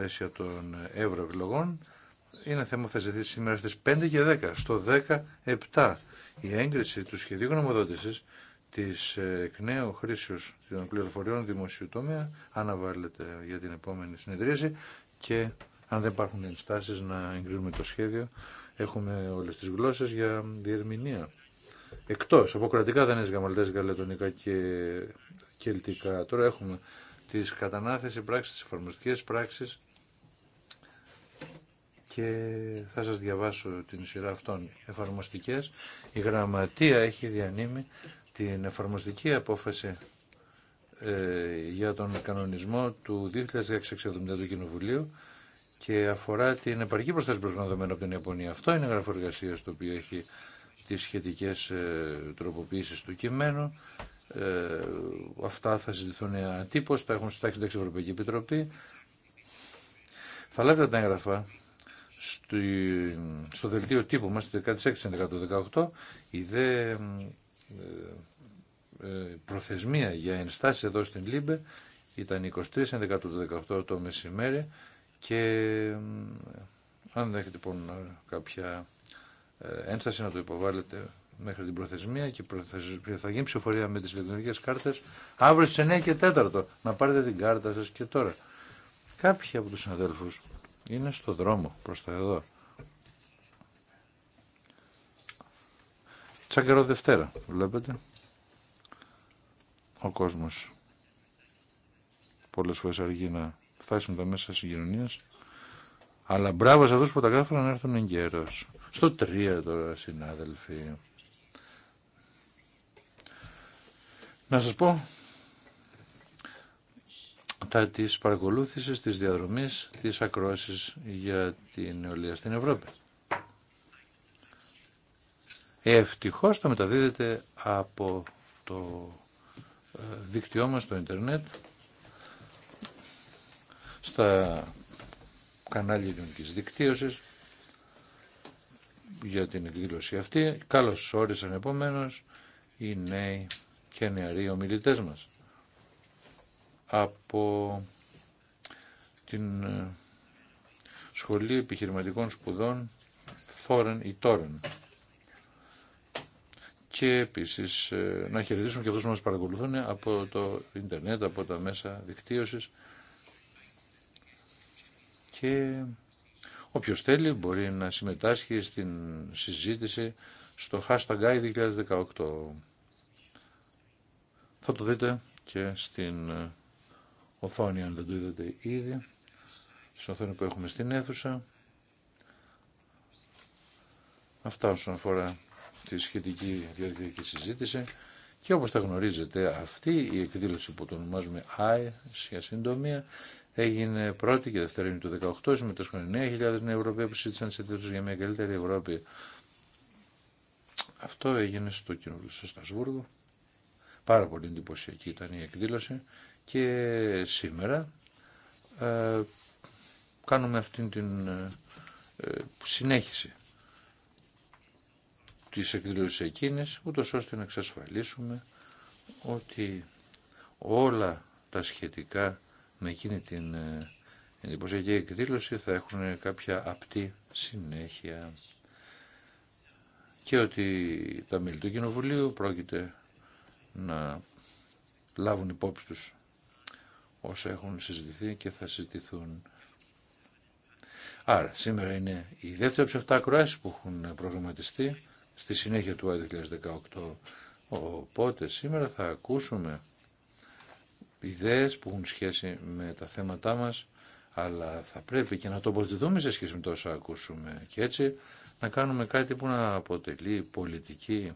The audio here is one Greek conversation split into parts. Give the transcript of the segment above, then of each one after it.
πλαίσια των ευρωεκλογών είναι θέμα που θα ζητήσει σήμερα στις 5 και 10, στο 17 η έγκριση του σχεδίου γνωμοδότησης της ε, εκ νέου χρήσεως των πληροφοριών δημοσίου τομέα αναβάλλεται για την επόμενη συνεδρίαση και αν δεν υπάρχουν ενστάσεις να εγκρίνουμε το σχέδιο έχουμε όλες τις γλώσσες για διερμηνία. Εκτός από κρατικά δανέζικα, μαλτέζικα, λετωνικά και κελτικά. Τώρα έχουμε τις κατανάθεση πράξεις, τις εφαρμοστικές πράξεις και θα σας διαβάσω την σειρά αυτών εφαρμοστικές. Η Γραμματεία έχει διανύμει την εφαρμοστική απόφαση ε, για τον κανονισμό του 2016 του Κοινοβουλίου και αφορά την επαρκή προστασία προσπαθωμένων από την Ιαπωνία. Αυτό είναι η εργασία το οποίο έχει τις σχετικές ε, τροποποιήσεις του κειμένου. Ε, αυτά θα συζητηθούν ατύπως, τα έχουν συντάξει την Ευρωπαϊκή Επιτροπή. Θα λάβετε τα έγγραφα στο δελτίο τύπου μας, 16-18, η δε ε, ε, προθεσμία για ενστάσεις εδώ στην Λίμπε ήταν 23-18 το μεσημέρι και ε, αν δεν έχετε λοιπόν κάποια ένσταση να το υποβάλλετε μέχρι την προθεσμία και θα γίνει ψηφοφορία με τις ηλεκτρονικές κάρτες αύριο στις 9 και 4 να πάρετε την κάρτα σας και τώρα κάποιοι από τους συναδέλφους είναι στο δρόμο προς τα εδώ. καιρό Δευτέρα, βλέπετε. Ο κόσμος πολλές φορές αργεί να φτάσει με τα μέσα συγκοινωνίας. Αλλά μπράβο σε αυτούς που τα κατάφεραν να έρθουν καιρός. Στο τρία τώρα, συνάδελφοι. Να σας πω τα της παρακολούθησης της διαδρομής της ακρόασης για την νεολαία στην Ευρώπη. Ευτυχώς το μεταδίδεται από το ε, δίκτυό μας στο ίντερνετ στα κανάλια κοινωνικής δικτύωσης για την εκδήλωση αυτή. Καλώς όρισαν επομένως οι νέοι και νεαροί ομιλητές μας από την ε, Σχολή Επιχειρηματικών Σπουδών Φόρεν ή Τόρεν. Και επίσης ε, να χαιρετήσουμε και αυτούς που μας παρακολουθούν από το ίντερνετ, από τα μέσα δικτύωσης και όποιος θέλει μπορεί να συμμετάσχει στην συζήτηση στο hashtag 2018. Θα το δείτε και στην ε, οθόνη, αν δεν το είδατε ήδη, στην οθόνη που έχουμε στην αίθουσα. Αυτά όσον αφορά τη σχετική διαδικτυακή συζήτηση. Και όπως τα γνωρίζετε, αυτή η εκδήλωση που το ονομάζουμε I, για συντομία, έγινε πρώτη και δευτερήνη του 18, συμμετέσχουν 9.000 νέοι Ευρωπαίοι που συζήτησαν σε τέτοιους για μια καλύτερη Ευρώπη. Αυτό έγινε στο κοινό στο Στασβούργο. Πάρα πολύ εντυπωσιακή ήταν η εκδήλωση και σήμερα ε, κάνουμε αυτήν την ε, ε, συνέχιση της εκδήλωσης εκείνης, ούτως ώστε να εξασφαλίσουμε ότι όλα τα σχετικά με εκείνη την ε, εντυπωσιακή εκδήλωση θα έχουν κάποια απτή συνέχεια και ότι τα μέλη του Κοινοβουλίου πρόκειται να λάβουν υπόψη τους όσα έχουν συζητηθεί και θα συζητηθούν. Άρα, σήμερα είναι η δεύτερη από 7 που έχουν προγραμματιστεί στη συνέχεια του 2018. Οπότε, σήμερα θα ακούσουμε ιδέε που έχουν σχέση με τα θέματά μας, αλλά θα πρέπει και να τοποθετηθούμε σε σχέση με όσα ακούσουμε και έτσι να κάνουμε κάτι που να αποτελεί πολιτική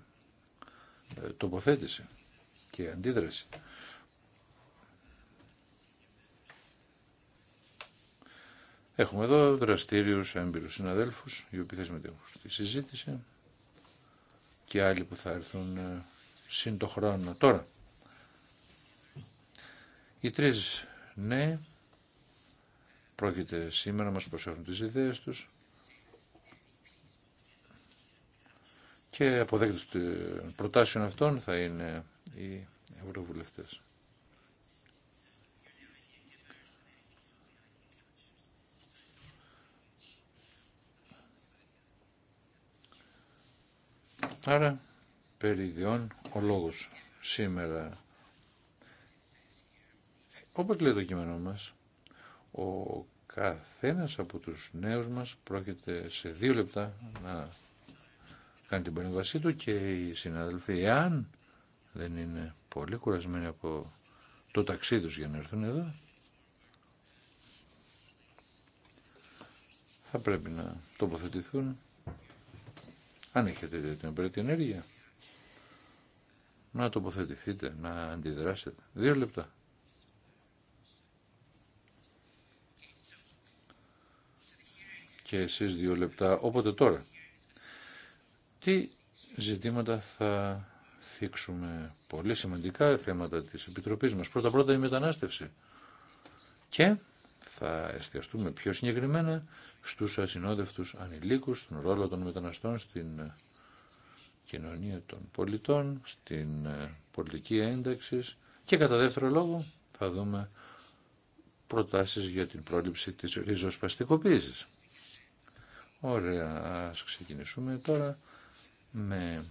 ε, τοποθέτηση και αντίδραση. Έχουμε εδώ δραστήριους έμπειρους συναδέλφους, οι οποίοι θα συμμετέχουν στη συζήτηση και άλλοι που θα έρθουν ε, σύν το χρόνο. Τώρα, οι τρεις νέοι πρόκειται σήμερα να μας προσέχουν τις ιδέες τους και αποδέκτες των προτάσεων αυτών θα είναι οι ευρωβουλευτές. Άρα, περί ιδιών, ο λόγος σήμερα. Όπως λέει το κείμενό μας, ο καθένας από τους νέους μας πρόκειται σε δύο λεπτά να κάνει την παρεμβασή του και οι συνάδελφοι, εάν δεν είναι πολύ κουρασμένοι από το ταξίδι τους για να έρθουν εδώ, θα πρέπει να τοποθετηθούν αν έχετε την απαραίτητη ενέργεια, να τοποθετηθείτε, να αντιδράσετε. Δύο λεπτά. Και εσείς δύο λεπτά, όποτε τώρα. Τι ζητήματα θα θίξουμε πολύ σημαντικά θέματα της Επιτροπής μας. Πρώτα-πρώτα η μετανάστευση. Και θα εστιαστούμε πιο συγκεκριμένα στους ασυνόδευτους ανηλίκους, στον ρόλο των μεταναστών, στην ε, κοινωνία των πολιτών, στην ε, πολιτική ένταξη και κατά δεύτερο λόγο θα δούμε προτάσεις για την πρόληψη της ριζοσπαστικοποίησης. Ωραία, ας ξεκινήσουμε τώρα με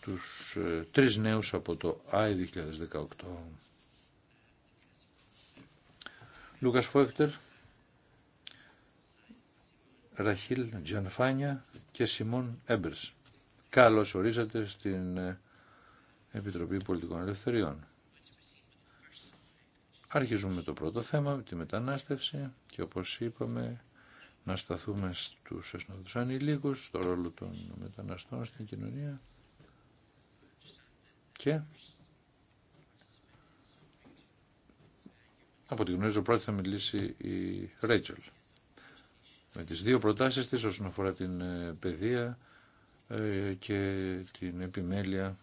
τους ε, τρεις νέους από το ΆΕ 2018. Λούκας Φόκτερ, Ραχίλ Τζανφάνια και Σιμών Έμπερς. Καλώς ορίσατε στην ε, Επιτροπή Πολιτικών Ελευθεριών. Αρχίζουμε με το πρώτο θέμα, τη μετανάστευση και όπως είπαμε να σταθούμε στους εσνοδούς ανηλίκους, στο ρόλο των μεταναστών στην κοινωνία και Από ό,τι γνωρίζω πρώτη θα μιλήσει η Ρέιτσελ. Με τις δύο προτάσεις της όσον αφορά την ε, παιδεία ε, και την επιμέλεια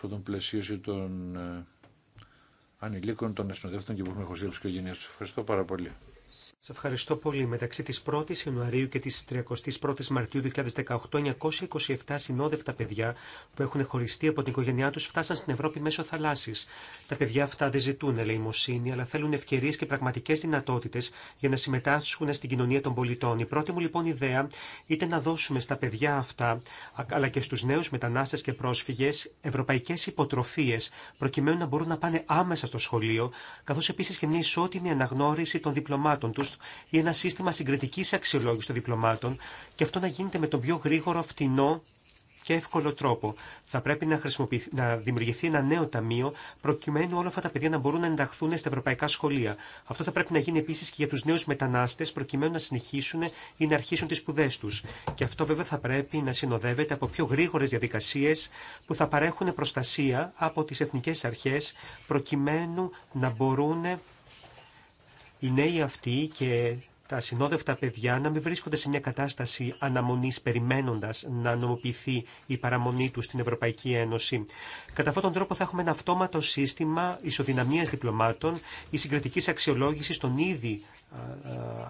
των πλαισίωση των ε, ανηλίκων, των εσνοδεύτων και που έχουμε γενία. οικογένειε. Ευχαριστώ πάρα πολύ. Σα ευχαριστώ πολύ. Μεταξύ τη 1 η Ιανουαρίου και τη 31 η Μαρτίου 2018, 927 συνόδευτα παιδιά που έχουν χωριστεί από την οικογένειά του φτάσαν στην Ευρώπη μέσω θαλάσσης. Τα παιδιά αυτά δεν ζητούν ελεημοσύνη, αλλά θέλουν ευκαιρίε και πραγματικέ δυνατότητε για να συμμετάσχουν στην κοινωνία των πολιτών. Η πρώτη μου λοιπόν ιδέα ήταν να δώσουμε στα παιδιά αυτά, αλλά και στου νέου μετανάστε και πρόσφυγε, ευρωπαϊκέ υποτροφίε προκειμένου να μπορούν να πάνε άμεσα στο σχολείο, καθώ επίση και μια ισότιμη αναγνώριση των διπλωμάτων διπλωμάτων ή ένα σύστημα συγκριτική αξιολόγηση των διπλωμάτων και αυτό να γίνεται με τον πιο γρήγορο, φτηνό και εύκολο τρόπο. Θα πρέπει να, να δημιουργηθεί ένα νέο ταμείο προκειμένου όλα αυτά τα παιδιά να μπορούν να ενταχθούν στα ευρωπαϊκά σχολεία. Αυτό θα πρέπει να γίνει επίση και για του νέου μετανάστε προκειμένου να συνεχίσουν ή να αρχίσουν τι σπουδέ του. Και αυτό βέβαια θα πρέπει να συνοδεύεται από πιο γρήγορε διαδικασίε που θα παρέχουν προστασία από τι εθνικέ αρχέ προκειμένου να μπορούν οι νέοι αυτοί και τα συνόδευτα παιδιά να μην βρίσκονται σε μια κατάσταση αναμονής περιμένοντας να νομοποιηθεί η παραμονή τους στην Ευρωπαϊκή Ένωση. Κατά αυτόν τον τρόπο θα έχουμε ένα αυτόματο σύστημα ισοδυναμίας διπλωμάτων ή συγκρατικής αξιολόγηση των ήδη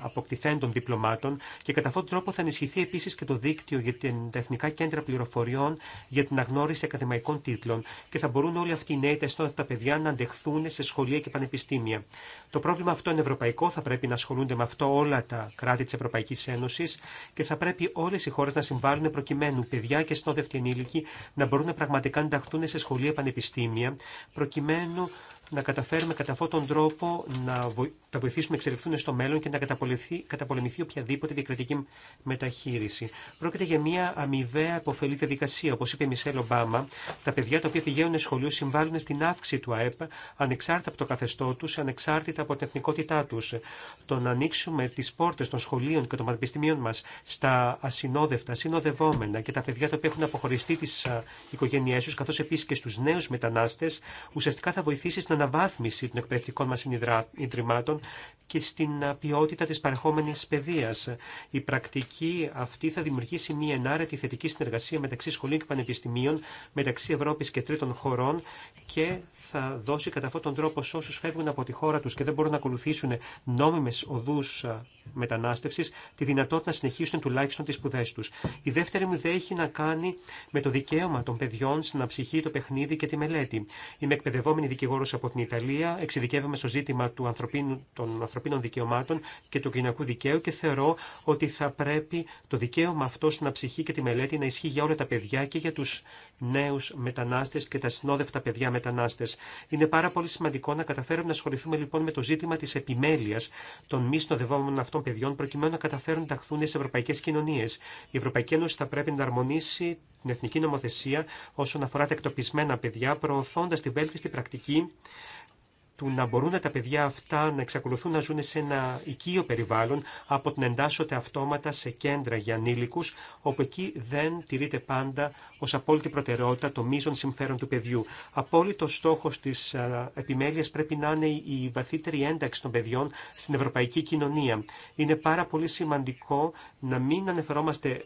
αποκτηθέντων διπλωμάτων και κατά αυτόν τον τρόπο θα ενισχυθεί επίσης και το δίκτυο για τα Εθνικά Κέντρα Πληροφοριών για την αγνώριση ακαδημαϊκών τίτλων και θα μπορούν όλοι αυτοί οι νέοι τα παιδιά να αντεχθούν σε σχολεία και πανεπιστήμια. Το πρόβλημα αυτό είναι ευρωπαϊκό, θα πρέπει να ασχολούνται με αυτό όλα τα κράτη της Ευρωπαϊκής Ένωσης και θα πρέπει όλες οι χώρες να συμβάλλουν προκειμένου παιδιά και συνόδευτοι ενήλικοι να μπορούν πραγματικά να ενταχθούν σε σχολεία πανεπιστήμια προκειμένου να καταφέρουμε κατά αυτόν τον τρόπο να τα βοηθήσουμε να εξελιχθούν στο μέλλον και να καταπολεμηθεί οποιαδήποτε διακριτική μεταχείριση. Πρόκειται για μια αμοιβαία υποφελή διαδικασία. Όπω είπε η Μισελ Ομπάμα, τα παιδιά τα οποία πηγαίνουν σχολείο συμβάλλουν στην αύξηση του ΑΕΠ ανεξάρτητα από το καθεστώ του, ανεξάρτητα από την εθνικότητά του. Το να ανοίξουμε τι πόρτε των σχολείων και των πανεπιστημίων μα στα ασυνόδευτα, συνοδευόμενα και τα παιδιά τα οποία έχουν αποχωριστεί τι ε, οικογένειέ του, καθώ επίση και στου νέου μετανάστε, ουσιαστικά θα βοηθήσει να αναβάθμιση των εκπαιδευτικών μα ιδρυμάτων και στην ποιότητα της παρεχόμενης παιδείας. Η πρακτική αυτή θα δημιουργήσει μια ενάρετη θετική συνεργασία μεταξύ σχολείων και πανεπιστημίων, μεταξύ Ευρώπης και τρίτων χωρών και θα δώσει κατά αυτόν τον τρόπο σε όσους φεύγουν από τη χώρα τους και δεν μπορούν να ακολουθήσουν νόμιμες οδούς μετανάστευσης τη δυνατότητα να συνεχίσουν τουλάχιστον τις σπουδέ τους. Η δεύτερη μου ιδέα έχει να κάνει με το δικαίωμα των παιδιών στην αψυχή, το παιχνίδι και τη μελέτη. Είμαι εκπαιδευόμενη δικηγόρος από από την Ιταλία. Εξειδικεύομαι στο ζήτημα του ανθρωπίνου, των ανθρωπίνων δικαιωμάτων και του κοινωνικού δικαίου και θεωρώ ότι θα πρέπει το δικαίωμα αυτό στην αψυχή και τη μελέτη να ισχύει για όλα τα παιδιά και για τους νέους μετανάστες και τα συνόδευτα παιδιά μετανάστες. Είναι πάρα πολύ σημαντικό να καταφέρουμε να ασχοληθούμε λοιπόν με το ζήτημα της επιμέλειας των μη συνοδευόμενων αυτών παιδιών προκειμένου να καταφέρουν να ταχθούν σε ευρωπαϊκές κοινωνίες. Η Ευρωπαϊκή Ένωση θα πρέπει να αρμονίσει την εθνική νομοθεσία όσον αφορά τα εκτοπισμένα παιδιά, προωθώντας την βέλτιστη πρακτική του να μπορούν τα παιδιά αυτά να εξακολουθούν να ζουν σε ένα οικείο περιβάλλον από την εντάσσονται αυτόματα σε κέντρα για ανήλικους, όπου εκεί δεν τηρείται πάντα ω απόλυτη προτεραιότητα το μείζον συμφέρον του παιδιού. Απόλυτο στόχο τη επιμέλεια πρέπει να είναι η βαθύτερη ένταξη των παιδιών στην ευρωπαϊκή κοινωνία. Είναι πάρα πολύ σημαντικό να μην αναφερόμαστε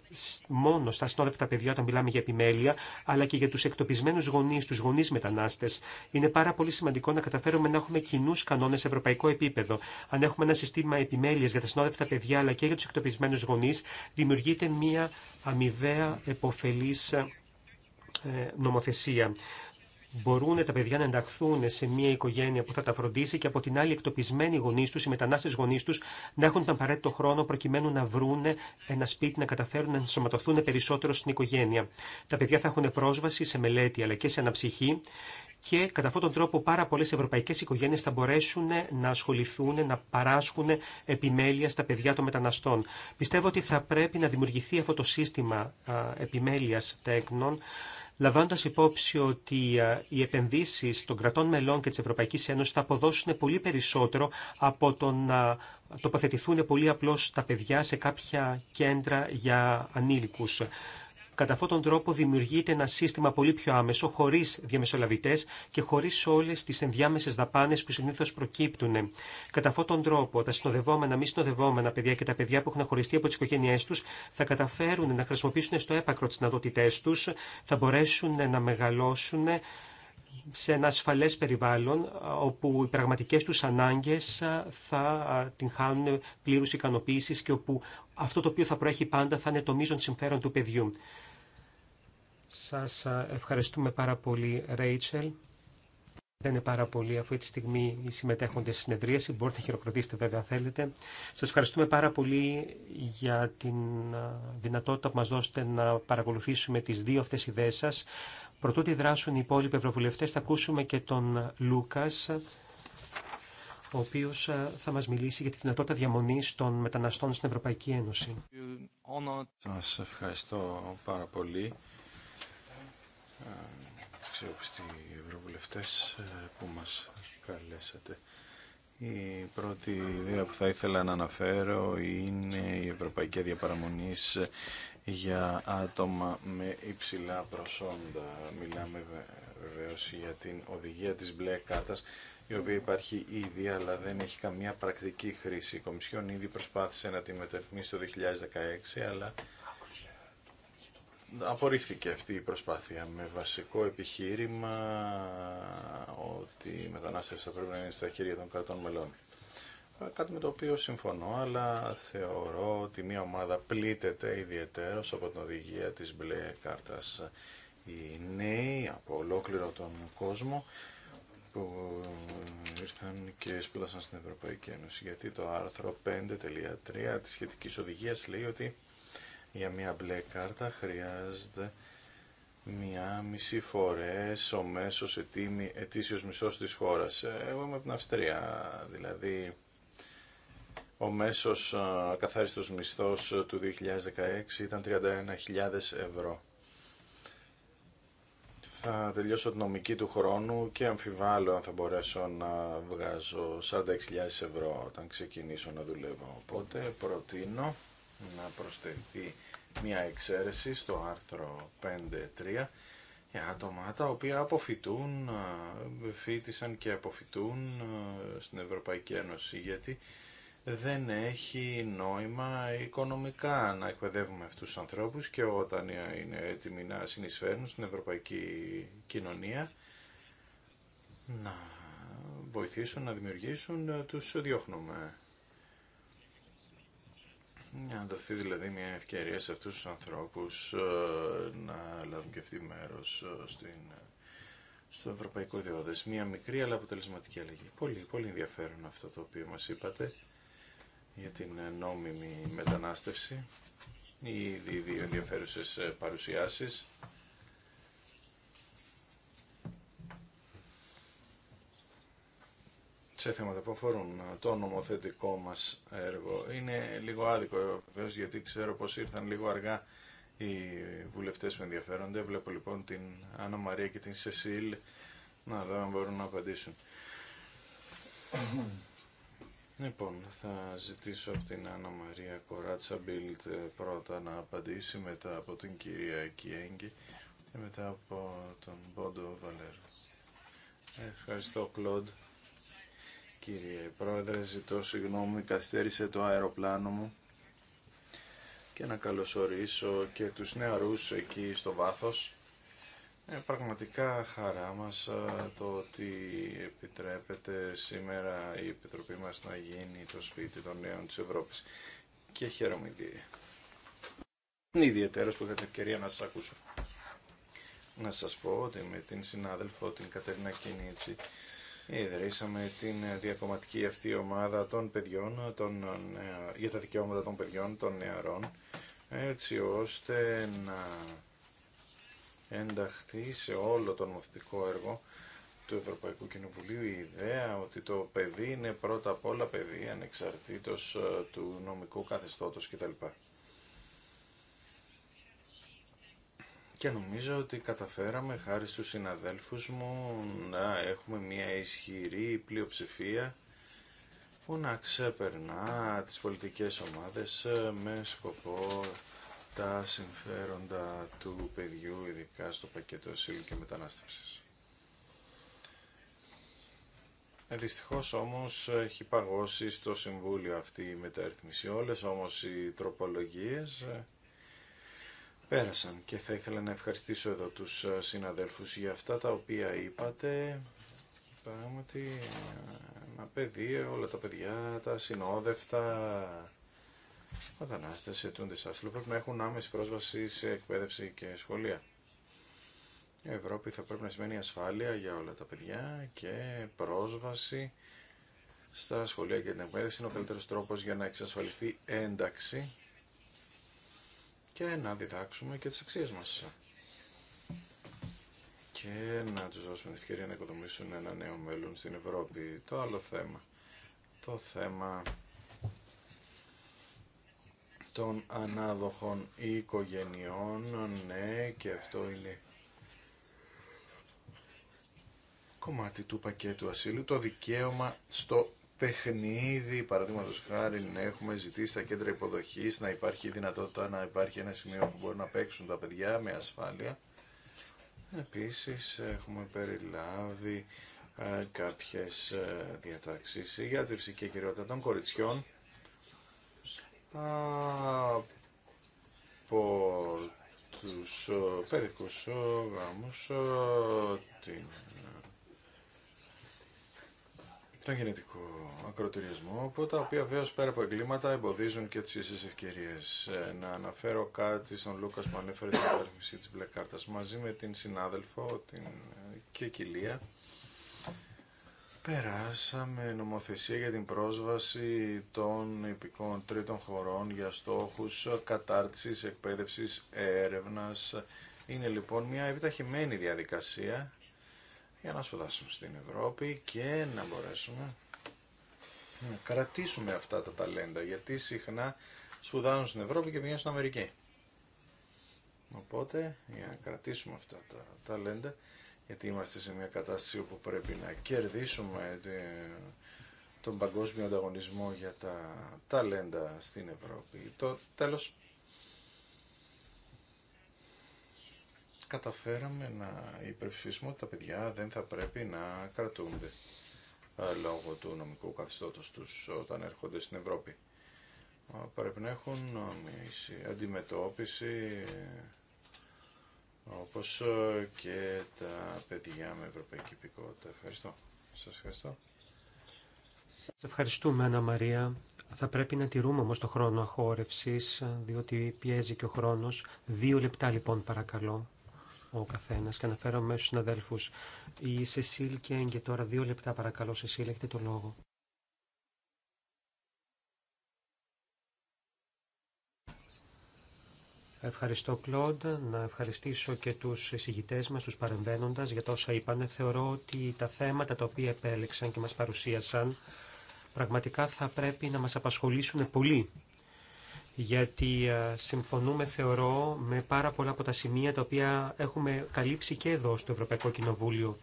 μόνο στα συνόδευτα παιδιά όταν μιλάμε για επιμέλεια, αλλά και για του εκτοπισμένου γονεί, του γονεί μετανάστε. Είναι πάρα πολύ σημαντικό να καταφέρουμε να έχουμε κοινού κανόνε σε ευρωπαϊκό επίπεδο. Αν έχουμε ένα σύστημα επιμέλεια για τα συνόδευτα παιδιά αλλά και για του εκτοπισμένου γονεί, δημιουργείται μια αμοιβαία εποφελή ε, νομοθεσία. Μπορούν τα παιδιά να ενταχθούν σε μια οικογένεια που θα τα φροντίσει και από την άλλη εκτοπισμένοι γονεί του, οι μετανάστε γονεί του, να έχουν τον απαραίτητο χρόνο προκειμένου να βρουν ένα σπίτι, να καταφέρουν να ενσωματωθούν περισσότερο στην οικογένεια. Τα παιδιά θα έχουν πρόσβαση σε μελέτη αλλά και σε αναψυχή και κατά αυτόν τον τρόπο πάρα πολλέ ευρωπαϊκέ οικογένειε θα μπορέσουν να ασχοληθούν, να παράσχουν επιμέλεια στα παιδιά των μεταναστών. Πιστεύω ότι θα πρέπει να δημιουργηθεί αυτό το σύστημα επιμέλεια τέκνων λαμβάνοντα υπόψη ότι οι επενδύσει των κρατών μελών και τη Ευρωπαϊκή Ένωση θα αποδώσουν πολύ περισσότερο από το να τοποθετηθούν πολύ απλώ τα παιδιά σε κάποια κέντρα για ανήλικου. Κατά αυτόν τον τρόπο δημιουργείται ένα σύστημα πολύ πιο άμεσο, χωρί διαμεσολαβητέ και χωρί όλε τι ενδιάμεσε δαπάνε που συνήθω προκύπτουν. Κατά αυτόν τον τρόπο, τα συνοδευόμενα, μη συνοδευόμενα παιδιά και τα παιδιά που έχουν χωριστεί από τι οικογένειέ του θα καταφέρουν να χρησιμοποιήσουν στο έπακρο τι δυνατότητέ του, θα μπορέσουν να μεγαλώσουν σε ένα ασφαλές περιβάλλον όπου οι πραγματικές τους ανάγκες θα την χάνουν πλήρου ικανοποίηση και όπου αυτό το οποίο θα προέχει πάντα θα είναι το μείζον συμφέρον του παιδιού. Σας ε, ευχαριστούμε πάρα πολύ, Ρέιτσελ. Δεν είναι πάρα πολύ αυτή τη στιγμή οι συμμετέχοντες στη συνεδρίαση. Μπορείτε να χειροκροτήσετε βέβαια αν θέλετε. Σας ευχαριστούμε πάρα πολύ για την ε, δυνατότητα που μας δώσετε να παρακολουθήσουμε τις δύο αυτές ιδέες σας. Προτού τη δράσουν οι υπόλοιποι ευρωβουλευτές θα ακούσουμε και τον Λούκας ο οποίος ε, θα μας μιλήσει για τη δυνατότητα διαμονής των μεταναστών στην Ευρωπαϊκή Ένωση. Σας ευχαριστώ πάρα πολύ αξιόπιστοι ευρωβουλευτές ε, που μας καλέσατε. Η πρώτη ιδέα που θα ήθελα να αναφέρω είναι η Ευρωπαϊκή Διαπαραμονή για άτομα με υψηλά προσόντα. Μιλάμε βεβαίω για την οδηγία της μπλε κάρτας η οποία υπάρχει ήδη αλλά δεν έχει καμία πρακτική χρήση. Η Κομισιόν ήδη προσπάθησε να τη μεταρρυθμίσει το 2016 αλλά απορρίφθηκε αυτή η προσπάθεια με βασικό επιχείρημα ότι η μετανάστες θα πρέπει να είναι στα χέρια των κρατών μελών. Κάτι με το οποίο συμφωνώ, αλλά θεωρώ ότι μια ομάδα πλήττεται ιδιαίτερος από την οδηγία της μπλε κάρτας. Οι νέοι από ολόκληρο τον κόσμο που ήρθαν και σπούδασαν στην Ευρωπαϊκή Ένωση, γιατί το άρθρο 5.3 της σχετικής οδηγίας λέει ότι για μια μπλε κάρτα χρειάζεται μία μισή φορές ο μέσος ετήσιο ετήσιος μισός της χώρας. Ε, εγώ είμαι από την Αυστρία, δηλαδή ο μέσος ε, καθάριστος μισθός ε, του 2016 ήταν 31.000 ευρώ. Θα τελειώσω την νομική του χρόνου και αμφιβάλλω αν θα μπορέσω να βγάζω 46.000 ευρώ όταν ξεκινήσω να δουλεύω. Οπότε προτείνω να προσθεθεί μια εξαίρεση στο άρθρο 5.3 για άτομα τα οποία αποφυτούν, φίτησαν και αποφυτούν στην Ευρωπαϊκή Ένωση γιατί δεν έχει νόημα οικονομικά να εκπαιδεύουμε αυτούς τους ανθρώπους και όταν είναι έτοιμοι να συνεισφέρουν στην ευρωπαϊκή κοινωνία να βοηθήσουν να δημιουργήσουν τους διώχνουμε. Να δοθεί δηλαδή μια ευκαιρία σε αυτούς τους ανθρώπους ε, να λάβουν και αυτή μέρος ε, στην, ε, στο Ευρωπαϊκό Διόδες. Μια μικρή αλλά αποτελεσματική αλλαγή. Πολύ, πολύ ενδιαφέρον αυτό το οποίο μας είπατε για την νόμιμη μετανάστευση. Ήδη δύο ενδιαφέρουσες παρουσιάσεις. σε θέματα που αφορούν το νομοθετικό μας έργο. Είναι λίγο άδικο βεβαίω γιατί ξέρω πως ήρθαν λίγο αργά οι βουλευτές που ενδιαφέρονται. Βλέπω λοιπόν την Άννα Μαρία και την Σεσίλ να δω αν μπορούν να απαντήσουν. Λοιπόν, θα ζητήσω από την Άννα Μαρία Κοράτσα Μπίλτ πρώτα να απαντήσει, μετά από την κυρία Κιέγγι και μετά από τον Μπόντο Βαλέρο. Ευχαριστώ Κλοντ. Κύριε Πρόεδρε, ζητώ συγγνώμη, καθυστέρησε το αεροπλάνο μου και να καλωσορίσω και τους νεαρούς εκεί στο βάθος. Ε, πραγματικά χαρά μας ε, το ότι επιτρέπεται σήμερα η Επιτροπή μας να γίνει το σπίτι των νέων της Ευρώπης. Και χαίρομαι ιδιαίτερα. Ιδιαίτερος που είχα ευκαιρία να σας ακούσω. Να σας πω ότι με την συνάδελφο την Κατερίνα Κινίτσι Ιδρύσαμε την διακομματική αυτή ομάδα των παιδιών, των, ε, για τα δικαιώματα των παιδιών, των νεαρών, έτσι ώστε να ενταχθεί σε όλο το νομοθετικό έργο του Ευρωπαϊκού Κοινοβουλίου η ιδέα ότι το παιδί είναι πρώτα απ' όλα παιδί ανεξαρτήτως ε, του νομικού καθεστώτος κτλ. Και νομίζω ότι καταφέραμε χάρη στους συναδέλφους μου να έχουμε μια ισχυρή πλειοψηφία που να ξεπερνά τις πολιτικές ομάδες ε, με σκοπό τα συμφέροντα του παιδιού, ειδικά στο πακέτο ασύλου και μετανάστευσης. Ε, δυστυχώς όμως έχει παγώσει στο Συμβούλιο αυτή η μεταρρύθμιση όλες, όμως οι τροπολογίες ε, πέρασαν και θα ήθελα να ευχαριστήσω εδώ τους ε, συναδέλφους για αυτά τα οποία είπατε πράγματι ένα παιδί, όλα τα παιδιά, τα συνόδευτα μετανάστες ετούντες άσυλο πρέπει να έχουν άμεση πρόσβαση σε εκπαίδευση και σχολεία. Η Ευρώπη θα πρέπει να σημαίνει ασφάλεια για όλα τα παιδιά και πρόσβαση στα σχολεία και την εκπαίδευση είναι ο καλύτερος τρόπος για να εξασφαλιστεί ένταξη και να διδάξουμε και τις αξίες μας και να τους δώσουμε την ευκαιρία να οικοδομήσουν ένα νέο μέλλον στην Ευρώπη. Το άλλο θέμα, το θέμα των ανάδοχων οικογενειών, ναι, και αυτό είναι κομμάτι του πακέτου ασύλου, το δικαίωμα στο παιχνίδι, παραδείγματος χάρη, έχουμε ζητήσει στα κέντρα υποδοχής να υπάρχει δυνατότητα να υπάρχει ένα σημείο που μπορούν να παίξουν τα παιδιά με ασφάλεια. Επίσης έχουμε περιλάβει ε, κάποιες ε, διατάξεις για τη φυσική κυριότητα των κοριτσιών από τους ε, παιδικούς ε, γάμους, την τον γενετικό ακροτηριασμό, που τα οποία βέβαια πέρα από εγκλήματα εμποδίζουν και τις ίσες ευκαιρίες. Ε, να αναφέρω κάτι στον Λούκας που ανέφερε την παραθμισή της μπλε κάρτας μαζί με την συνάδελφο την... και ε, κοιλία. Περάσαμε νομοθεσία για την πρόσβαση των υπηκών τρίτων χωρών για στόχους κατάρτισης, εκπαίδευσης, έρευνας. Είναι λοιπόν μια επιταχυμένη διαδικασία για να σπουδάσουμε στην Ευρώπη και να μπορέσουμε να κρατήσουμε αυτά τα ταλέντα γιατί συχνά σπουδάζουν στην Ευρώπη και πηγαίνουν στην Αμερική. Οπότε για να κρατήσουμε αυτά τα ταλέντα γιατί είμαστε σε μια κατάσταση όπου πρέπει να κερδίσουμε τον παγκόσμιο ανταγωνισμό για τα ταλέντα στην Ευρώπη. Το τέλος καταφέραμε να υπερψηφίσουμε ότι τα παιδιά δεν θα πρέπει να κρατούνται ε, λόγω του νομικού καθεστώτος τους όταν έρχονται στην Ευρώπη. Ε, πρέπει να έχουν αντιμετώπιση όπως ε, και τα παιδιά με ευρωπαϊκή υπηκότητα. Ευχαριστώ. Σας ευχαριστώ. Σας ευχαριστούμε, Άννα Μαρία. Θα πρέπει να τηρούμε όμως το χρόνο αχώρευσης, διότι πιέζει και ο χρόνος. Δύο λεπτά λοιπόν παρακαλώ ο καθένα και αναφέρομαι στου συναδέλφου. Η Σεσίλ Κέγγε τώρα, δύο λεπτά παρακαλώ, Σεσίλ, έχετε το λόγο. Ευχαριστώ Κλοντ, να ευχαριστήσω και τους εισηγητές μας, τους παρεμβαίνοντας για τα όσα είπαν. Θεωρώ ότι τα θέματα τα οποία επέλεξαν και μας παρουσίασαν πραγματικά θα πρέπει να μα απασχολήσουν πολύ γιατί συμφωνούμε, θεωρώ, με πάρα πολλά από τα σημεία τα οποία έχουμε καλύψει και εδώ στο Ευρωπαϊκό Κοινοβούλιο.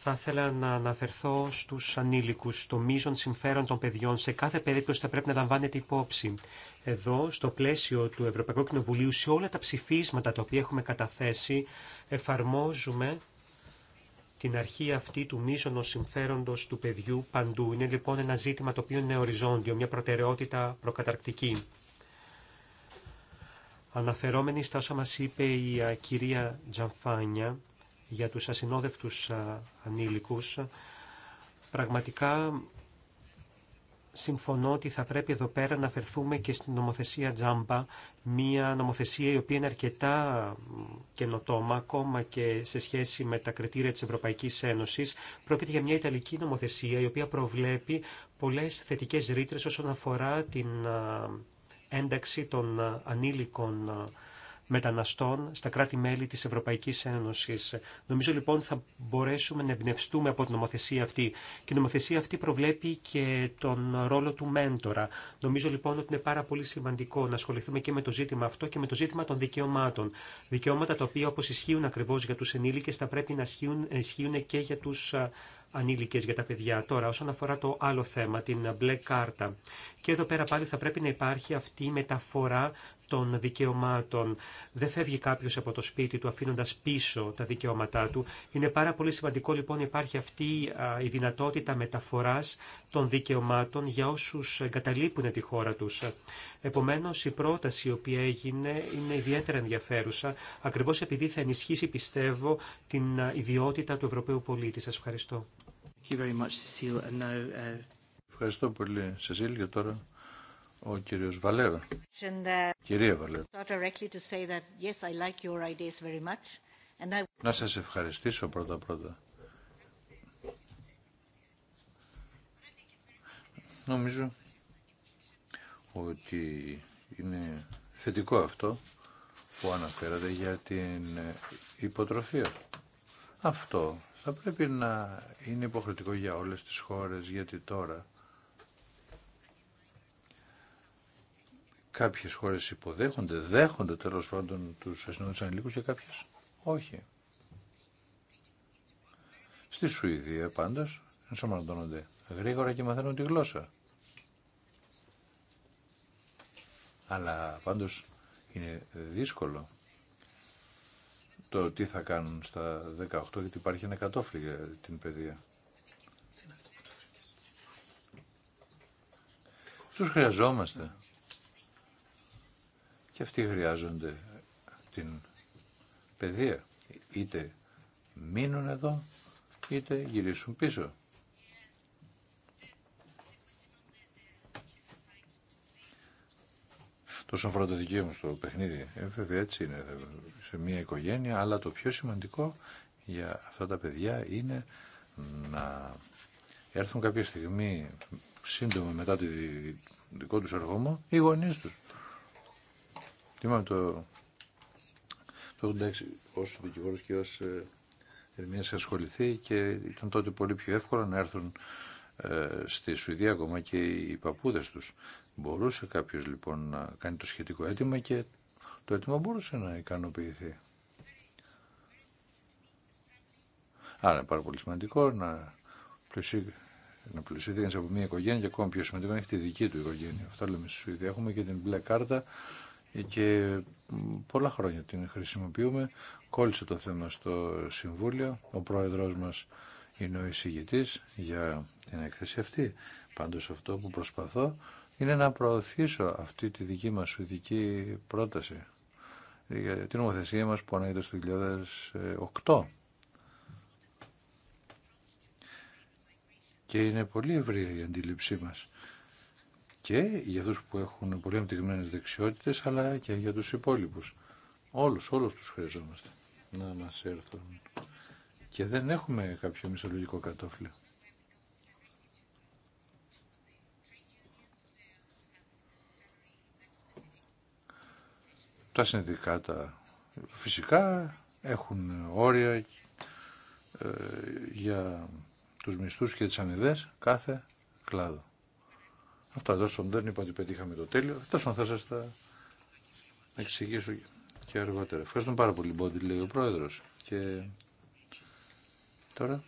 Θα ήθελα να αναφερθώ στους ανήλικους, στο μείζον συμφέρον των παιδιών. Σε κάθε περίπτωση θα πρέπει να λαμβάνεται υπόψη. Εδώ, στο πλαίσιο του Ευρωπαϊκού Κοινοβουλίου, σε όλα τα ψηφίσματα τα οποία έχουμε καταθέσει, εφαρμόζουμε την αρχή αυτή του μείζωνος συμφέροντος του παιδιού παντού. Είναι λοιπόν ένα ζήτημα το οποίο είναι οριζόντιο, μια προτεραιότητα προκαταρκτική. Αναφερόμενη στα όσα μας είπε η κυρία Τζαμφάνια για τους ασυνόδευτους ανήλικους, πραγματικά συμφωνώ ότι θα πρέπει εδώ πέρα να αφαιρθούμε και στην νομοθεσία Τζάμπα, μια νομοθεσία η οποία είναι αρκετά καινοτόμα, ακόμα και σε σχέση με τα κριτήρια της Ευρωπαϊκής Ένωσης. Πρόκειται για μια Ιταλική νομοθεσία η οποία προβλέπει πολλές θετικές ρήτρες όσον αφορά την ένταξη των ανήλικων μεταναστών στα κράτη-μέλη της Ευρωπαϊκής Ένωσης. Νομίζω λοιπόν θα μπορέσουμε να εμπνευστούμε από την νομοθεσία αυτή. Και η νομοθεσία αυτή προβλέπει και τον ρόλο του μέντορα. Νομίζω λοιπόν ότι είναι πάρα πολύ σημαντικό να ασχοληθούμε και με το ζήτημα αυτό και με το ζήτημα των δικαιωμάτων. Δικαιώματα τα οποία όπως ισχύουν ακριβώς για τους ενήλικες θα πρέπει να ισχύουν, ισχύουν και για τους ανήλικες για τα παιδιά. Τώρα, όσον αφορά το άλλο θέμα, την μπλε κάρτα. Και εδώ πέρα πάλι θα πρέπει να υπάρχει αυτή η μεταφορά των δικαιωμάτων. Δεν φεύγει κάποιο από το σπίτι του αφήνοντα πίσω τα δικαιώματά του. Είναι πάρα πολύ σημαντικό λοιπόν υπάρχει αυτή η δυνατότητα μεταφορά των δικαιωμάτων για όσου εγκαταλείπουν τη χώρα του. Επομένω, η πρόταση η οποία έγινε είναι ιδιαίτερα ενδιαφέρουσα, ακριβώ επειδή θα ενισχύσει, πιστεύω, την ιδιότητα του Ευρωπαίου πολίτη. Σα ευχαριστώ. Uh, ευχαριστώ πολύ, για τώρα ο κύριος Βαλέρα. Uh, Κυρία Βαλέβα. Να σας ευχαριστήσω πρώτα-πρώτα. Νομίζω ότι είναι θετικό αυτό που αναφέρατε για την υποτροφία. Αυτό θα πρέπει να είναι υποχρεωτικό για όλες τις χώρες, γιατί τώρα Κάποιες χώρες υποδέχονται, δέχονται τέλος πάντων τους αστυνομικούς ανηλίκους και κάποιες όχι. Στη Σουηδία πάντως ενσωματώνονται γρήγορα και μαθαίνουν τη γλώσσα. Αλλά πάντως είναι δύσκολο το τι θα κάνουν στα 18 γιατί υπάρχει ένα κατόφλι για την παιδεία. Τι είναι αυτό που το Τους χρειαζόμαστε και αυτοί χρειάζονται την παιδεία. Είτε μείνουν εδώ, είτε γυρίσουν πίσω. Τόσο αφορά το δικαίωμα στο παιχνίδι. Ε, βέβαια έτσι είναι σε μια οικογένεια, αλλά το πιο σημαντικό για αυτά τα παιδιά είναι να έρθουν κάποια στιγμή σύντομα μετά το δικό τους εργόμο οι γονείς τους είμαι το 86 ως δικηγόρος και ως ε, ερμηνείας ασχοληθεί και ήταν τότε πολύ πιο εύκολο να έρθουν ε, στη Σουηδία ακόμα και οι παππούδες τους. Μπορούσε κάποιος λοιπόν να κάνει το σχετικό αίτημα και το αίτημα μπορούσε να ικανοποιηθεί. Άρα είναι πάρα πολύ σημαντικό να πλουσί... Να από μια οικογένεια και ακόμα πιο σημαντικό να έχει τη δική του οικογένεια. Αυτά λέμε στη Σουηδία. Έχουμε και την μπλε κάρτα και πολλά χρόνια την χρησιμοποιούμε. Κόλλησε το θέμα στο Συμβούλιο. Ο πρόεδρος μας είναι ο εισηγητής για την έκθεση αυτή. Πάντως αυτό που προσπαθώ είναι να προωθήσω αυτή τη δική μας ειδική πρόταση για την ομοθεσία μας που ανέγεται στο 2008. Και είναι πολύ ευρία η αντίληψή μας και για αυτούς που έχουν πολύ ανεπτυγμένες δεξιότητες αλλά και για τους υπόλοιπους. Όλους, όλους τους χρειαζόμαστε να μας έρθουν. Και δεν έχουμε κάποιο μισολογικό κατόφλι. Τα συνδικάτα φυσικά έχουν όρια ε, για τους μισθούς και τις ανιδές κάθε κλάδο. Αυτά τόσο δεν είπα ότι πετύχαμε το τέλειο. Τόσο θα σας τα εξηγήσω και αργότερα. Ευχαριστούμε πάρα πολύ, Μπόντι, λέει ο Πρόεδρος. Και τώρα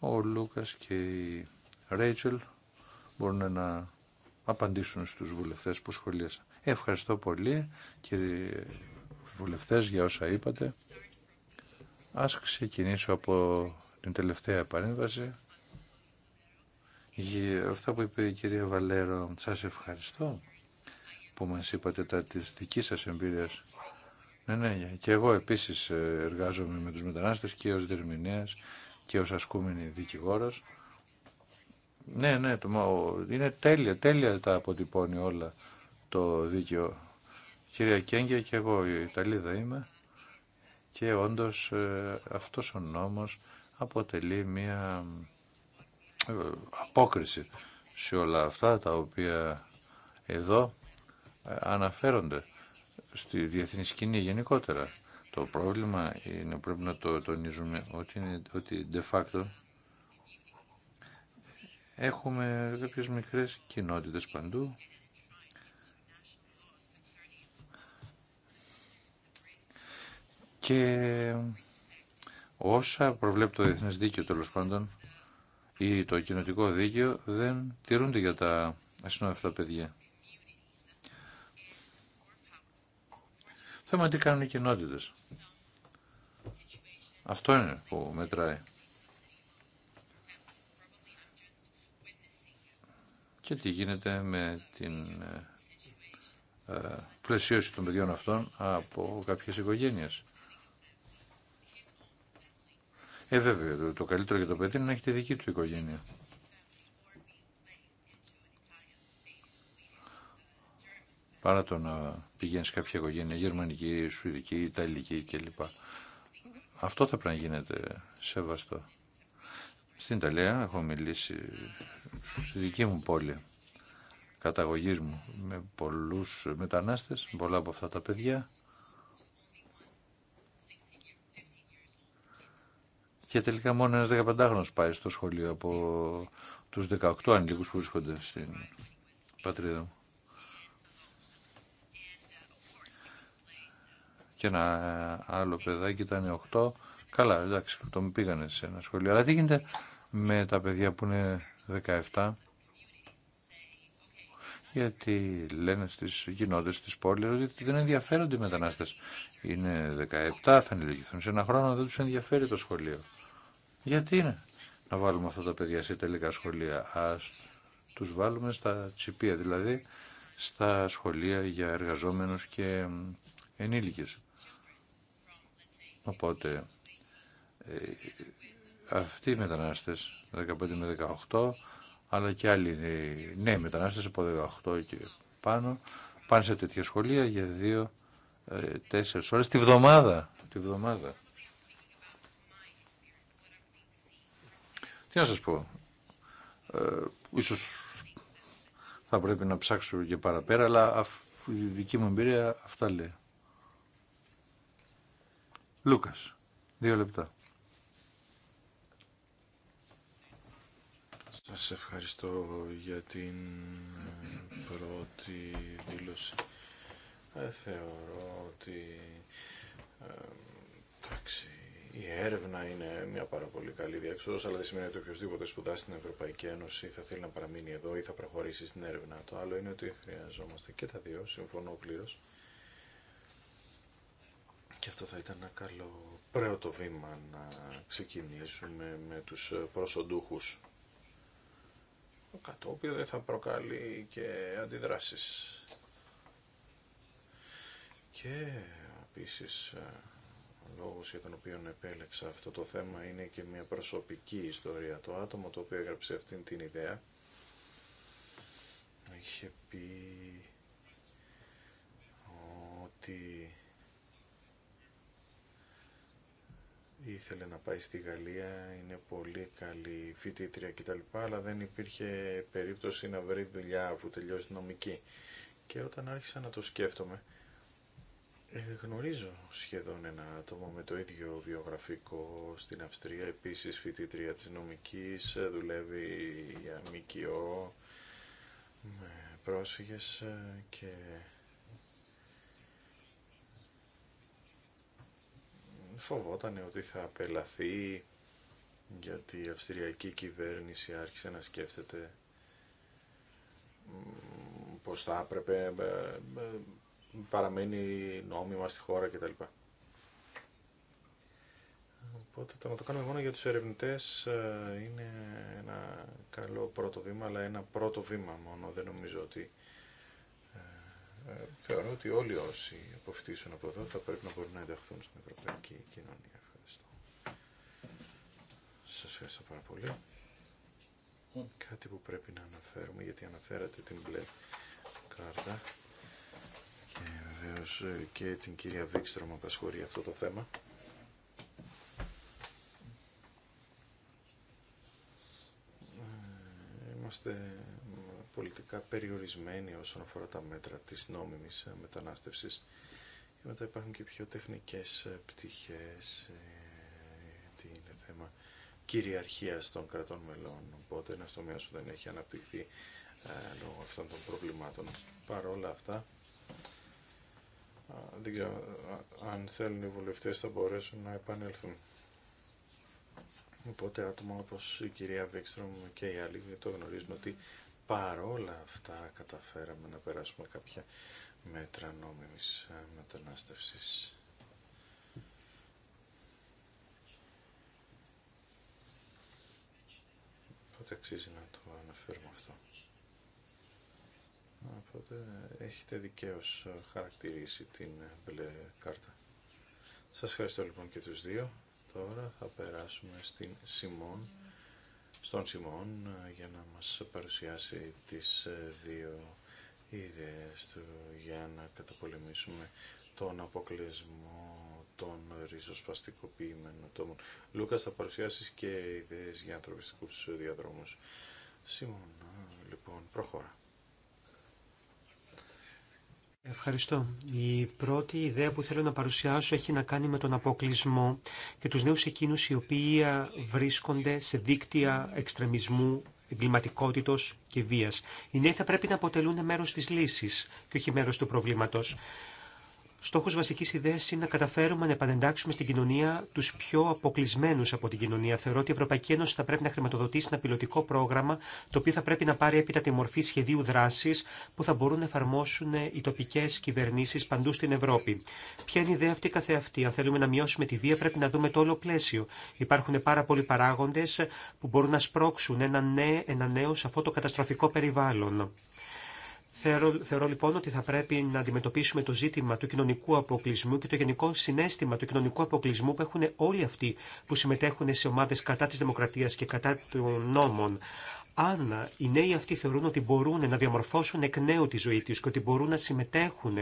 ο Λούκας και η Ρέιτσελ μπορούν να απαντήσουν στους βουλευτές που σχολίασαν. Ευχαριστώ πολύ, κύριε βουλευτές, για όσα είπατε. Ας ξεκινήσω από την τελευταία παρέμβαση. Για αυτά που είπε η κυρία Βαλέρο, σας ευχαριστώ που μας είπατε τα της δικής σας εμπειρίας. Ναι, ναι, και εγώ επίσης ε, εργάζομαι με τους μετανάστες και ως δερμηνέας και ως ασκούμενη δικηγόρος. Ναι, ναι, το, είναι τέλεια, τέλεια τα αποτυπώνει όλα το δίκαιο. Κυρία Κέγγια και εγώ η Ιταλίδα είμαι και όντως ε, αυτός ο νόμος αποτελεί μία ε, απόκριση σε όλα αυτά τα οποία εδώ ε, αναφέρονται στη διεθνή σκηνή γενικότερα. Το πρόβλημα είναι, πρέπει να το τονίζουμε, ότι, είναι, ότι de facto έχουμε κάποιες μικρές κοινότητες παντού και όσα προβλέπει το Διεθνές Δίκαιο τέλο πάντων ή το κοινοτικό δίκαιο δεν τηρούνται για τα ασυνόδευτα παιδιά. Θέμα τι κάνουν οι κοινότητες. Αυτό είναι που μετράει. Και τι γίνεται με την ε, ε, πλαισίωση των παιδιών αυτών από κάποιες οικογένειες. Ε, βέβαια, το, καλύτερο για το παιδί είναι να έχει τη δική του οικογένεια. Παρά το να πηγαίνει σε κάποια οικογένεια, γερμανική, σουηδική, ιταλική κλπ. Αυτό θα πρέπει να γίνεται σεβαστό. Στην Ιταλία έχω μιλήσει στη δική μου πόλη καταγωγή μου με πολλούς μετανάστες, πολλά από αυτά τα παιδιά και τελικά ένα ένας 15χρονος πάει στο σχολείο από του 18 ανηλίκους που βρίσκονται στην πατρίδα μου. Και ένα ε, άλλο παιδάκι ήταν 8. Καλά, εντάξει, μου πήγανε σε ένα σχολείο. Αλλά τι γίνεται με τα παιδιά που είναι 17 γιατί λένε στις κοινότητε της πόλης ότι δεν ενδιαφέρονται οι μετανάστες. Είναι 17, θα ενηλικηθούν σε ένα χρόνο, δεν τους ενδιαφέρει το σχολείο. Γιατί είναι να βάλουμε αυτά τα παιδιά σε τελικά σχολεία. Ας τους βάλουμε στα τσιπία, δηλαδή στα σχολεία για εργαζόμενους και ενήλικες. Οπότε ε, αυτοί οι μετανάστες 15 με 18 αλλά και άλλοι νέοι μετανάστες από 18 και πάνω πάνε σε τέτοια σχολεία για 2-4 ε, ώρες τη βδομάδα. Τη βδομάδα. Τι να σας πω, ε, ίσως θα πρέπει να ψάξω και παραπέρα, αλλά η δική μου εμπειρία αυτά λέει. Λούκας, δύο λεπτά. Σας ευχαριστώ για την ε, πρώτη δήλωση. Ε, θεωρώ ότι... Ε, εντάξει, η έρευνα είναι μια πάρα πολύ καλή διαξόδο, αλλά δεν σημαίνει ότι οποιοδήποτε σπουδάσει στην Ευρωπαϊκή Ένωση θα θέλει να παραμείνει εδώ ή θα προχωρήσει στην έρευνα. Το άλλο είναι ότι χρειαζόμαστε και τα δύο, συμφωνώ πλήρω. Και αυτό θα ήταν ένα καλό πρώτο βήμα να ξεκινήσουμε με τους προσοντούχους. το κατοπίο δεν θα προκαλεί και αντιδράσεις. Και επίσης λόγος για τον οποίο επέλεξα αυτό το θέμα είναι και μια προσωπική ιστορία. Το άτομο το οποίο έγραψε αυτήν την ιδέα είχε πει ότι ήθελε να πάει στη Γαλλία, είναι πολύ καλή φοιτήτρια κτλ. Αλλά δεν υπήρχε περίπτωση να βρει δουλειά αφού τελειώσει νομική. Και όταν άρχισα να το σκέφτομαι, ε, γνωρίζω σχεδόν ένα άτομο με το ίδιο βιογραφικό στην Αυστρία, επίσης φοιτήτρια της νομικής, ε, δουλεύει για ΜΚΟ με πρόσφυγες ε, και φοβόταν ότι θα απελαθεί γιατί η αυστριακή κυβέρνηση άρχισε να σκέφτεται πως θα έπρεπε παραμένει νόμιμα στη χώρα κτλ. Οπότε το να το κάνουμε μόνο για τους ερευνητές ε, είναι ένα καλό πρώτο βήμα, αλλά ένα πρώτο βήμα μόνο. Δεν νομίζω ότι... Ε, ε, θεωρώ ότι όλοι όσοι αποφυτίσουν από εδώ θα πρέπει να μπορούν να ενταχθούν στην ευρωπαϊκή κοινωνία. Ευχαριστώ. Σας ευχαριστώ πάρα πολύ. Κάτι που πρέπει να αναφέρουμε, γιατί αναφέρατε την μπλε κάρτα. Ε, και την κυρία μου απασχολεί αυτό το θέμα. Ε, είμαστε πολιτικά περιορισμένοι όσον αφορά τα μέτρα της νόμιμης ε, μετανάστευσης και μετά υπάρχουν και πιο τεχνικές πτυχές γιατί είναι θέμα κυριαρχίας των κρατών μελών οπότε ένα τομέα που δεν έχει αναπτυχθεί λόγω αυτών των προβλημάτων. Παρόλα αυτά δεν ξέρω αν θέλουν οι βουλευτές θα μπορέσουν να επανέλθουν. Οπότε άτομα όπως η κυρία Βίξτρομ και οι άλλοι το γνωρίζουν ότι παρόλα αυτά καταφέραμε να περάσουμε κάποια μέτρα νόμιμης ε, μετανάστευσης. Οπότε αξίζει να το αναφέρουμε αυτό. Οπότε έχετε δικαίως ε, χαρακτηρίσει την ε, μπλε κάρτα. Σας ευχαριστώ λοιπόν και τους δύο. Τώρα θα περάσουμε στην Σιμών, στον Σιμών ε, για να μας παρουσιάσει τις δύο ιδέες του για να καταπολεμήσουμε τον αποκλεισμό των ριζοσπαστικοποιημένων ατόμων. Λούκας θα παρουσιάσει και ιδέες για ανθρωπιστικούς διαδρόμους. Σιμών, λοιπόν, προχώρα. Ευχαριστώ. Η πρώτη ιδέα που θέλω να παρουσιάσω έχει να κάνει με τον αποκλεισμό και τους νέους εκείνους οι οποίοι βρίσκονται σε δίκτυα εξτρεμισμού, εγκληματικότητος και βίας. Οι νέοι θα πρέπει να αποτελούν μέρος της λύσης και όχι μέρος του προβλήματος. Στόχος βασική ιδέα είναι να καταφέρουμε να επανεντάξουμε στην κοινωνία του πιο αποκλεισμένου από την κοινωνία. Θεωρώ ότι η Ευρωπαϊκή Ένωση θα πρέπει να χρηματοδοτήσει ένα πιλωτικό πρόγραμμα, το οποίο θα πρέπει να πάρει έπειτα τη μορφή σχεδίου δράση που θα μπορούν να εφαρμόσουν οι τοπικέ κυβερνήσει παντού στην Ευρώπη. Ποια είναι η ιδέα αυτή καθεαυτή. Αν θέλουμε να μειώσουμε τη βία πρέπει να δούμε το όλο πλαίσιο. Υπάρχουν πάρα πολλοί παράγοντε που μπορούν να σπρώξουν ένα νέο, ναι, ένα νέο αυτό το καταστροφικό περιβάλλον. Θεωρώ, λοιπόν ότι θα πρέπει να αντιμετωπίσουμε το ζήτημα του κοινωνικού αποκλεισμού και το γενικό συνέστημα του κοινωνικού αποκλεισμού που έχουν όλοι αυτοί που συμμετέχουν σε ομάδες κατά της δημοκρατίας και κατά των νόμων αν οι νέοι αυτοί θεωρούν ότι μπορούν να διαμορφώσουν εκ νέου τη ζωή τους και ότι μπορούν να συμμετέχουν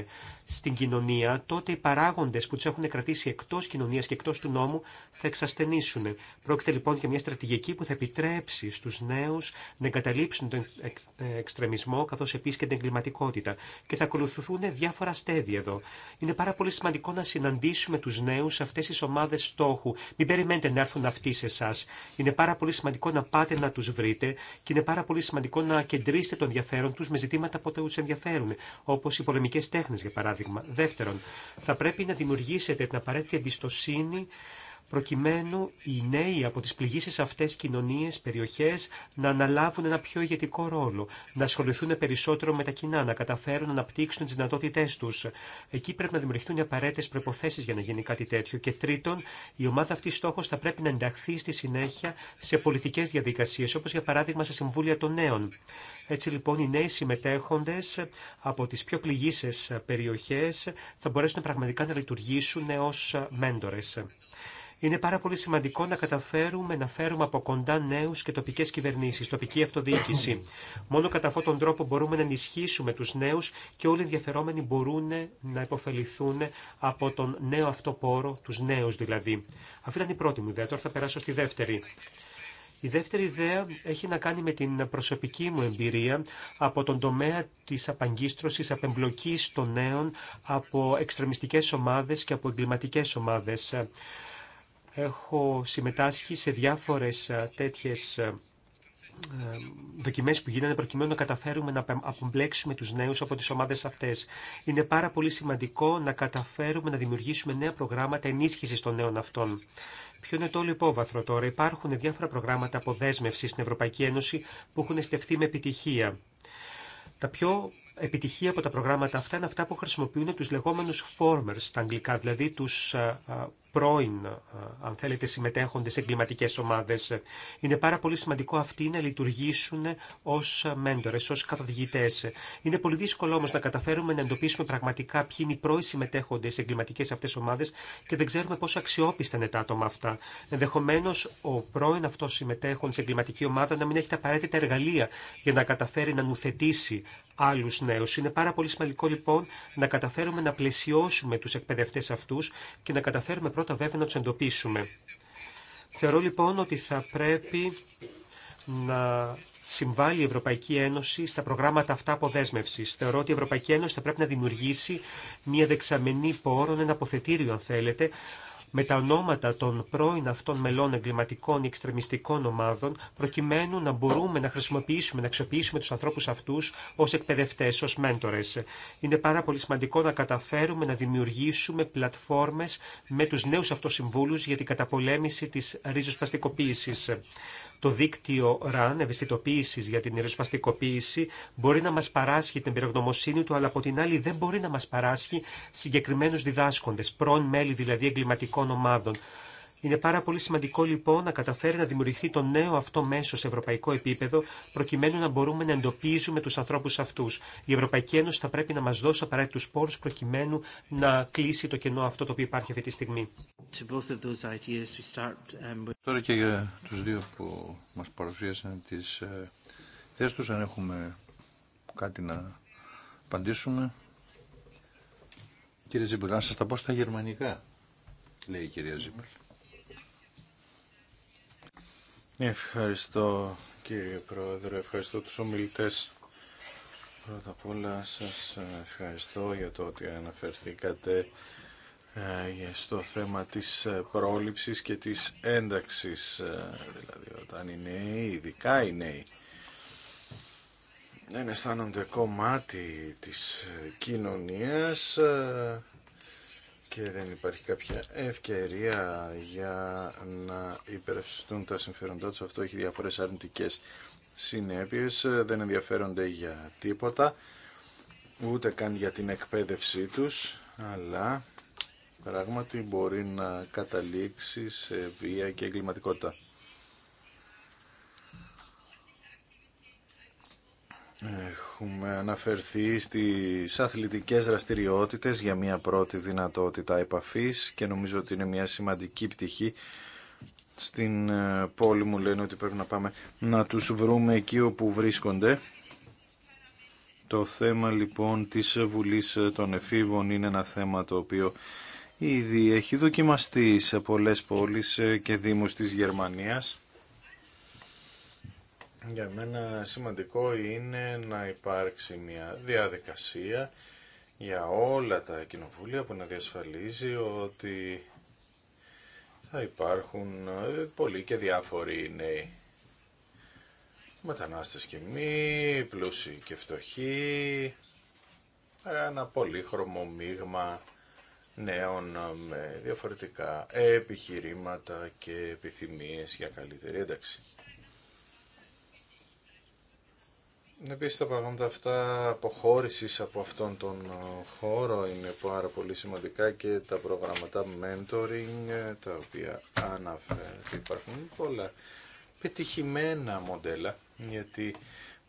στην κοινωνία, τότε οι παράγοντες που τους έχουν κρατήσει εκτός κοινωνίας και εκτός του νόμου θα εξασθενήσουν. Πρόκειται λοιπόν για μια στρατηγική που θα επιτρέψει στους νέους να εγκαταλείψουν τον εξτρεμισμό καθώς επίσης και την εγκληματικότητα. Και θα ακολουθούν διάφορα στέδια εδώ. Είναι πάρα πολύ σημαντικό να συναντήσουμε τους νέους σε αυτές τις ομάδες στόχου. Μην περιμένετε να έρθουν αυτοί σε εσά. Είναι πάρα πολύ σημαντικό να πάτε να τους βρείτε και είναι πάρα πολύ σημαντικό να κεντρίσετε το ενδιαφέρον του με ζητήματα που του ενδιαφέρουν, όπω οι πολεμικέ τέχνε για παράδειγμα. Δεύτερον, θα πρέπει να δημιουργήσετε την απαραίτητη εμπιστοσύνη προκειμένου οι νέοι από τις πληγήσεις αυτές κοινωνίες, περιοχές να αναλάβουν ένα πιο ηγετικό ρόλο, να ασχοληθούν περισσότερο με τα κοινά, να καταφέρουν να αναπτύξουν τις δυνατότητές τους. Εκεί πρέπει να δημιουργηθούν οι απαραίτητες προϋποθέσεις για να γίνει κάτι τέτοιο. Και τρίτον, η ομάδα αυτή στόχος θα πρέπει να ενταχθεί στη συνέχεια σε πολιτικές διαδικασίες, όπως για παράδειγμα στα Συμβούλια των Νέων. Έτσι λοιπόν οι νέοι συμμετέχοντες από τις πιο πληγήσεις περιοχές θα μπορέσουν πραγματικά να λειτουργήσουν ως μέντορες. Είναι πάρα πολύ σημαντικό να καταφέρουμε να φέρουμε από κοντά νέου και τοπικέ κυβερνήσει, τοπική αυτοδιοίκηση. Μόνο κατά αυτόν τον τρόπο μπορούμε να ενισχύσουμε του νέου και όλοι οι ενδιαφερόμενοι μπορούν να υποφεληθούν από τον νέο αυτό πόρο, του νέου δηλαδή. Αυτή ήταν η πρώτη μου ιδέα, τώρα θα περάσω στη δεύτερη. Η δεύτερη ιδέα έχει να κάνει με την προσωπική μου εμπειρία από τον τομέα της απαγκίστρωσης, απεμπλοκής των νέων από εξτρεμιστικές ομάδες και από εγκληματικές ομάδες. Έχω συμμετάσχει σε διάφορες ε, τέτοιες ε, ε, δοκιμές που γίνανε προκειμένου να καταφέρουμε να απομπλέξουμε τους νέους από τις ομάδες αυτές. Είναι πάρα πολύ σημαντικό να καταφέρουμε να δημιουργήσουμε νέα προγράμματα ενίσχυσης των νέων αυτών. Ποιο είναι το όλο υπόβαθρο τώρα. Υπάρχουν διάφορα προγράμματα αποδέσμευσης στην Ευρωπαϊκή Ένωση που έχουν στεφθεί με επιτυχία. Τα πιο επιτυχία από τα προγράμματα αυτά είναι αυτά που χρησιμοποιούν τους λεγόμενους formers στα αγγλικά, δηλαδή τους ε, ε, πρώην, ε, αν θέλετε, συμμετέχοντες σε εγκληματικές ομάδες. Είναι πάρα πολύ σημαντικό αυτοί να λειτουργήσουν ως μέντορες, ως καθοδηγητές. Είναι πολύ δύσκολο όμως να καταφέρουμε να εντοπίσουμε πραγματικά ποιοι είναι οι πρώοι συμμετέχοντες σε εγκληματικές αυτές ομάδες και δεν ξέρουμε πόσο αξιόπιστα είναι τα άτομα αυτά. Ενδεχομένω ο πρώην αυτό συμμετέχον σε εγκληματική ομάδα να μην έχει τα απαραίτητα εργαλεία για να καταφέρει να νουθετήσει άλλου νέου. Είναι πάρα πολύ σημαντικό λοιπόν να καταφέρουμε να πλαισιώσουμε του εκπαιδευτέ αυτού και να καταφέρουμε πρώτα βέβαια να του εντοπίσουμε. Θεωρώ λοιπόν ότι θα πρέπει να συμβάλλει η Ευρωπαϊκή Ένωση στα προγράμματα αυτά αποδέσμευση. Θεωρώ ότι η Ευρωπαϊκή Ένωση θα πρέπει να δημιουργήσει μια δεξαμενή πόρων, ένα αποθετήριο αν θέλετε, με τα ονόματα των πρώην αυτών μελών εγκληματικών ή εξτρεμιστικών ομάδων, προκειμένου να μπορούμε να χρησιμοποιήσουμε, να αξιοποιήσουμε του ανθρώπου αυτού ω εκπαιδευτέ, ω μέντορε. Είναι πάρα πολύ σημαντικό να καταφέρουμε να δημιουργήσουμε πλατφόρμε με του νέου αυτοσυμβούλου για την καταπολέμηση τη ρίζοσπαστικοποίηση. Το δίκτυο RAN, ευαισθητοποίηση για την ριζοσπαστικοποίηση, μπορεί να μα παράσχει την πυρογνωμοσύνη του, αλλά από την άλλη δεν μπορεί να μα παράσχει συγκεκριμένου διδάσκοντε, πρώην μέλη δηλαδή εγκληματικών ομάδων. Είναι πάρα πολύ σημαντικό λοιπόν να καταφέρει να δημιουργηθεί το νέο αυτό μέσο σε ευρωπαϊκό επίπεδο, προκειμένου να μπορούμε να εντοπίζουμε του ανθρώπου αυτού. Η Ευρωπαϊκή Ένωση θα πρέπει να μα δώσει απαραίτητου πόρου, προκειμένου να κλείσει το κενό αυτό το οποίο υπάρχει αυτή τη στιγμή. Um, Τώρα και για του δύο που μα παρουσίασαν τι ε, θέσει του, αν έχουμε κάτι να απαντήσουμε. Κύριε να σα τα πω στα γερμανικά, λέει η κυρία Ζήμπελ. Ευχαριστώ κύριε Πρόεδρε, ευχαριστώ τους ομιλητές. Πρώτα απ' όλα σας ευχαριστώ για το ότι αναφερθήκατε ε, στο θέμα της ε, πρόληψης και της ένταξης, ε, δηλαδή όταν οι νέοι, ειδικά οι νέοι, δεν αισθάνονται κομμάτι της κοινωνίας, και δεν υπάρχει κάποια ευκαιρία για να υπερευσιστούν τα συμφέροντά τους. Αυτό έχει διαφορές αρνητικές συνέπειες, δεν ενδιαφέρονται για τίποτα, ούτε καν για την εκπαίδευσή τους, αλλά πράγματι μπορεί να καταλήξει σε βία και εγκληματικότητα. Έχουμε αναφερθεί στις αθλητικές δραστηριότητες για μια πρώτη δυνατότητα επαφής και νομίζω ότι είναι μια σημαντική πτυχή. Στην ε, πόλη μου λένε ότι πρέπει να πάμε να τους βρούμε εκεί όπου βρίσκονται. Το θέμα λοιπόν της Βουλής των Εφήβων είναι ένα θέμα το οποίο ήδη έχει δοκιμαστεί σε πολλές πόλεις και δήμους της Γερμανίας για μένα σημαντικό είναι να υπάρξει μια διαδικασία για όλα τα κοινοβούλια που να διασφαλίζει ότι θα υπάρχουν ε, πολλοί και διάφοροι νέοι μετανάστες και μη, πλούσιοι και φτωχοί, ένα πολύχρωμο μείγμα νέων με διαφορετικά επιχειρήματα και επιθυμίες για καλύτερη ένταξη. Επίσης τα πράγματα αυτά αποχώρησης από αυτόν τον ε, χώρο είναι πάρα πολύ σημαντικά και τα προγράμματα mentoring ε, τα οποία αναφέρεται. Υπάρχουν πολλά πετυχημένα μοντέλα γιατί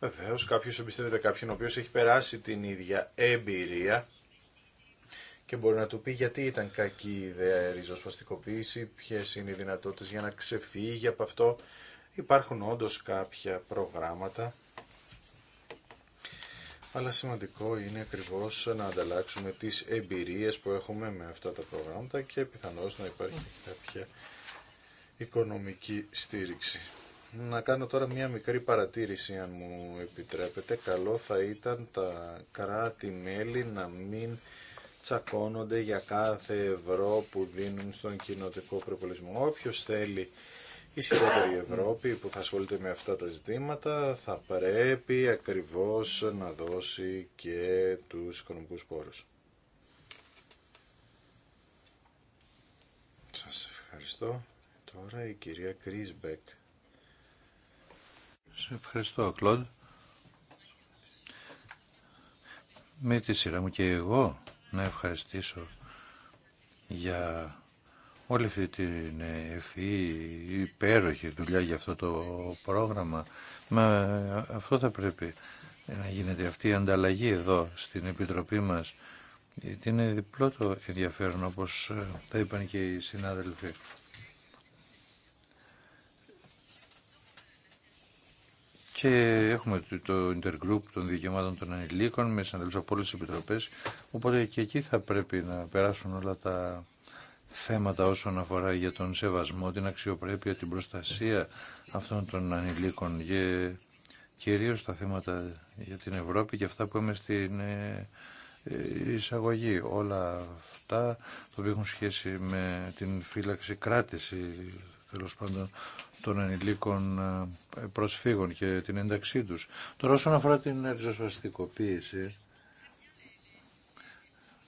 βεβαίω κάποιος εμπιστεύεται κάποιον ο οποίος έχει περάσει την ίδια εμπειρία και μπορεί να του πει γιατί ήταν κακή η ιδέα η ριζοσπαστικοποίηση, ποιε είναι οι δυνατότητες για να ξεφύγει από αυτό. Υπάρχουν όντως κάποια προγράμματα αλλά σημαντικό είναι ακριβώς να ανταλλάξουμε τις εμπειρίες που έχουμε με αυτά τα προγράμματα και πιθανώς να υπάρχει ναι. κάποια οικονομική στήριξη. Να κάνω τώρα μια μικρή παρατήρηση αν μου επιτρέπετε. Καλό θα ήταν τα κράτη-μέλη να μην τσακώνονται για κάθε ευρώ που δίνουν στον κοινοτικό προπολισμό. Όποιος θέλει ισχυρότερη Ευρώπη που θα ασχολείται με αυτά τα ζητήματα θα πρέπει ακριβώς να δώσει και τους οικονομικούς πόρους. Σας ευχαριστώ. Τώρα η κυρία Κρίσμπεκ. Σε ευχαριστώ, Κλοντ. Με τη σειρά μου και εγώ να ευχαριστήσω για όλη αυτή την ευφυή, υπέροχη δουλειά για αυτό το πρόγραμμα. Μα αυτό θα πρέπει να γίνεται αυτή η ανταλλαγή εδώ στην Επιτροπή μας. Γιατί είναι διπλό το ενδιαφέρον όπως ε, τα είπαν και οι συνάδελφοι. Και έχουμε το Intergroup των Δικαιωμάτων των Ανηλίκων με συναδέλφους από όλες επιτροπές, οπότε και εκεί θα πρέπει να περάσουν όλα τα θέματα όσον αφορά για τον σεβασμό, την αξιοπρέπεια, την προστασία αυτών των ανηλίκων και κυρίως τα θέματα για την Ευρώπη και αυτά που είμαι στην ε, εισαγωγή. Όλα αυτά το έχουν σχέση με την φύλαξη κράτηση τέλος πάντων των ανηλίκων ε, προσφύγων και την ένταξή τους. Τώρα όσον αφορά την ριζοσπαστικοποίηση,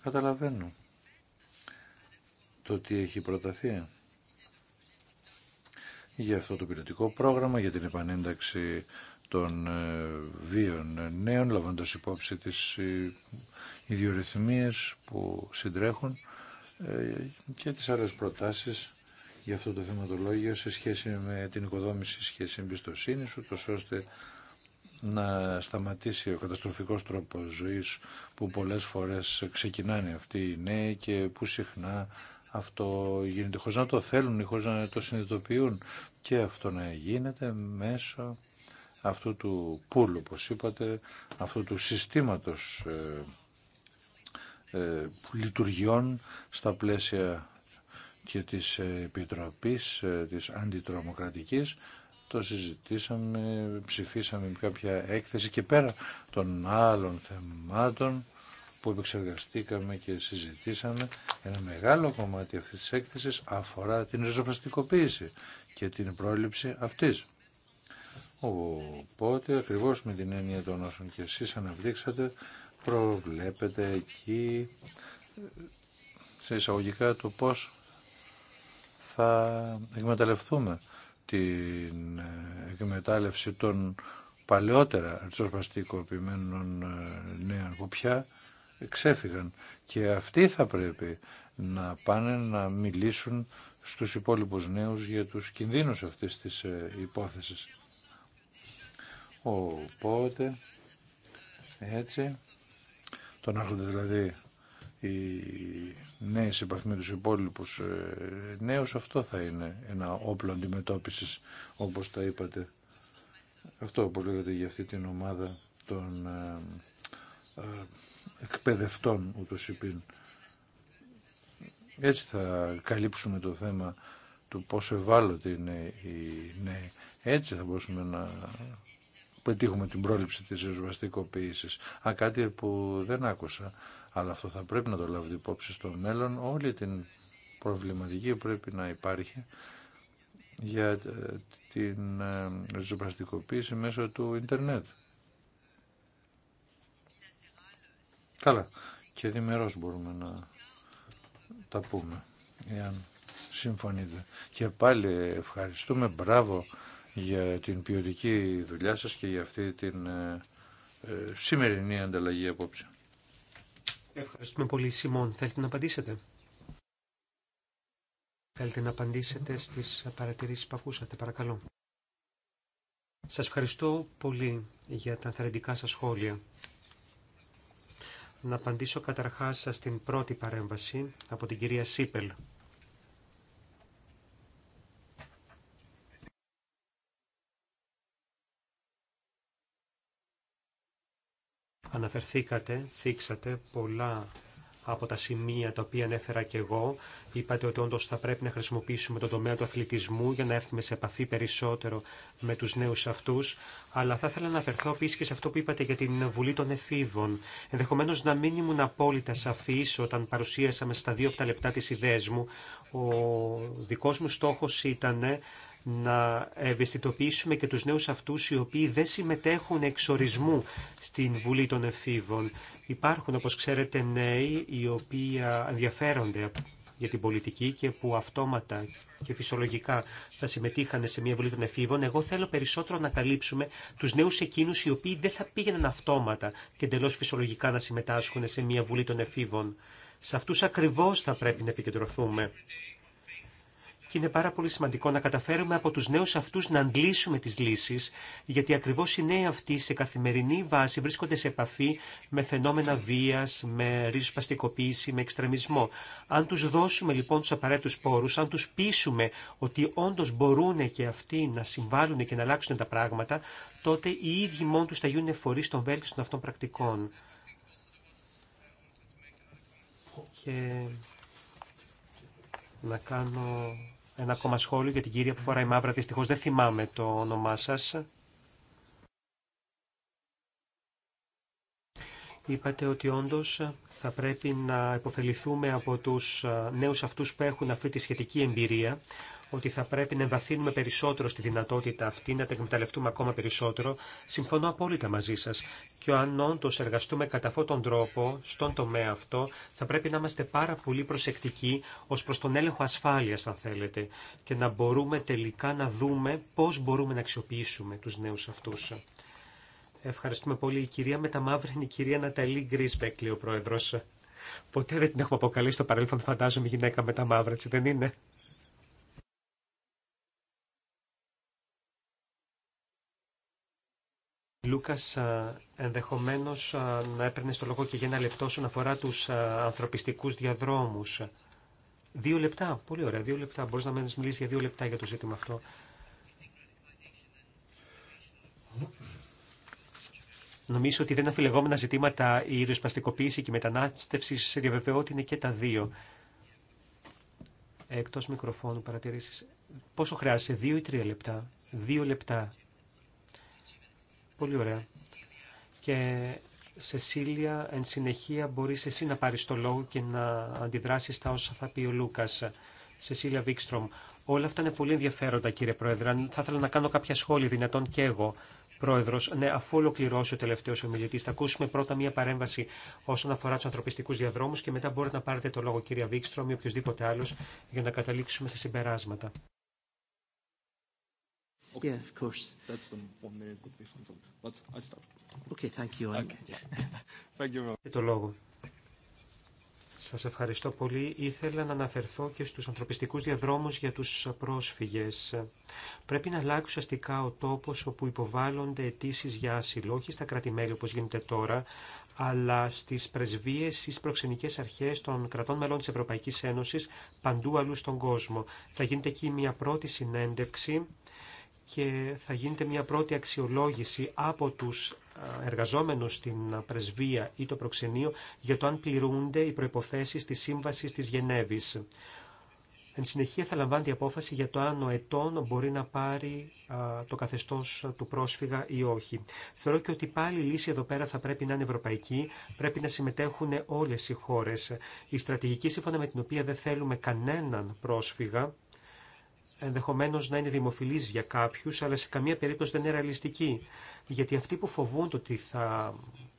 καταλαβαίνω το τι έχει προταθεί για αυτό το πιλωτικό πρόγραμμα, για την επανένταξη των ε, βίων νέων, λαμβάνοντας υπόψη τις ε, ιδιορυθμίες που συντρέχουν ε, και τις άλλες προτάσεις για αυτό το θεματολόγιο σε σχέση με την οικοδόμηση σχέση εμπιστοσύνη, τόσο ώστε να σταματήσει ο καταστροφικός τρόπος ζωής που πολλές φορές ξεκινάνε αυτοί οι νέοι και που συχνά αυτό γίνεται χωρίς να το θέλουν ή χωρίς να το συνειδητοποιούν και αυτό να γίνεται μέσω αυτού του πουλου, όπως είπατε, αυτού του συστήματος ε, ε λειτουργιών στα πλαίσια και της Επιτροπής ε, της Αντιτρομοκρατικής. Το συζητήσαμε, ψηφίσαμε κάποια έκθεση και πέρα των άλλων θεμάτων που επεξεργαστήκαμε και συζητήσαμε. Ένα μεγάλο κομμάτι αυτής της έκθεσης αφορά την ριζοφαστικοποίηση και την πρόληψη αυτής. Οπότε, ακριβώς με την έννοια των όσων και εσείς αναπτύξατε, προβλέπετε εκεί σε εισαγωγικά το πώς θα εκμεταλλευτούμε την εκμετάλλευση των παλαιότερα ριζοσπαστικοποιημένων ε, νέων που πια ξέφυγαν και αυτοί θα πρέπει να πάνε να μιλήσουν στους υπόλοιπους νέους για τους κινδύνους αυτής της ε, υπόθεσης. Οπότε, έτσι, τον έρχονται δηλαδή οι νέοι σε επαφή με τους υπόλοιπους ε, νέους, αυτό θα είναι ένα όπλο αντιμετώπιση. όπως τα είπατε. Αυτό που λέγατε για αυτή την ομάδα των ε, εκπαιδευτών ούτως υπήν. Έτσι θα καλύψουμε το θέμα του πόσο ευάλωτοι είναι οι νέοι. Έτσι θα μπορούσαμε να πετύχουμε την πρόληψη της ριζοβαστικοποίησης. Α, κάτι που δεν άκουσα, αλλά αυτό θα πρέπει να το λάβει υπόψη στο μέλλον. Όλη την προβληματική πρέπει να υπάρχει για ε, την ριζοβαστικοποίηση ε, μέσω του ίντερνετ. Καλά. Και διμερό μπορούμε να τα πούμε, εάν συμφωνείτε. Και πάλι ευχαριστούμε, μπράβο για την ποιοτική δουλειά σας και για αυτή την ε, ε, σημερινή ανταλλαγή απόψε. Ευχαριστούμε πολύ, Σιμών. Θέλετε να απαντήσετε. Θέλετε να απαντήσετε στις παρατηρήσεις που ακούσατε, παρακαλώ. Σας ευχαριστώ πολύ για τα θερετικά σας σχόλια να απαντήσω καταρχάς στην πρώτη παρέμβαση από την κυρία Σίπελ. Αναφερθήκατε, θίξατε πολλά από τα σημεία τα οποία ανέφερα και εγώ. Είπατε ότι όντω θα πρέπει να χρησιμοποιήσουμε τον τομέα του αθλητισμού για να έρθουμε σε επαφή περισσότερο με του νέου αυτού. Αλλά θα ήθελα να αναφερθώ επίση και σε αυτό που είπατε για την Βουλή των Εφήβων. Ενδεχομένω να μην ήμουν απόλυτα σαφή όταν παρουσίασαμε στα δύο αυτά λεπτά τι ιδέε μου. Ο δικό μου στόχο ήταν να ευαισθητοποιήσουμε και τους νέους αυτούς οι οποίοι δεν συμμετέχουν εξ ορισμού στην Βουλή των Εφήβων. Υπάρχουν, όπως ξέρετε, νέοι οι οποίοι ενδιαφέρονται για την πολιτική και που αυτόματα και φυσιολογικά θα συμμετείχαν σε μια βουλή των εφήβων, εγώ θέλω περισσότερο να καλύψουμε του νέου εκείνου οι οποίοι δεν θα πήγαιναν αυτόματα και εντελώ φυσιολογικά να συμμετάσχουν σε μια βουλή των εφήβων. Σε αυτού ακριβώ θα πρέπει να επικεντρωθούμε και είναι πάρα πολύ σημαντικό να καταφέρουμε από τους νέους αυτούς να αντλήσουμε τις λύσεις, γιατί ακριβώς οι νέοι αυτοί σε καθημερινή βάση βρίσκονται σε επαφή με φαινόμενα βίας, με ριζοσπαστικοποίηση, με εξτρεμισμό. Αν τους δώσουμε λοιπόν τους απαραίτητους πόρους, αν τους πείσουμε ότι όντως μπορούν και αυτοί να συμβάλλουν και να αλλάξουν τα πράγματα, τότε οι ίδιοι μόνοι τους θα γίνουν φορείς των βέλτιστων αυτών πρακτικών. Και να κάνω ένα ακόμα σχόλιο για την κυρία που φοράει μαύρα. Δυστυχώ δεν θυμάμαι το όνομά σα. Είπατε ότι όντω θα πρέπει να υποφεληθούμε από τους νέους αυτούς που έχουν αυτή τη σχετική εμπειρία ότι θα πρέπει να εμβαθύνουμε περισσότερο στη δυνατότητα αυτή, να τα εκμεταλλευτούμε ακόμα περισσότερο. Συμφωνώ απόλυτα μαζί σα. Και αν όντω εργαστούμε κατά αυτόν τον τρόπο, στον τομέα αυτό, θα πρέπει να είμαστε πάρα πολύ προσεκτικοί ω προ τον έλεγχο ασφάλεια, αν θέλετε, και να μπορούμε τελικά να δούμε πώ μπορούμε να αξιοποιήσουμε του νέου αυτού. Ευχαριστούμε πολύ. Η κυρία Μεταμαύρη είναι η κυρία Ναταλή Γκρίσμπεκ, λέει ο πρόεδρο. Ποτέ δεν την έχουμε αποκαλεί στο παρελθόν, φαντάζομαι, γυναίκα με τα μαύρα, έτσι δεν είναι. Λούκα, ενδεχομένω να έπαιρνε το λόγο και για ένα λεπτό όσον αφορά του ανθρωπιστικού διαδρόμου. Δύο λεπτά, πολύ ωραία, δύο λεπτά. Μπορεί να μιλήσει για δύο λεπτά για το ζήτημα αυτό. Νομίζω ότι δεν αφιλεγόμενα ζητήματα η ριοσπαστικοποίηση και η μετανάστευση σε διαβεβαιώ ότι είναι και τα δύο. Εκτός μικροφώνου παρατηρήσεις. Πόσο χρειάζεσαι, δύο ή τρία λεπτά. Δύο λεπτά Πολύ ωραία. Και Σεσίλια, εν συνεχεία μπορείς εσύ να πάρεις το λόγο και να αντιδράσεις τα όσα θα πει ο Λούκας. Σεσίλια Βίκστρομ, όλα αυτά είναι πολύ ενδιαφέροντα κύριε Πρόεδρε. Θα ήθελα να κάνω κάποια σχόλια δυνατόν και εγώ. Πρόεδρο, ναι, αφού ολοκληρώσει ο τελευταίο ομιλητή, θα ακούσουμε πρώτα μία παρέμβαση όσον αφορά του ανθρωπιστικού διαδρόμου και μετά μπορείτε να πάρετε το λόγο, κυρία Βίξτρομ ή οποιοδήποτε άλλο, για να καταλήξουμε στα συμπεράσματα. Okay. Yeah, of course. That's the one minute would be But I start. Okay, thank you. Okay. thank you. Και το λόγο. Σας ευχαριστώ πολύ. Ήθελα να αναφερθώ και στους ανθρωπιστικούς διαδρόμους για τους πρόσφυγες. Πρέπει να αλλάξει ουσιαστικά ο τόπος όπου υποβάλλονται αιτήσει για άσυλο, όχι στα κράτη-μέλη όπως γίνεται τώρα, αλλά στις πρεσβείες, στις προξενικές αρχές των κρατών μελών της Ευρωπαϊκής Ένωσης, παντού αλλού στον κόσμο. Θα γίνεται εκεί μια πρώτη συνέντευξη και θα γίνεται μια πρώτη αξιολόγηση από τους ε, εργαζόμενους στην πρεσβεία ή το προξενείο για το αν πληρούνται οι προϋποθέσεις της Σύμβασης της Γενέβης. Εν συνεχεία θα λαμβάνει η απόφαση για το αν ο ετών μπορεί να πάρει το καθεστώς του πρόσφυγα ή όχι. Θεωρώ και ότι πάλι η λύση εδώ πέρα θα πρέπει να είναι ευρωπαϊκή, πρέπει να συμμετέχουν όλες οι χώρες. Η στρατηγική σύμφωνα με την οποία δεν θέλουμε κανέναν πρόσφυγα, ενδεχομένως να είναι δημοφιλής για κάποιους, αλλά σε καμία περίπτωση δεν είναι ρεαλιστική. Γιατί αυτοί που φοβούνται ότι θα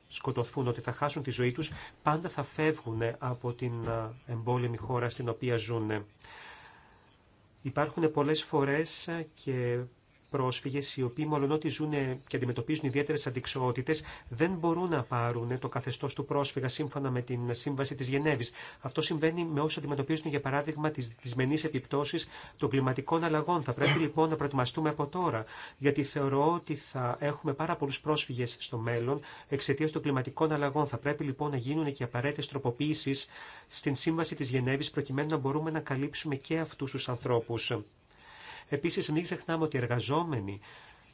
σκοτωθούν, ότι θα χάσουν τη ζωή τους, πάντα θα φεύγουν από την εμπόλεμη χώρα στην οποία ζουν. Υπάρχουν πολλές φορές και πρόσφυγε, οι οποίοι μολονότι ζουν και αντιμετωπίζουν ιδιαίτερε αντικσοότητε, δεν μπορούν να πάρουν το καθεστώ του πρόσφυγα σύμφωνα με την Σύμβαση τη Γενέβη. Αυτό συμβαίνει με όσου αντιμετωπίζουν, για παράδειγμα, τι δυσμενεί επιπτώσει των κλιματικών αλλαγών. Θα πρέπει λοιπόν να προετοιμαστούμε από τώρα, γιατί θεωρώ ότι θα έχουμε πάρα πολλού πρόσφυγε στο μέλλον εξαιτία των κλιματικών αλλαγών. Θα πρέπει λοιπόν να γίνουν και απαραίτητε τροποποιήσει στην Σύμβαση τη Γενέβη, προκειμένου να μπορούμε να καλύψουμε και αυτού του ανθρώπου. Επίση, μην ξεχνάμε ότι οι εργαζόμενοι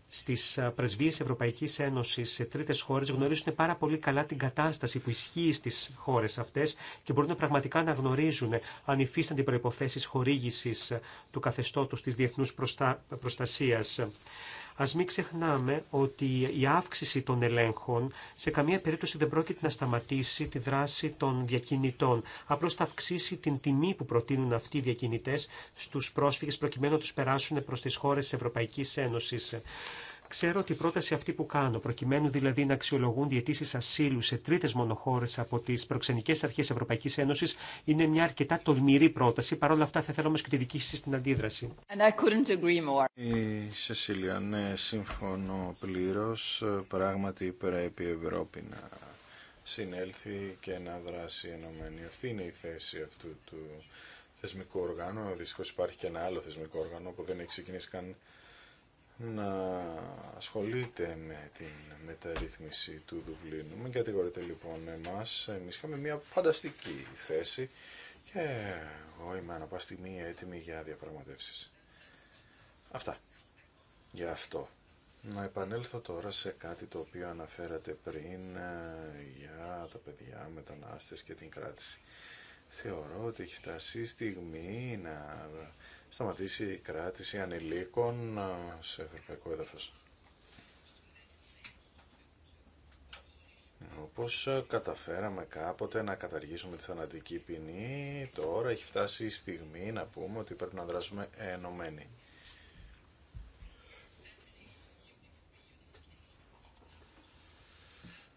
στι πρεσβείε Ευρωπαϊκή Ένωση σε τρίτε χώρε γνωρίζουν πάρα πολύ καλά την κατάσταση που ισχύει στι χώρε αυτέ και μπορούν πραγματικά να γνωρίζουν αν υφίστανται προποθέσει χορήγηση του καθεστώτο τη διεθνού προστασία. Ας μην ξεχνάμε ότι η αύξηση των ελέγχων σε καμία περίπτωση δεν πρόκειται να σταματήσει τη δράση των διακινητών. Απλώς θα αυξήσει την τιμή που προτείνουν αυτοί οι διακινητές στους πρόσφυγες προκειμένου να τους περάσουν προς τις χώρες της Ευρωπαϊκής Ένωσης. Ξέρω ότι η πρόταση αυτή που κάνω, προκειμένου δηλαδή να αξιολογούν οι αιτήσει ασύλου σε τρίτε μονοχώρε από τι προξενικέ αρχέ Ευρωπαϊκή Ένωση, είναι μια αρκετά τολμηρή πρόταση. Παρ' όλα αυτά, θα θέλω όμω και τη δική σα την αντίδραση. Η Σεσίλια, ναι, συμφωνώ πλήρω. Πράγματι, πρέπει η Ευρώπη να συνέλθει και να δράσει ενωμένη. Αυτή είναι η θέση αυτού του θεσμικού οργάνου. Δυστυχώ υπάρχει και ένα άλλο θεσμικό οργάνο που δεν έχει ξεκινήσει καν να ασχολείται με την μεταρρύθμιση του Δουβλίνου. Μην κατηγορείτε λοιπόν εμάς. Εμείς είχαμε μια φανταστική θέση και εγώ είμαι ανά πάση στιγμή έτοιμη για διαπραγματεύσεις. Αυτά. Για αυτό. Να επανέλθω τώρα σε κάτι το οποίο αναφέρατε πριν ε, για τα παιδιά, μετανάστες και την κράτηση. Θεωρώ ότι έχει φτάσει η στιγμή να σταματήσει η κράτηση ανηλίκων ε, σε ευρωπαϊκό έδαφος. Όπως ε, καταφέραμε κάποτε να καταργήσουμε τη θανατική ποινή, τώρα έχει φτάσει η στιγμή να πούμε ότι πρέπει να δράσουμε ενωμένοι.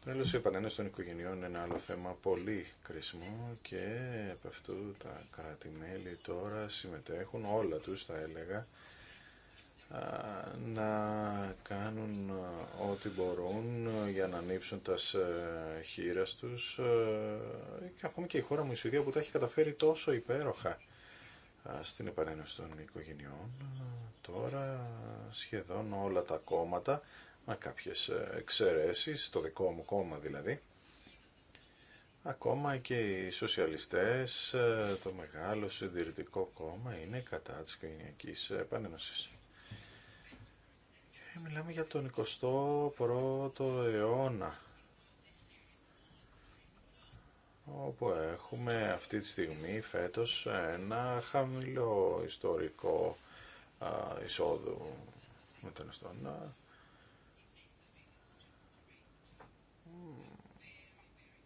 Τέλο, η επανένωση των οικογενειών είναι ένα άλλο θέμα πολύ κρίσιμο και από αυτού τα κράτη-μέλη τώρα συμμετέχουν, όλα τους θα έλεγα, να κάνουν ό,τι μπορούν για να ανοίξουν τα χείρα τους και ακόμη και η χώρα μου η Σουηδία που τα έχει καταφέρει τόσο υπέροχα στην επανένωση των οικογενειών τώρα σχεδόν όλα τα κόμματα με κάποιες ε, εξαιρέσεις, το δικό μου κόμμα δηλαδή. Ακόμα και οι σοσιαλιστές, ε, το μεγάλο συντηρητικό κόμμα είναι κατά της κοινωνικής επανένωσης. Και μιλάμε για τον 21ο αιώνα, όπου έχουμε αυτή τη στιγμή φέτος ένα χαμηλό ιστορικό εισόδου μεταναστών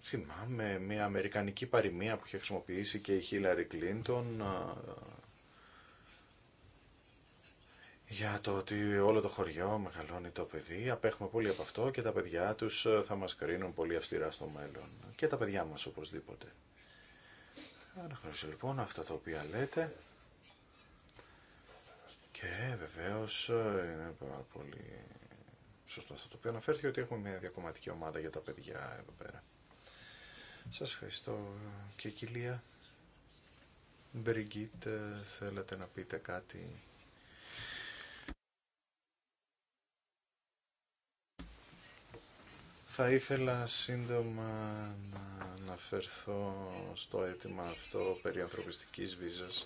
θυμάμαι μια αμερικανική παροιμία που είχε χρησιμοποιήσει και η Χίλαρη Κλίντον για το ότι όλο το χωριό μεγαλώνει το παιδί, απέχουμε πολύ από αυτό και τα παιδιά τους θα μας κρίνουν πολύ αυστηρά στο μέλλον. Και τα παιδιά μας οπωσδήποτε. Αναγνωρίζω λοιπόν αυτά τα οποία λέτε και βεβαίως είναι πάρα πολύ σωστό αυτό το οποίο αναφέρθηκε ότι έχουμε μια διακομματική ομάδα για τα παιδιά εδώ πέρα. Σας ευχαριστώ και κυρία Μπεριγκίτ. Ε, θέλετε να πείτε κάτι. Θα ήθελα σύντομα να αναφερθώ στο αίτημα αυτό περί ανθρωπιστικής βίζας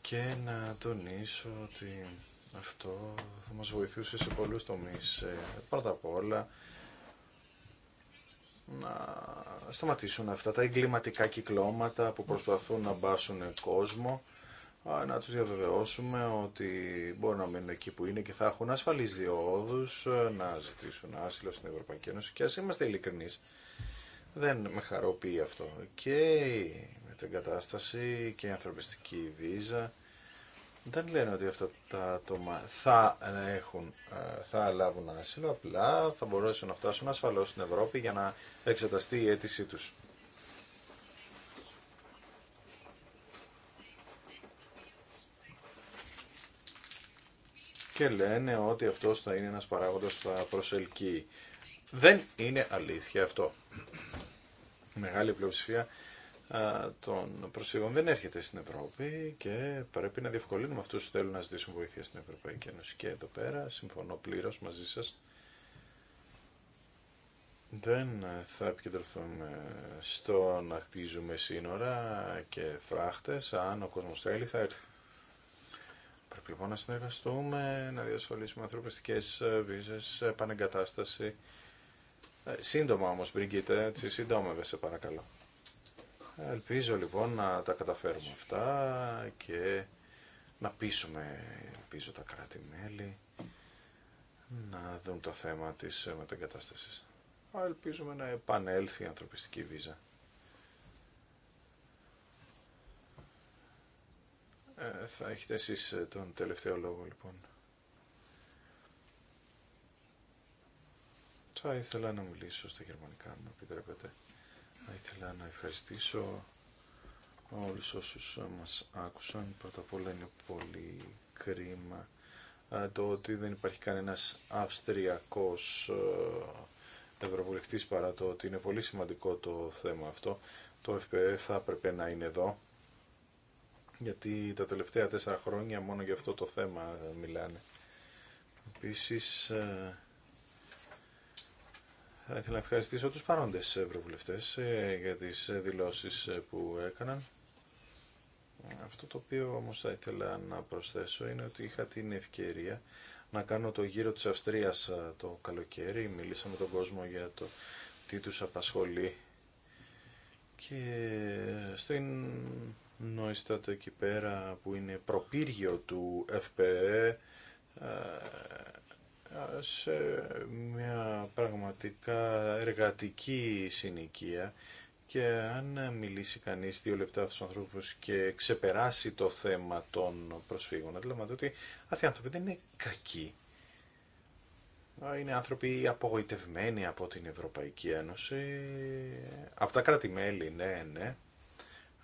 και να τονίσω ότι αυτό θα μας βοηθούσε σε πολλούς τομείς. Ε, πρώτα απ' όλα να σταματήσουν αυτά τα εγκληματικά κυκλώματα που προσπαθούν να μπάσουν κόσμο να τους διαβεβαιώσουμε ότι μπορούν να μείνουν εκεί που είναι και θα έχουν ασφαλείς διόδους να ζητήσουν άσυλο στην Ευρωπαϊκή Ένωση και ας είμαστε ειλικρινεί. δεν με χαροποιεί αυτό και με την κατάσταση και η ανθρωπιστική βίζα δεν λένε ότι αυτά τα άτομα θα, έχουν, ε, θα λάβουν άσυλο, απλά θα μπορέσουν να φτάσουν ασφαλώς στην Ευρώπη για να εξεταστεί η αίτησή τους. Και λένε ότι αυτός θα είναι ένας παράγοντας που θα προσελκύει. Δεν είναι αλήθεια αυτό. μεγάλη πλειοψηφία των προσφύγων δεν έρχεται στην Ευρώπη και πρέπει να διευκολύνουμε αυτού που θέλουν να ζητήσουν βοήθεια στην Ευρωπαϊκή Ένωση. Και εδώ πέρα συμφωνώ πλήρω μαζί σας. Δεν θα επικεντρωθούμε στο να χτίζουμε σύνορα και φράχτες. Αν ο κόσμος θέλει θα έρθει. Πρέπει λοιπόν να συνεργαστούμε, να διασφαλίσουμε ανθρωπιστικές βίζες, επανεγκατάσταση. Ε, σύντομα όμως, Μπριγκίτε, έτσι, σύντομα, σε παρακαλώ. Ελπίζω λοιπόν να τα καταφέρουμε αυτά και να πείσουμε, ελπίζω τα κράτη-μέλη, να δουν το θέμα της μεταγκατάστασης. Ελπίζουμε να επανέλθει η ανθρωπιστική βίζα. Ε, θα έχετε εσείς ε, τον τελευταίο λόγο λοιπόν. Θα ήθελα να μιλήσω στα γερμανικά, αν μου επιτρέπετε. Θα ήθελα να ευχαριστήσω όλους όσους μας άκουσαν. Πρώτα απ' όλα είναι πολύ κρίμα ε, το ότι δεν υπάρχει κανένας αυστριακός ε, ευρωβουλευτής παρά το ότι είναι πολύ σημαντικό το θέμα αυτό. Το FPE θα έπρεπε να είναι εδώ γιατί τα τελευταία τέσσερα χρόνια μόνο για αυτό το θέμα μιλάνε. Επίσης ε, θα ήθελα να ευχαριστήσω τους παρόντες ευρωβουλευτές ε, για τις δηλώσεις ε, που έκαναν. Αυτό το οποίο όμως θα ήθελα να προσθέσω είναι ότι είχα την ευκαιρία να κάνω το γύρο της Αυστρίας ε, το καλοκαίρι. Μίλησα με τον κόσμο για το τι τους απασχολεί και στην Νόιστατ εκεί πέρα που είναι προπύργιο του ΕΦΠΕ σε μια πραγματικά εργατική συνοικία και αν μιλήσει κανείς δύο λεπτά τους ανθρώπους και ξεπεράσει το θέμα των προσφύγων, αντιλαμβάνεται ότι αυτοί οι άνθρωποι δεν είναι κακοί. Είναι άνθρωποι απογοητευμένοι από την Ευρωπαϊκή Ένωση, από τα κράτη-μέλη, ναι, ναι.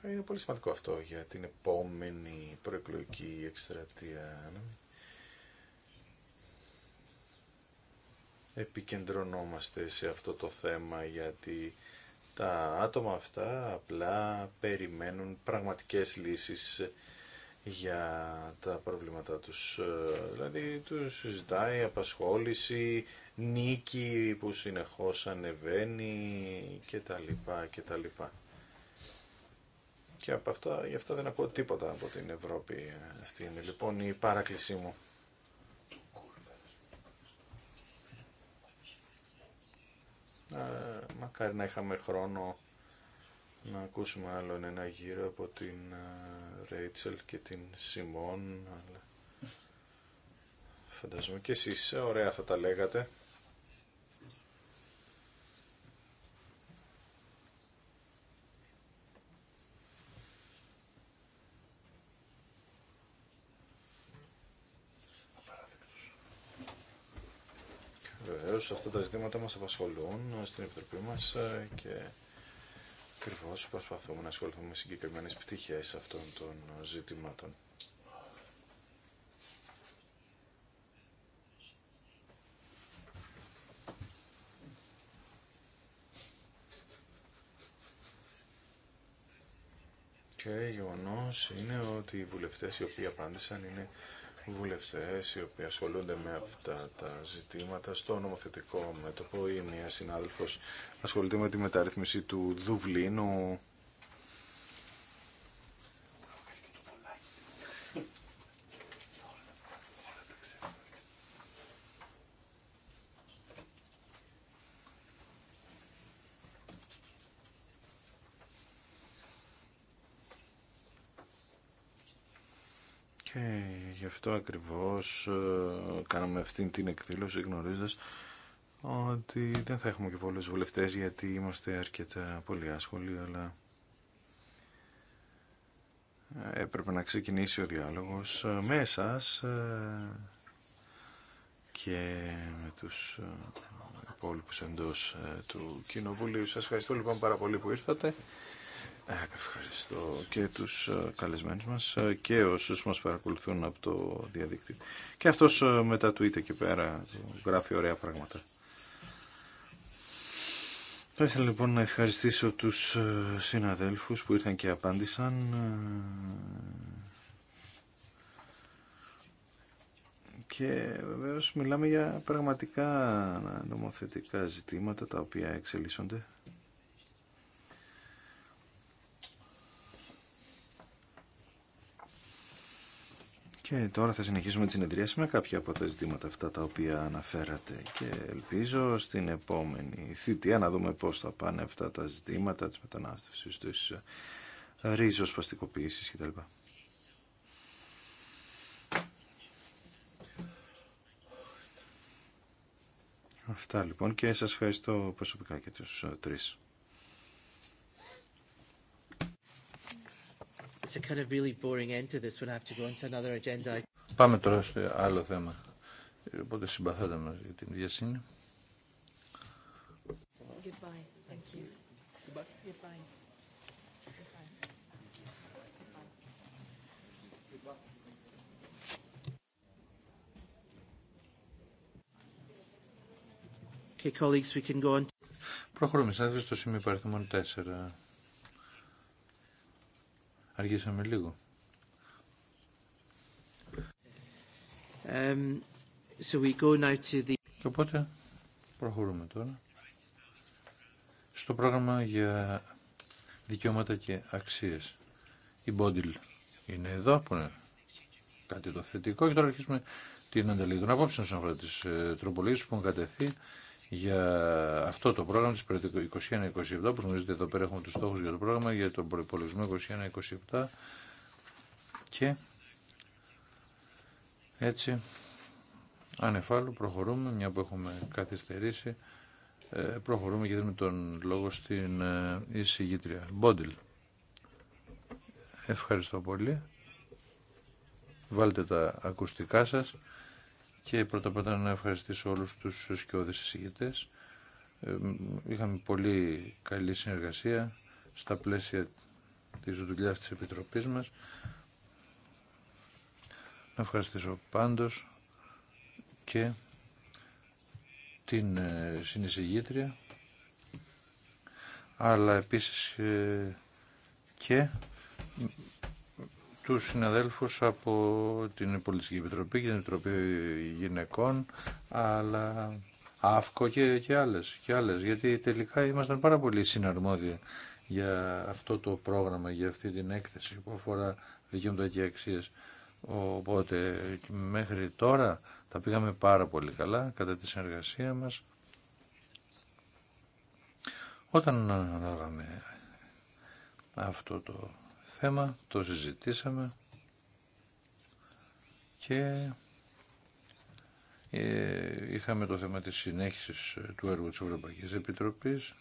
Είναι πολύ σημαντικό αυτό για την επόμενη προεκλογική εκστρατεία. επικεντρωνόμαστε σε αυτό το θέμα γιατί τα άτομα αυτά απλά περιμένουν πραγματικές λύσεις για τα προβλήματά τους. Δηλαδή τους ζητάει απασχόληση, νίκη που συνεχώς ανεβαίνει και τα λοιπά και τα λοιπά. Και από αυτά, γι' αυτό δεν ακούω τίποτα από την Ευρώπη. Αυτή είναι λοιπόν η παράκλησή μου. Ε, μακάρι να είχαμε χρόνο να ακούσουμε άλλον ένα γύρο από την ε, Ρέιτσελ και την Σιμών. Αλλά... Φανταζομαι και εσείς ε, ωραία θα τα λέγατε. βεβαίως αυτά τα ζητήματα μας απασχολούν στην Επιτροπή μας ε, και ακριβώ προσπαθούμε να ασχοληθούμε με συγκεκριμένες πτυχές αυτών των ζητημάτων. Και γεγονό είναι ότι οι βουλευτές οι οποίοι απάντησαν είναι βουλευτές οι οποίοι ασχολούνται με αυτά τα ζητήματα στο νομοθετικό μέτωπο ή μια συνάδελφος ασχολείται με τη μεταρρύθμιση του Δουβλίνου αυτό ακριβώς ε, κάναμε αυτή την εκδήλωση γνωρίζοντας ότι δεν θα έχουμε και πολλούς βουλευτές γιατί είμαστε αρκετά πολύ άσχολοι αλλά έπρεπε να ξεκινήσει ο διάλογος ε, με εσάς ε, και με τους υπόλοιπους εντός του Κοινοβουλίου. Σας ευχαριστώ λοιπόν πάρα πολύ που ήρθατε. Ευχαριστώ και τους ε, καλεσμένους μας ε, και όσους μας παρακολουθούν από το διαδίκτυο. Και αυτός ε, μετά του tweet και πέρα γράφει ωραία πράγματα. Θα ήθελα λοιπόν να ευχαριστήσω τους συναδέλφους που ήρθαν και απάντησαν. Και βεβαίως μιλάμε για πραγματικά νομοθετικά ζητήματα τα οποία εξελίσσονται. Και τώρα θα συνεχίσουμε τη συνεδρία με κάποια από τα ζητήματα αυτά τα οποία αναφέρατε και ελπίζω στην επόμενη θητεία να δούμε πώς θα πάνε αυτά τα ζητήματα της μετανάστευσης, της ε, ρίζος παστικοποίησης κτλ. Αυτά λοιπόν και σας ευχαριστώ προσωπικά και τους ε, τρεις. kind of really boring end to this when I have to go into another agenda. Πάμε τώρα σε άλλο θέμα. Οπότε συμπαθάτε μας για την διασύνη. Goodbye. Thank you. Goodbye. Goodbye. Okay, colleagues, we can go on. Προχωρούμε, συνάδελφοι, στο σημείο παριθμών 4. Αργήσαμε λίγο. Um, so we go now to the... Και οπότε προχωρούμε τώρα στο πρόγραμμα για δικαιώματα και αξίες. Η Μπόντιλ είναι εδώ που είναι κάτι το θετικό και τώρα αρχίσουμε την ανταλλήγη των απόψεων σαν αφορά τις ε, που έχουν κατευθεί για αυτό το πρόγραμμα της 2021 21 21-27 που γνωρίζετε εδώ πέρα έχουμε τους στόχους για το πρόγραμμα για τον προϋπολογισμό 21-27 και έτσι ανεφάλου προχωρούμε μια που έχουμε καθυστερήσει ε, προχωρούμε και δίνουμε τον λόγο στην ε, εισηγήτρια Μπόντιλ Ευχαριστώ πολύ βάλτε τα ακουστικά σας και πρώτα όλα να ευχαριστήσω όλους τους σκιώδες εισηγητές. Είχαμε πολύ καλή συνεργασία στα πλαίσια της δουλειάς της Επιτροπής μας. Να ευχαριστήσω πάντως και την ε, συνεισηγήτρια αλλά επίσης ε, και τους συναδέλφους από την Πολιτική Επιτροπή και την Επιτροπή Γυναικών, αλλά ΑΦΚΟ και, και, άλλες, και άλλες, γιατί τελικά ήμασταν πάρα πολύ συναρμόδιοι για αυτό το πρόγραμμα, για αυτή την έκθεση που αφορά δικαιώματα και Οπότε μέχρι τώρα τα πήγαμε πάρα πολύ καλά κατά τη συνεργασία μας. Όταν αναλάβαμε αυτό το θέμα, το συζητήσαμε και ε, είχαμε το θέμα της συνέχισης ε, του έργου της Ευρωπαϊκής Επιτροπής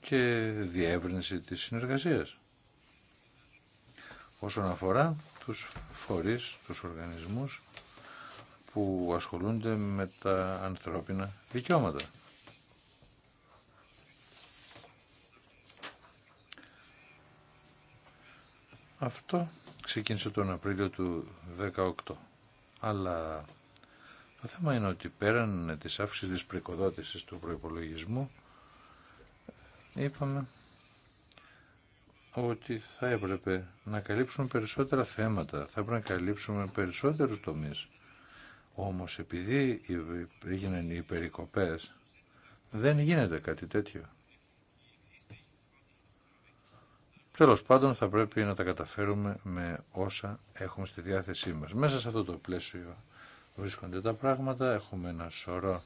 και διεύρυνση της συνεργασίας. Όσον αφορά τους φορείς, τους οργανισμούς που ασχολούνται με τα ανθρώπινα δικαιώματα. Αυτό ξεκίνησε τον Απρίλιο του 2018. Αλλά το θέμα είναι ότι πέραν της αύξησης της πρικοδότησης του προϋπολογισμού είπαμε ότι θα έπρεπε να καλύψουμε περισσότερα θέματα, θα έπρεπε να καλύψουμε περισσότερους τομείς. Όμως επειδή έγιναν οι περικοπές δεν γίνεται κάτι τέτοιο. Τέλο πάντων θα πρέπει να τα καταφέρουμε με όσα έχουμε στη διάθεσή μας. Μέσα σε αυτό το πλαίσιο βρίσκονται τα πράγματα, έχουμε ένα σωρό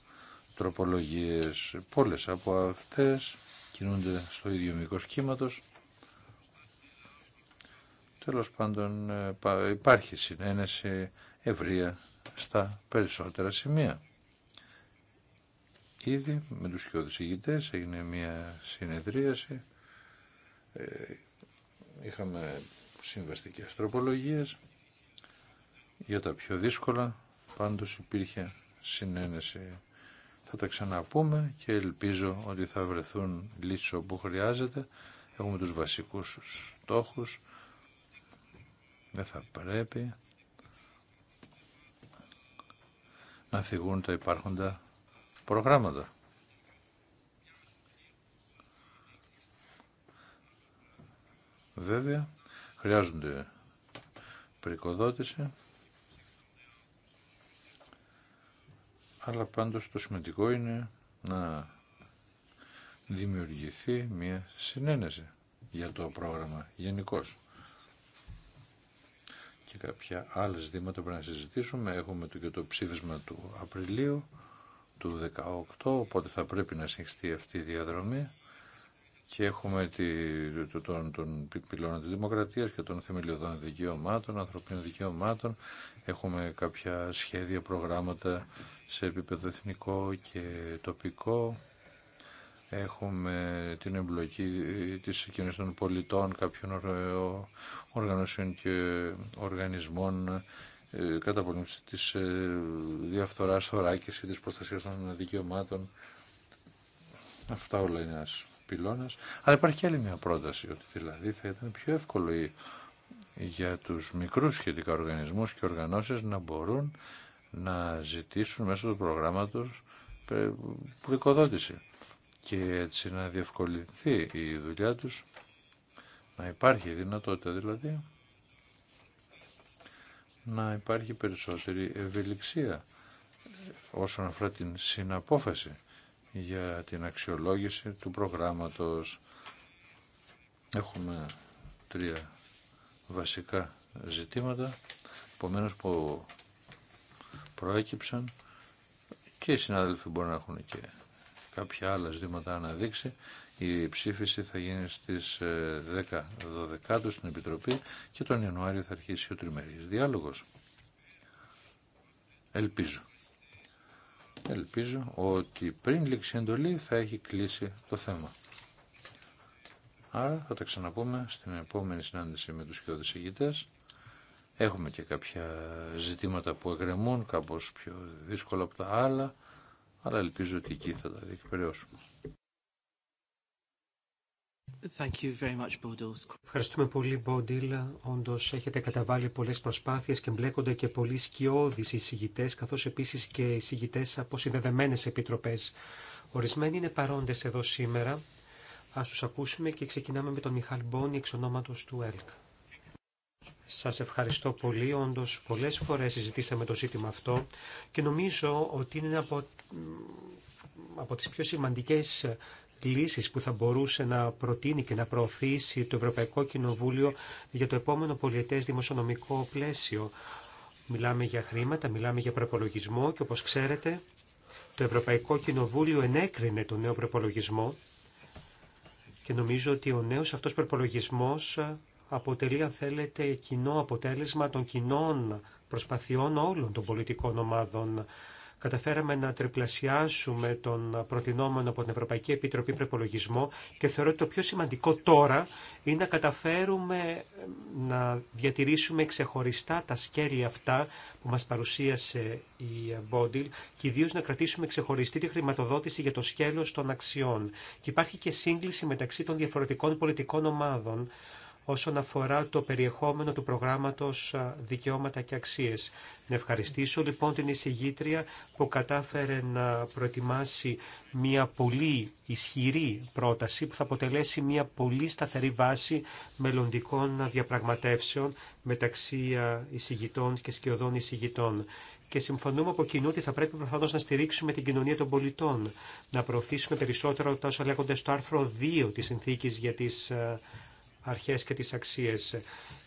τροπολογίες, πολλέ από αυτές κινούνται στο ίδιο μήκος κύματο. Τέλο πάντων ε, υπάρχει συνένεση ευρεία στα περισσότερα σημεία. Ήδη με τους κοιόδης ηγητές έγινε μια συνεδρίαση ε, Είχαμε συμβαστικές τροπολογίες. Για τα πιο δύσκολα πάντως υπήρχε συνένεση. Θα τα ξαναπούμε και ελπίζω ότι θα βρεθούν λύσεις όπου χρειάζεται. Έχουμε τους βασικούς στόχους. Δεν θα πρέπει να θυγούν τα υπάρχοντα προγράμματα. Βέβαια, χρειάζονται περικοδότηση αλλά πάντως το σημαντικό είναι να δημιουργηθεί μια συνένεση για το πρόγραμμα γενικώ. Και κάποια άλλα ζητήματα πρέπει να συζητήσουμε. Έχουμε το και το ψήφισμα του Απριλίου του 18, οπότε θα πρέπει να συνεχιστεί αυτή η διαδρομή και έχουμε τη, το, τον, τον πυλώνα της δημοκρατίας και των θεμελιωδών δικαιωμάτων, ανθρωπίνων δικαιωμάτων. Έχουμε κάποια σχέδια, προγράμματα σε επίπεδο εθνικό και τοπικό. Έχουμε την εμπλοκή ε, της κοινωνίας των πολιτών, κάποιων ε, οργανώσεων και οργανισμών ε, καταπολέμηση της διαφθοράς, θωράκηση της προστασίας των δικαιωμάτων. Αυτά όλα είναι αλλά υπάρχει και άλλη μια πρόταση, ότι δηλαδή θα ήταν πιο εύκολο για τους μικρού σχετικά οργανισμού και οργανώσει να μπορούν να ζητήσουν μέσω του προγράμματος ε, πληκοδότηση και έτσι να διευκολυνθεί η δουλειά τους, να υπάρχει δυνατότητα δηλαδή, να υπάρχει περισσότερη ευελιξία όσον αφορά την συναπόφαση για την αξιολόγηση του προγράμματος. Έχουμε τρία βασικά ζητήματα, επομένω που προέκυψαν και οι συνάδελφοι μπορεί να έχουν και κάποια άλλα ζητήματα αναδείξει. Η ψήφιση θα γίνει στις 10-12 ε, στην Επιτροπή και τον Ιανουάριο θα αρχίσει ο τριμερής διάλογος. Ελπίζω. Ελπίζω ότι πριν λήξει εντολή θα έχει κλείσει το θέμα. Άρα θα τα ξαναπούμε στην επόμενη συνάντηση με τους πιο ηγητές. Έχουμε και κάποια ζητήματα που εγκρεμούν, κάπως πιο δύσκολα από τα άλλα, αλλά ελπίζω ότι εκεί θα τα διεκπαιρεώσουμε. Ευχαριστούμε πολύ, Μποντιλ. Όντω, έχετε καταβάλει πολλέ προσπάθειε και μπλέκονται και πολλοί σκιώδει εισηγητέ, καθώ επίση και εισηγητέ από συνδεδεμένε επιτροπέ. Ορισμένοι είναι παρόντε εδώ σήμερα. Α του ακούσουμε και ξεκινάμε με τον Μιχάλ Μπόνι, εξ ονόματο του ΕΛΚ. Σα ευχαριστώ πολύ. όντω πολλέ φορέ συζητήσαμε το ζήτημα αυτό και νομίζω ότι είναι από, από τις πιο σημαντικέ λύσεις που θα μπορούσε να προτείνει και να προωθήσει το Ευρωπαϊκό Κοινοβούλιο για το επόμενο πολιετές δημοσιονομικό πλαίσιο. Μιλάμε για χρήματα, μιλάμε για προπολογισμό και όπως ξέρετε το Ευρωπαϊκό Κοινοβούλιο ενέκρινε τον νέο προπολογισμό και νομίζω ότι ο νέος αυτός προπολογισμός αποτελεί αν θέλετε κοινό αποτέλεσμα των κοινών προσπαθειών όλων των πολιτικών ομάδων καταφέραμε να τριπλασιάσουμε τον προτινόμενο από την Ευρωπαϊκή Επιτροπή Προπολογισμό και θεωρώ ότι το πιο σημαντικό τώρα είναι να καταφέρουμε ε, να διατηρήσουμε ξεχωριστά τα σκέλη αυτά που μας παρουσίασε η Μπόντιλ και ιδίω να κρατήσουμε ξεχωριστή τη χρηματοδότηση για το σκέλος των αξιών. Και υπάρχει και σύγκληση μεταξύ των διαφορετικών πολιτικών ομάδων όσον αφορά το περιεχόμενο του προγράμματος Δικαιώματα και Αξίες. Να ευχαριστήσω λοιπόν την εισηγήτρια που κατάφερε να προετοιμάσει μια πολύ ισχυρή πρόταση που θα αποτελέσει μια πολύ σταθερή βάση μελλοντικών διαπραγματεύσεων μεταξύ εισηγητών και σκιωδών εισηγητών και συμφωνούμε από κοινού ότι θα πρέπει προφανώ να στηρίξουμε την κοινωνία των πολιτών, να προωθήσουμε περισσότερο τα όσα λέγονται στο άρθρο 2 τη συνθήκη για τι αρχές και τις αξίες.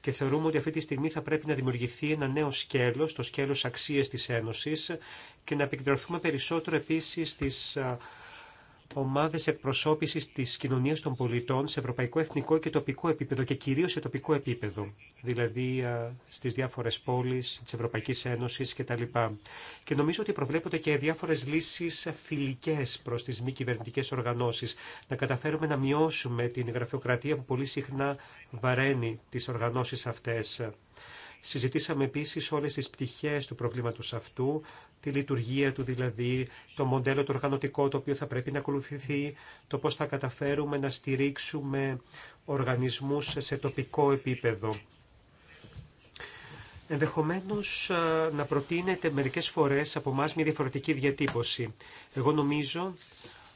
Και θεωρούμε ότι αυτή τη στιγμή θα πρέπει να δημιουργηθεί ένα νέο σκέλος, το σκέλος αξίες της Ένωσης και να επικεντρωθούμε περισσότερο επίσης στις ομάδες εκπροσώπησης της κοινωνίας των πολιτών σε ευρωπαϊκό, εθνικό και τοπικό επίπεδο και κυρίως σε τοπικό επίπεδο, δηλαδή στις διάφορες πόλεις της Ευρωπαϊκής Ένωσης κτλ. Και νομίζω ότι προβλέπονται και διάφορες λύσεις φιλικές προς τις μη κυβερνητικέ οργανώσεις, να καταφέρουμε να μειώσουμε την γραφειοκρατία που πολύ συχνά βαραίνει τις οργανώσεις αυτές. Συζητήσαμε επίσης όλε τι πτυχές του προβλήματος αυτού, τη λειτουργία του δηλαδή, το μοντέλο το οργανωτικό το οποίο θα πρέπει να ακολουθηθεί, το πώς θα καταφέρουμε να στηρίξουμε οργανισμούς σε τοπικό επίπεδο. Ενδεχομένως να προτείνετε μερικές φορές από εμά μια διαφορετική διατύπωση. Εγώ νομίζω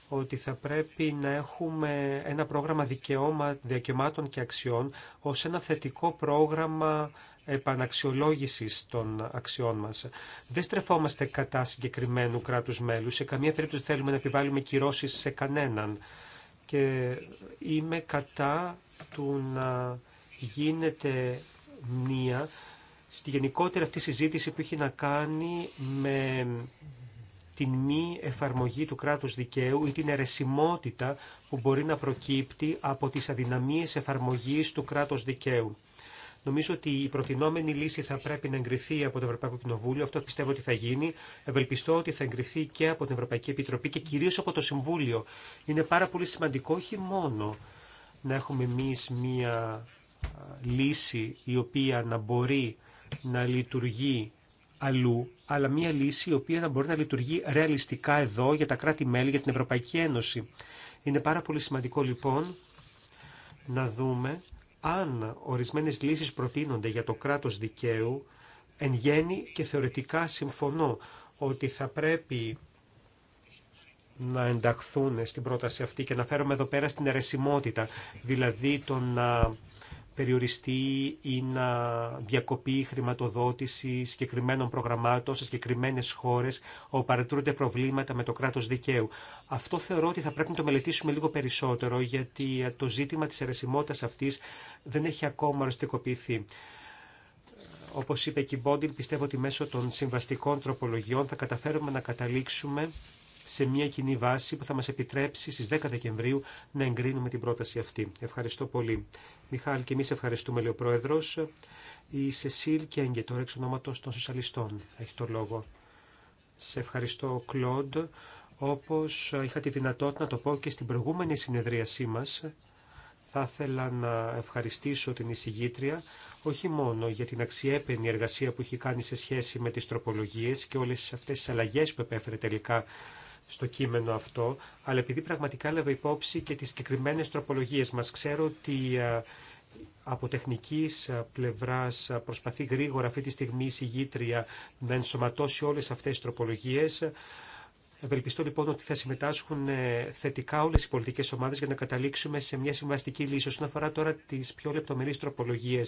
ότι θα πρέπει να έχουμε ένα πρόγραμμα δικαιώμα, δικαιωμάτων και αξιών ως ένα θετικό πρόγραμμα επαναξιολόγησης των αξιών μας. Δεν στρεφόμαστε κατά συγκεκριμένου κράτους μέλους. Σε καμία περίπτωση θέλουμε να επιβάλλουμε κυρώσεις σε κανέναν. Και είμαι κατά του να γίνεται μία στη γενικότερη αυτή συζήτηση που έχει να κάνει με την μη εφαρμογή του κράτους δικαίου ή την αιρεσιμότητα που μπορεί να προκύπτει από τις αδυναμίες εφαρμογής του κράτους δικαίου. Νομίζω ότι η προτινόμενη λύση θα πρέπει να εγκριθεί από το Ευρωπαϊκό Κοινοβούλιο. Αυτό πιστεύω ότι θα γίνει. Ευελπιστώ ότι θα εγκριθεί και από την Ευρωπαϊκή Επιτροπή και κυρίω από το Συμβούλιο. Είναι πάρα πολύ σημαντικό όχι μόνο να έχουμε εμεί μία λύση η οποία να μπορεί να λειτουργεί αλλού, αλλά μία λύση η οποία να μπορεί να λειτουργεί ρεαλιστικά εδώ για τα κράτη-μέλη, για την Ευρωπαϊκή Ένωση. Είναι πάρα πολύ σημαντικό λοιπόν να δούμε αν ορισμένες λύσεις προτείνονται για το κράτος δικαίου, εν γέννη και θεωρητικά συμφωνώ ότι θα πρέπει να ενταχθούν στην πρόταση αυτή και να φέρουμε εδώ πέρα στην αιρεσιμότητα, δηλαδή το να περιοριστεί ή να διακοπεί η χρηματοδότηση συγκεκριμένων προγραμμάτων σε συγκεκριμένε χώρε όπου παρατηρούνται προβλήματα με το κράτο δικαίου. Αυτό θεωρώ ότι θα πρέπει να το μελετήσουμε λίγο περισσότερο γιατί το ζήτημα τη αιρεσιμότητα αυτή δεν έχει ακόμα οριστικοποιηθεί. Όπω είπε και η Μπόντιν, πιστεύω ότι μέσω των συμβαστικών τροπολογιών θα καταφέρουμε να καταλήξουμε σε μια κοινή βάση που θα μας επιτρέψει στις 10 Δεκεμβρίου να εγκρίνουμε την πρόταση αυτή. Ευχαριστώ πολύ. Μιχάλη και εμείς ευχαριστούμε, λέει ο Πρόεδρος. Η Σεσίλ και τώρα εξ ονόματος των Σοσιαλιστών, έχει το λόγο. Σε ευχαριστώ, Κλοντ. Όπως είχα τη δυνατότητα να το πω και στην προηγούμενη συνεδρίασή μας, θα ήθελα να ευχαριστήσω την εισηγήτρια όχι μόνο για την αξιέπαινη εργασία που έχει κάνει σε σχέση με τις τροπολογίες και όλες αυτές τις αλλαγές που επέφερε τελικά στο κείμενο αυτό, αλλά επειδή πραγματικά έλαβε υπόψη και τις συγκεκριμένε τροπολογίες μας. Ξέρω ότι ε, από τεχνικής ε, πλευράς ε, προσπαθεί γρήγορα αυτή τη στιγμή η συγγήτρια να ενσωματώσει όλες αυτές τις τροπολογίες. Ευελπιστώ λοιπόν ότι θα συμμετάσχουν ε, θετικά όλε οι πολιτικέ ομάδε για να καταλήξουμε σε μια συμβαστική λύση. Όσον αφορά τώρα τι πιο λεπτομερεί τροπολογίε,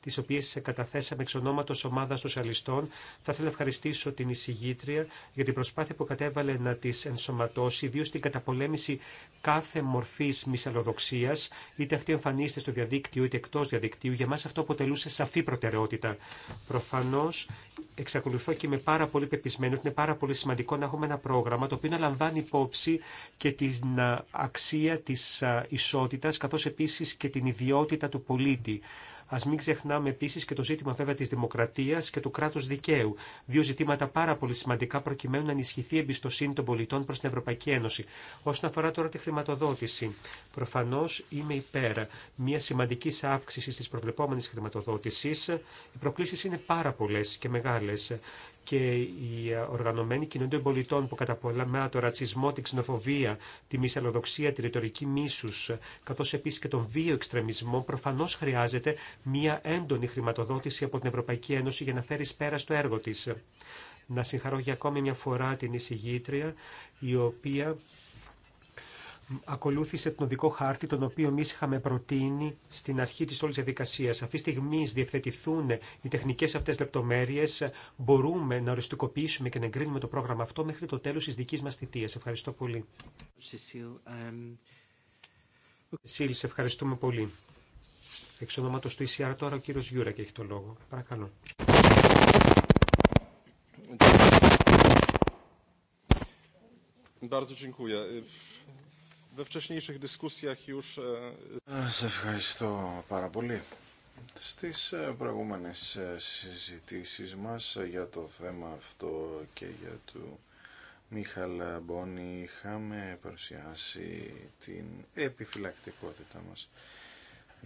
τι οποίε καταθέσαμε εξ ονόματο ομάδα σοσιαλιστών, θα ήθελα να ευχαριστήσω την εισηγήτρια για την προσπάθεια που κατέβαλε να τι ενσωματώσει, ιδίω στην καταπολέμηση κάθε μορφή μυσαλλοδοξία, είτε αυτή εμφανίζεται στο διαδίκτυο είτε εκτό διαδικτύου. Για μα αυτό αποτελούσε σαφή προτεραιότητα. Προφανώ εξακολουθώ και είμαι πάρα πολύ πεπισμένο, ότι είναι πάρα πολύ σημαντικό να έχουμε ένα πρόγραμμα πρόγραμμα το οποίο να λαμβάνει υπόψη και την ε, αξία της ε, ισότητας καθώς επίσης και την ιδιότητα του πολίτη. Ας μην ξεχνάμε επίσης και το ζήτημα βέβαια της δημοκρατίας και του κράτους δικαίου. Δύο ζητήματα πάρα πολύ σημαντικά προκειμένου να ενισχυθεί η εμπιστοσύνη των πολιτών προς την Ευρωπαϊκή Ένωση. Όσον αφορά τώρα τη χρηματοδότηση, προφανώς είμαι υπέρ μια σημαντική αύξηση της προβλεπόμενης χρηματοδότησης. Οι προκλήσεις είναι πάρα πολλέ και μεγάλες και η ε, οργανωμένη κοινωνία των πολιτών που καταπολεμά το ρατσισμό, την ξενοφοβία, τη μυσαλλοδοξία, τη ρητορική μίσου, ε, καθώ επίση και τον βίο εξτρεμισμό, προφανώ χρειάζεται μια έντονη χρηματοδότηση από την Ευρωπαϊκή Ένωση για να φέρει πέρα στο έργο τη. Να συγχαρώ για ακόμη μια φορά την εισηγήτρια, η οποία ακολούθησε τον οδικό χάρτη τον οποίο εμεί είχαμε προτείνει στην αρχή της όλη διαδικασία. Αυτή τη στιγμή διευθετηθούν οι τεχνικές αυτές λεπτομέρειες. Μπορούμε να οριστικοποιήσουμε και να εγκρίνουμε το πρόγραμμα αυτό μέχρι το τέλος της δικής μας θητεία. Ευχαριστώ πολύ. Σίλ, σε ευχαριστούμε πολύ. Εξ ονόματος του ECR τώρα ο κύριος Γιούρα και έχει το λόγο. Παρακαλώ. Bardzo E, Σε ευχαριστώ πάρα πολύ. Στις ε, προηγούμενες ε, συζητήσεις μας ε, για το θέμα αυτό και για του Μίχαλ Μπόνι είχαμε παρουσιάσει την επιφυλακτικότητα μας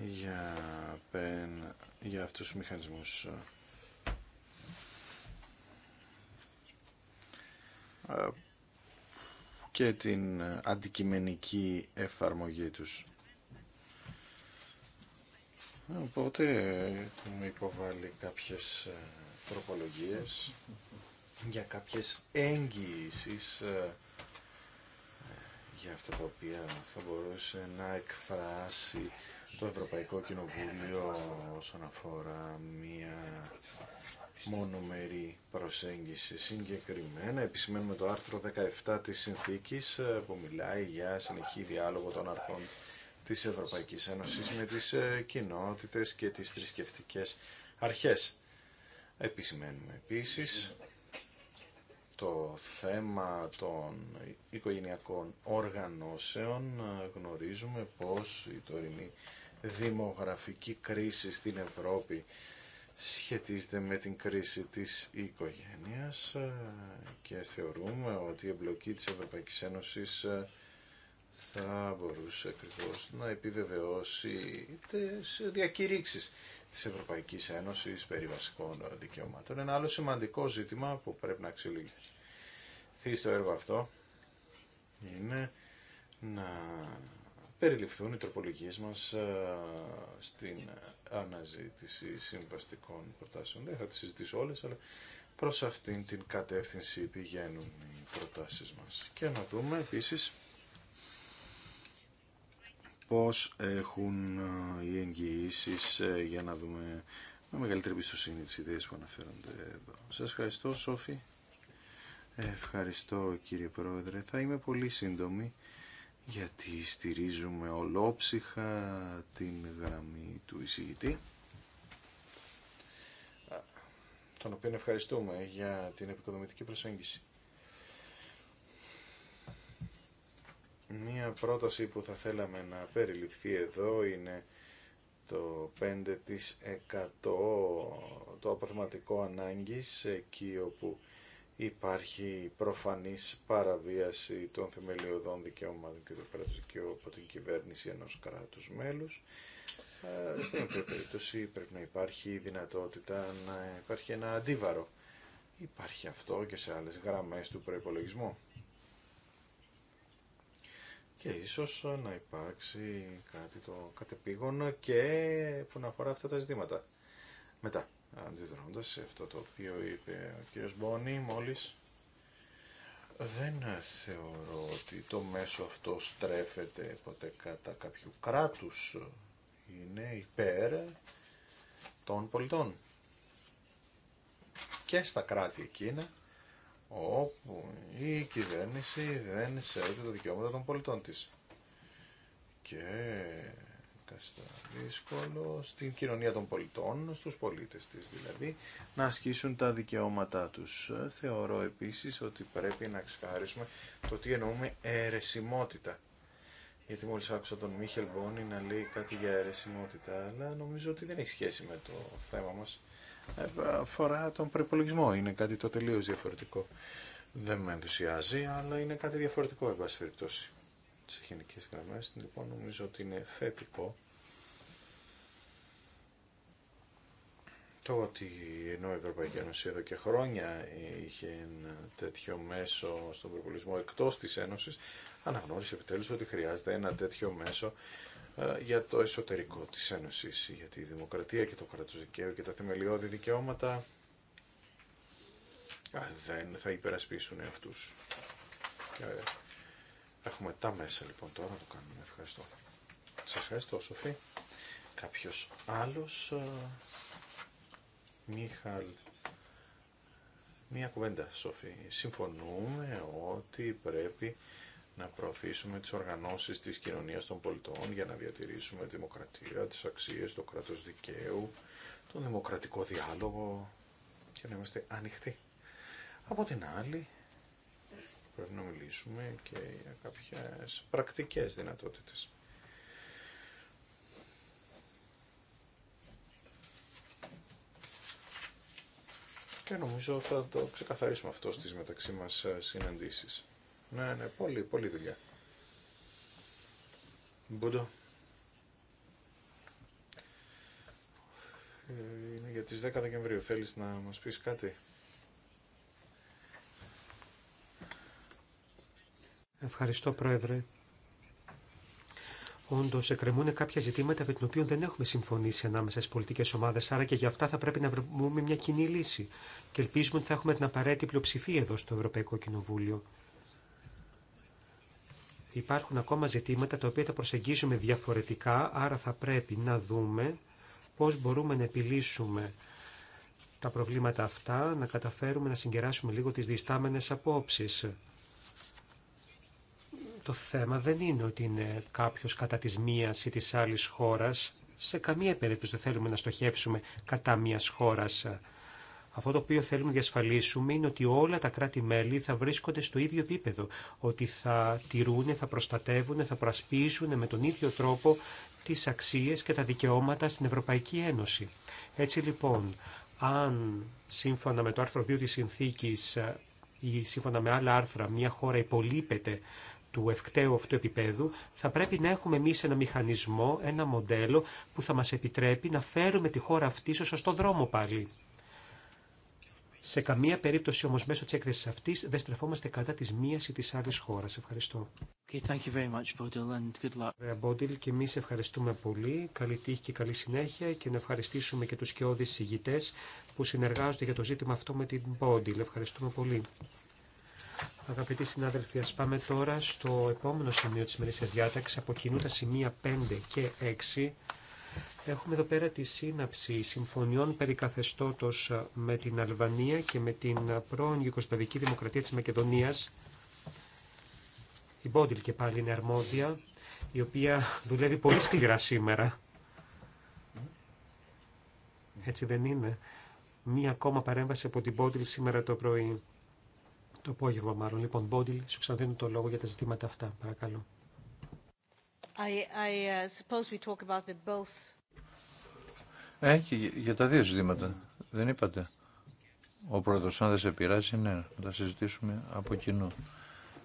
για, πεν, για αυτούς τους μηχανισμούς και την αντικειμενική εφαρμογή τους. Οπότε έχουμε υποβάλει κάποιες ε, τροπολογίες για κάποιες εγγυήσεις ε, για αυτά τα οποία θα μπορούσε να εκφράσει το Ευρωπαϊκό Κοινοβούλιο όσον αφορά μια μονομερή προσέγγιση. Συγκεκριμένα επισημαίνουμε το άρθρο 17 της Συνθήκης ε, που μιλάει για συνεχή διάλογο των αρχών της Ευρωπαϊκής Ένωσης με τις ε, κοινότητες και τις θρησκευτικέ αρχές. Επισημαίνουμε επίσης το θέμα των οικογενειακών οργανώσεων. Ε, γνωρίζουμε πως η τωρινή δημογραφική κρίση στην Ευρώπη σχετίζεται με την κρίση της οικογένειας ε, και θεωρούμε ότι η εμπλοκή της Ευρωπαϊκής Ένωσης ε, θα μπορούσε ακριβώ να επιβεβαιώσει τις διακηρύξεις της Ευρωπαϊκής Ένωσης περί βασικών δικαιωμάτων. Ένα άλλο σημαντικό ζήτημα που πρέπει να αξιολογηθεί στο έργο αυτό είναι να περιληφθούν οι τροπολογίες μας ε, στην αναζήτηση συμβαστικών προτάσεων. Δεν θα τις συζητήσω όλες, αλλά προς αυτήν την κατεύθυνση πηγαίνουν οι προτάσεις μας. Και να δούμε επίσης πώς έχουν ε, οι εγγυήσει ε, για να δούμε με μεγαλύτερη πιστοσύνη τις ιδέες που αναφέρονται εδώ. Σας ευχαριστώ Σόφη. Ευχαριστώ κύριε Πρόεδρε. Θα είμαι πολύ σύντομη γιατί στηρίζουμε ολόψυχα την γραμμή του εισηγητή τον οποίο ευχαριστούμε για την επικοδομητική προσέγγιση. Μία πρόταση που θα θέλαμε να περιληφθεί εδώ είναι το 5% το αποθεματικό ανάγκης εκεί όπου υπάρχει προφανής παραβίαση των θεμελιωδών δικαιωμάτων και του κράτους δικαίου από την κυβέρνηση ενός κράτους μέλους. Ε, στην οποία περίπτωση πρέπει να υπάρχει η δυνατότητα να υπάρχει ένα αντίβαρο. Υπάρχει αυτό και σε άλλες γραμμές του προϋπολογισμού. Και ίσως να υπάρξει κάτι το κατεπήγον και που να αφορά αυτά τα ζητήματα. Μετά, αντιδρώντας σε αυτό το οποίο είπε ο κ. Μπόνι μόλις δεν θεωρώ ότι το μέσο αυτό στρέφεται ποτέ κατά κάποιου κράτους είναι υπέρ των πολιτών και στα κράτη εκείνα όπου η κυβέρνηση δεν σέβεται τα δικαιώματα των πολιτών της και στο δύσκολο στην κοινωνία των πολιτών, στους πολίτες της δηλαδή, να ασκήσουν τα δικαιώματά τους. Θεωρώ επίσης ότι πρέπει να ξεχάρισουμε το τι εννοούμε αιρεσιμότητα. Γιατί μόλις άκουσα τον Μίχελ Μπόνι να λέει κάτι για αιρεσιμότητα, αλλά νομίζω ότι δεν έχει σχέση με το θέμα μας. Ε, αφορά τον προπολογισμό, είναι κάτι το τελείως διαφορετικό. Δεν με ενθουσιάζει, αλλά είναι κάτι διαφορετικό, εν πάση περιπτώσει σε γενικέ γραμμές. Λοιπόν, νομίζω ότι είναι θετικό το ότι ενώ η Ευρωπαϊκή Ένωση εδώ και χρόνια είχε ένα τέτοιο μέσο στον προπολισμό εκτός της Ένωσης, αναγνώρισε επιτέλου ότι χρειάζεται ένα τέτοιο μέσο ε, για το εσωτερικό της Ένωσης, για τη δημοκρατία και το κράτος δικαίου και τα θεμελιώδη δικαιώματα δεν θα υπερασπίσουν αυτούς. Έχουμε τα μέσα λοιπόν τώρα να το κάνουμε. Ευχαριστώ. Σα ευχαριστώ Σοφή. Κάποιος άλλος. Ε, Μίχαλ. Μία κουβέντα Σοφή. Συμφωνούμε ότι πρέπει να προωθήσουμε τις οργανώσεις της κοινωνίας των πολιτών για να διατηρήσουμε τη δημοκρατία, τις αξίες, το κράτος δικαίου, τον δημοκρατικό διάλογο και να είμαστε ανοιχτοί. Από την άλλη, πρέπει να μιλήσουμε και για κάποιες πρακτικές δυνατότητες. Και νομίζω θα το ξεκαθαρίσουμε αυτό στις μεταξύ μας ε, συναντήσεις. Ναι, ναι, πολύ, πολύ δουλειά. Μπούντο. Ε, είναι για τις 10 Δεκεμβρίου. Θέλεις να μας πεις κάτι. Ευχαριστώ, Πρόεδρε. Όντω, εκκρεμούν κάποια ζητήματα με την οποία δεν έχουμε συμφωνήσει ανάμεσα στι πολιτικέ ομάδε, άρα και για αυτά θα πρέπει να βρούμε μια κοινή λύση. Και ελπίζουμε ότι θα έχουμε την απαραίτητη πλειοψηφία εδώ στο Ευρωπαϊκό Κοινοβούλιο. Υπάρχουν ακόμα ζητήματα τα οποία τα προσεγγίζουμε διαφορετικά, άρα θα πρέπει να δούμε πώς μπορούμε να επιλύσουμε τα προβλήματα αυτά, να καταφέρουμε να συγκεράσουμε λίγο τι διστάμενε απόψει. Το θέμα δεν είναι ότι είναι κάποιο κατά τη μία η τη άλλη χώρα το οποίο θέλουμε να στοχευσουμε κατα μια χώρα. είναι ότι όλα τα κράτη-μέλη θα βρίσκονται στο ίδιο επίπεδο, ότι θα τηρούν, θα προστατεύουν, θα προασπίσουν με τον ίδιο τρόπο τι αξίε και τα δικαιώματα στην Ευρωπαϊκή Ένωση. Έτσι λοιπόν, αν σύμφωνα με το άρθρο 2 τη Συνθήκη ή σύμφωνα με άλλα άρθρα μια χώρα υπολείπεται του ευκταίου αυτού επίπεδου, θα πρέπει να έχουμε εμεί ένα μηχανισμό, ένα μοντέλο που θα μα επιτρέπει να φέρουμε τη χώρα αυτή στο σωστό δρόμο πάλι. Σε καμία περίπτωση όμως μέσω τη έκθεσης αυτή δεν στρεφόμαστε κατά της μία ή της άλλης χώρας. Ευχαριστώ. Okay, thank you very much, and good luck. και εμεί ευχαριστούμε πολύ. Καλή τύχη και καλή συνέχεια και να ευχαριστήσουμε και τους κοιόδης συγητές που συνεργάζονται για το ζήτημα αυτό με την Μπόντιλ. Ευχαριστούμε πολύ. Αγαπητοί συνάδελφοι, ας πάμε τώρα στο επόμενο σημείο της μερίσιας διάταξης, από κοινού τα σημεία 5 και 6. Έχουμε εδώ πέρα τη σύναψη συμφωνιών περί με την Αλβανία και με την πρώην Ιουκοσλαβική Δημοκρατία της Μακεδονίας. Η Μπόντιλ και πάλι είναι αρμόδια, η οποία δουλεύει πολύ σκληρά σήμερα. Έτσι δεν είναι. Μία ακόμα παρέμβαση από την Μπόντιλ σήμερα το πρωί. Το απόγευμα μάλλον. Λοιπόν, Μπόντιλ, σου ξαναδίνω το λόγο για τα ζητήματα αυτά. Παρακαλώ. I, I uh, suppose we talk about the both. Ε, και για τα δύο ζητήματα. Δεν είπατε. Ο πρόεδρος, αν δεν σε πειράζει, ναι, να τα συζητήσουμε από κοινού.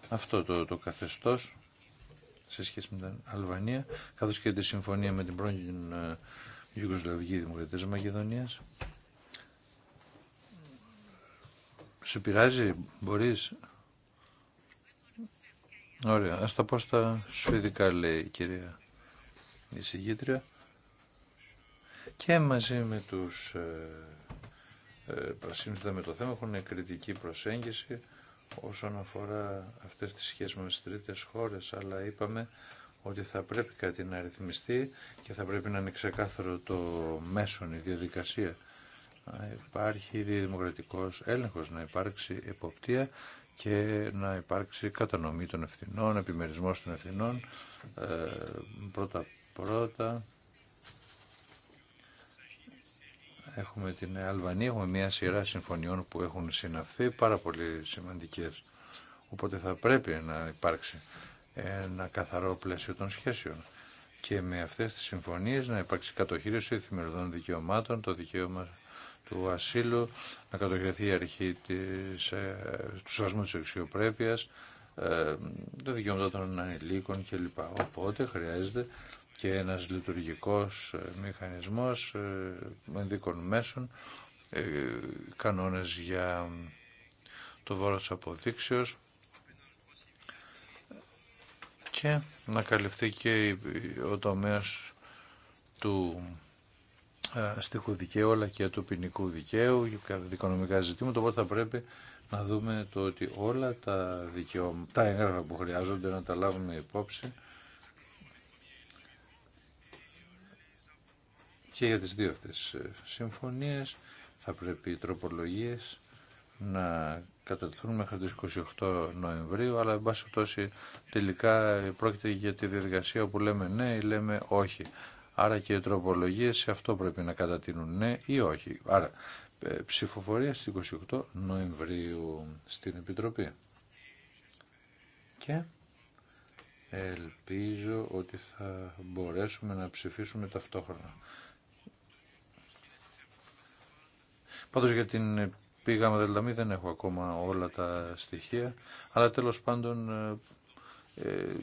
Αυτό το, το καθεστώς σε σχέση με την Αλβανία, καθώς και τη συμφωνία με την πρώην γιουγκοσλαβική ε, Δημοκρατία της Μακεδονίας. Σε πειράζει, μπορείς. Ωραία, ας τα πω στα σουηδικά λέει η κυρία η Και μαζί με τους ε, ε πρασίνους με το θέμα έχουν κριτική προσέγγιση όσον αφορά αυτές τις σχέσεις με τρίτες χώρες, αλλά είπαμε ότι θα πρέπει κάτι να ρυθμιστεί και θα πρέπει να είναι ξεκάθαρο το μέσον η διαδικασία να υπάρχει δημοκρατικός έλεγχος, να υπάρξει εποπτεία και να υπάρξει κατανομή των ευθυνών, επιμερισμός των ευθυνών, πρώτα-πρώτα. Ε, έχουμε την Αλβανία, έχουμε μια σειρά συμφωνιών που έχουν συναφθεί πάρα πολύ σημαντικές. Οπότε θα πρέπει να υπάρξει ένα καθαρό πλαίσιο των σχέσεων. Και με αυτές τις συμφωνίες να υπάρξει κατοχήρωση θημεριδών δικαιωμάτων, το δικαίωμα του ασύλου, να κατοχυρεθεί η αρχή της, ε, του σεβασμού της αξιοπρέπειας, το ε, δικαιώματα των ανηλίκων κλπ. Οπότε χρειάζεται και ένας λειτουργικός ε, μηχανισμός ενδίκων μέσων, κανόνες για το βόρος της αποδείξεως και να καλυφθεί και ο τομέας του ε, αστικού δικαίου αλλά και του ποινικού δικαίου και δικονομικά ζητήματα οπότε θα πρέπει να δούμε το ότι όλα τα δικαιώματα, τα έγγραφα που χρειάζονται να τα λάβουμε υπόψη και για τις δύο αυτές ε, συμφωνίες θα πρέπει οι τροπολογίες να κατατεθούν μέχρι τις 28 Νοεμβρίου αλλά εν πάση τελικά πρόκειται για τη διαδικασία που λέμε ναι ή λέμε όχι. Άρα και οι τροπολογίε σε αυτό πρέπει να κατατείνουν ναι ή όχι. Άρα ε, ψηφοφορία στις 28 Νοεμβρίου στην Επιτροπή. Και ελπίζω ότι θα μπορέσουμε να ψηφίσουμε ταυτόχρονα. Πάντως για την πήγαμε δελταμή δεν έχω ακόμα όλα τα στοιχεία, αλλά τέλος πάντων ε, ε,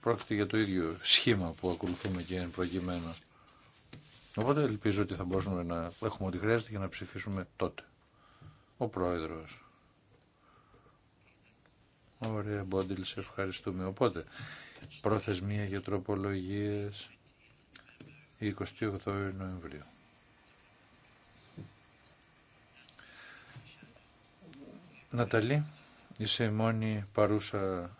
πρόκειται για το ίδιο σχήμα που ακολουθούμε και εν προκειμένου. Οπότε ελπίζω ότι θα μπορούσαμε να έχουμε ό,τι χρειάζεται για να ψηφίσουμε τότε. Ο Πρόεδρος. Ωραία, Μπόντιλ, σε ευχαριστούμε. Οπότε, προθεσμία για τροπολογίες 28 Νοεμβρίου. Ναταλή, είσαι η μόνη παρούσα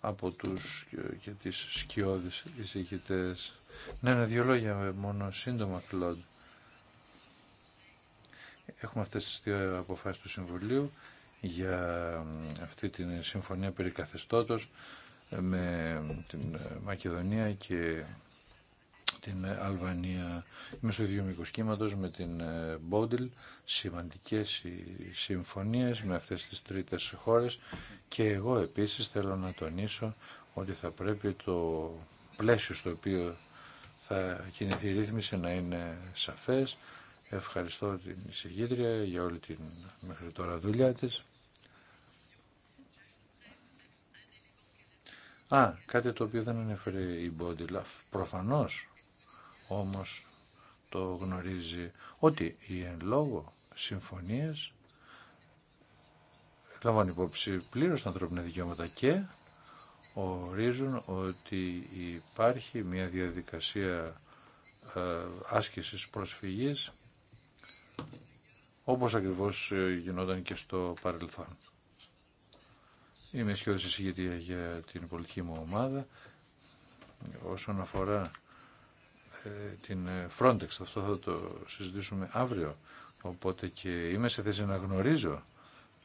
από τους και τις σκιώδεις εισηγητές. Ναι, ναι, δύο λόγια μόνο, σύντομα, Κλοντ. Έχουμε αυτές τις δύο αποφάσεις του Συμβουλίου για αυτή τη συμφωνία περί με την ε, Μακεδονία και την Αλβανία. Είμαι στο ίδιο με την ε, Μπόντιλ. Σημαντικέ οι συμφωνίε με αυτέ τι τρίτε χώρε. Και εγώ επίση θέλω να τονίσω ότι θα πρέπει το πλαίσιο στο οποίο θα κινηθεί η ρύθμιση να είναι σαφές. Ευχαριστώ την εισηγήτρια για όλη την μέχρι τώρα δουλειά της. Α, κάτι το οποίο δεν ανέφερε η Μπόντιλα. Προφανώς όμως το γνωρίζει ότι η εν λόγω συμφωνίες λαμβάνουν υπόψη πλήρως τα ανθρώπινα δικαιώματα και ορίζουν ότι υπάρχει μια διαδικασία ε, άσκησης προσφυγής όπως ακριβώς ε, γινόταν και στο παρελθόν. Είμαι αισιόδηση εισηγητή για την πολιτική μου ομάδα όσον αφορά ε, την ε, Frontex. Αυτό θα το συζητήσουμε αύριο. Οπότε και είμαι σε θέση να γνωρίζω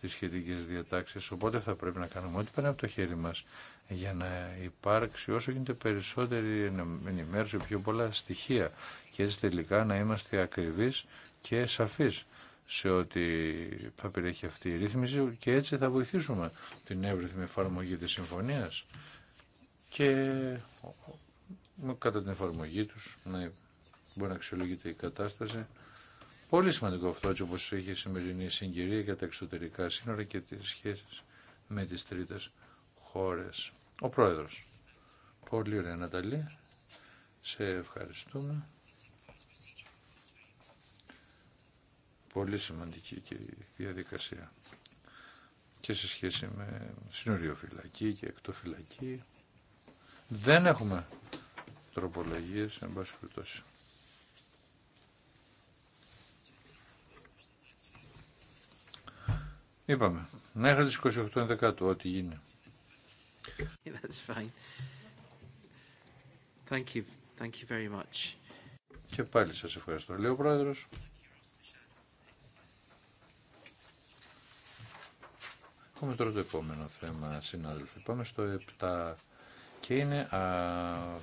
τις σχετικές διατάξεις. Οπότε θα πρέπει να κάνουμε ό,τι πέρα από το χέρι μας για να υπάρξει όσο γίνεται περισσότερη ενημέρωση, πιο πολλά στοιχεία και έτσι τελικά να είμαστε ακριβείς και σαφείς σε ό,τι θα περιέχει αυτή η ρύθμιση και έτσι θα βοηθήσουμε την εύρυθμη εφαρμογή της συμφωνίας και κατά την εφαρμογή του να μπορεί να αξιολογείται η κατάσταση. Πολύ σημαντικό αυτό έτσι όπως έχει η σημερινή συγκυρία για τα εξωτερικά σύνορα και τις σχέσεις με τις τρίτες χώρες. Ο Πρόεδρος. Πολύ ωραία Ναταλή. Σε ευχαριστούμε. Πολύ σημαντική και η διαδικασία και σε σχέση με συνοριοφυλακή και εκτοφυλακή. Δεν έχουμε τροπολογίες, εν πάση περιπτώσει. Είπαμε, μέχρι τις 28 δεκάτου, ό,τι γίνει. That's fine. Thank you. Thank you very much. Και πάλι σας ευχαριστώ. ο πρόεδρος. Έχουμε τώρα το επόμενο θέμα, συνάδελφοι. Πάμε στο 7 και είναι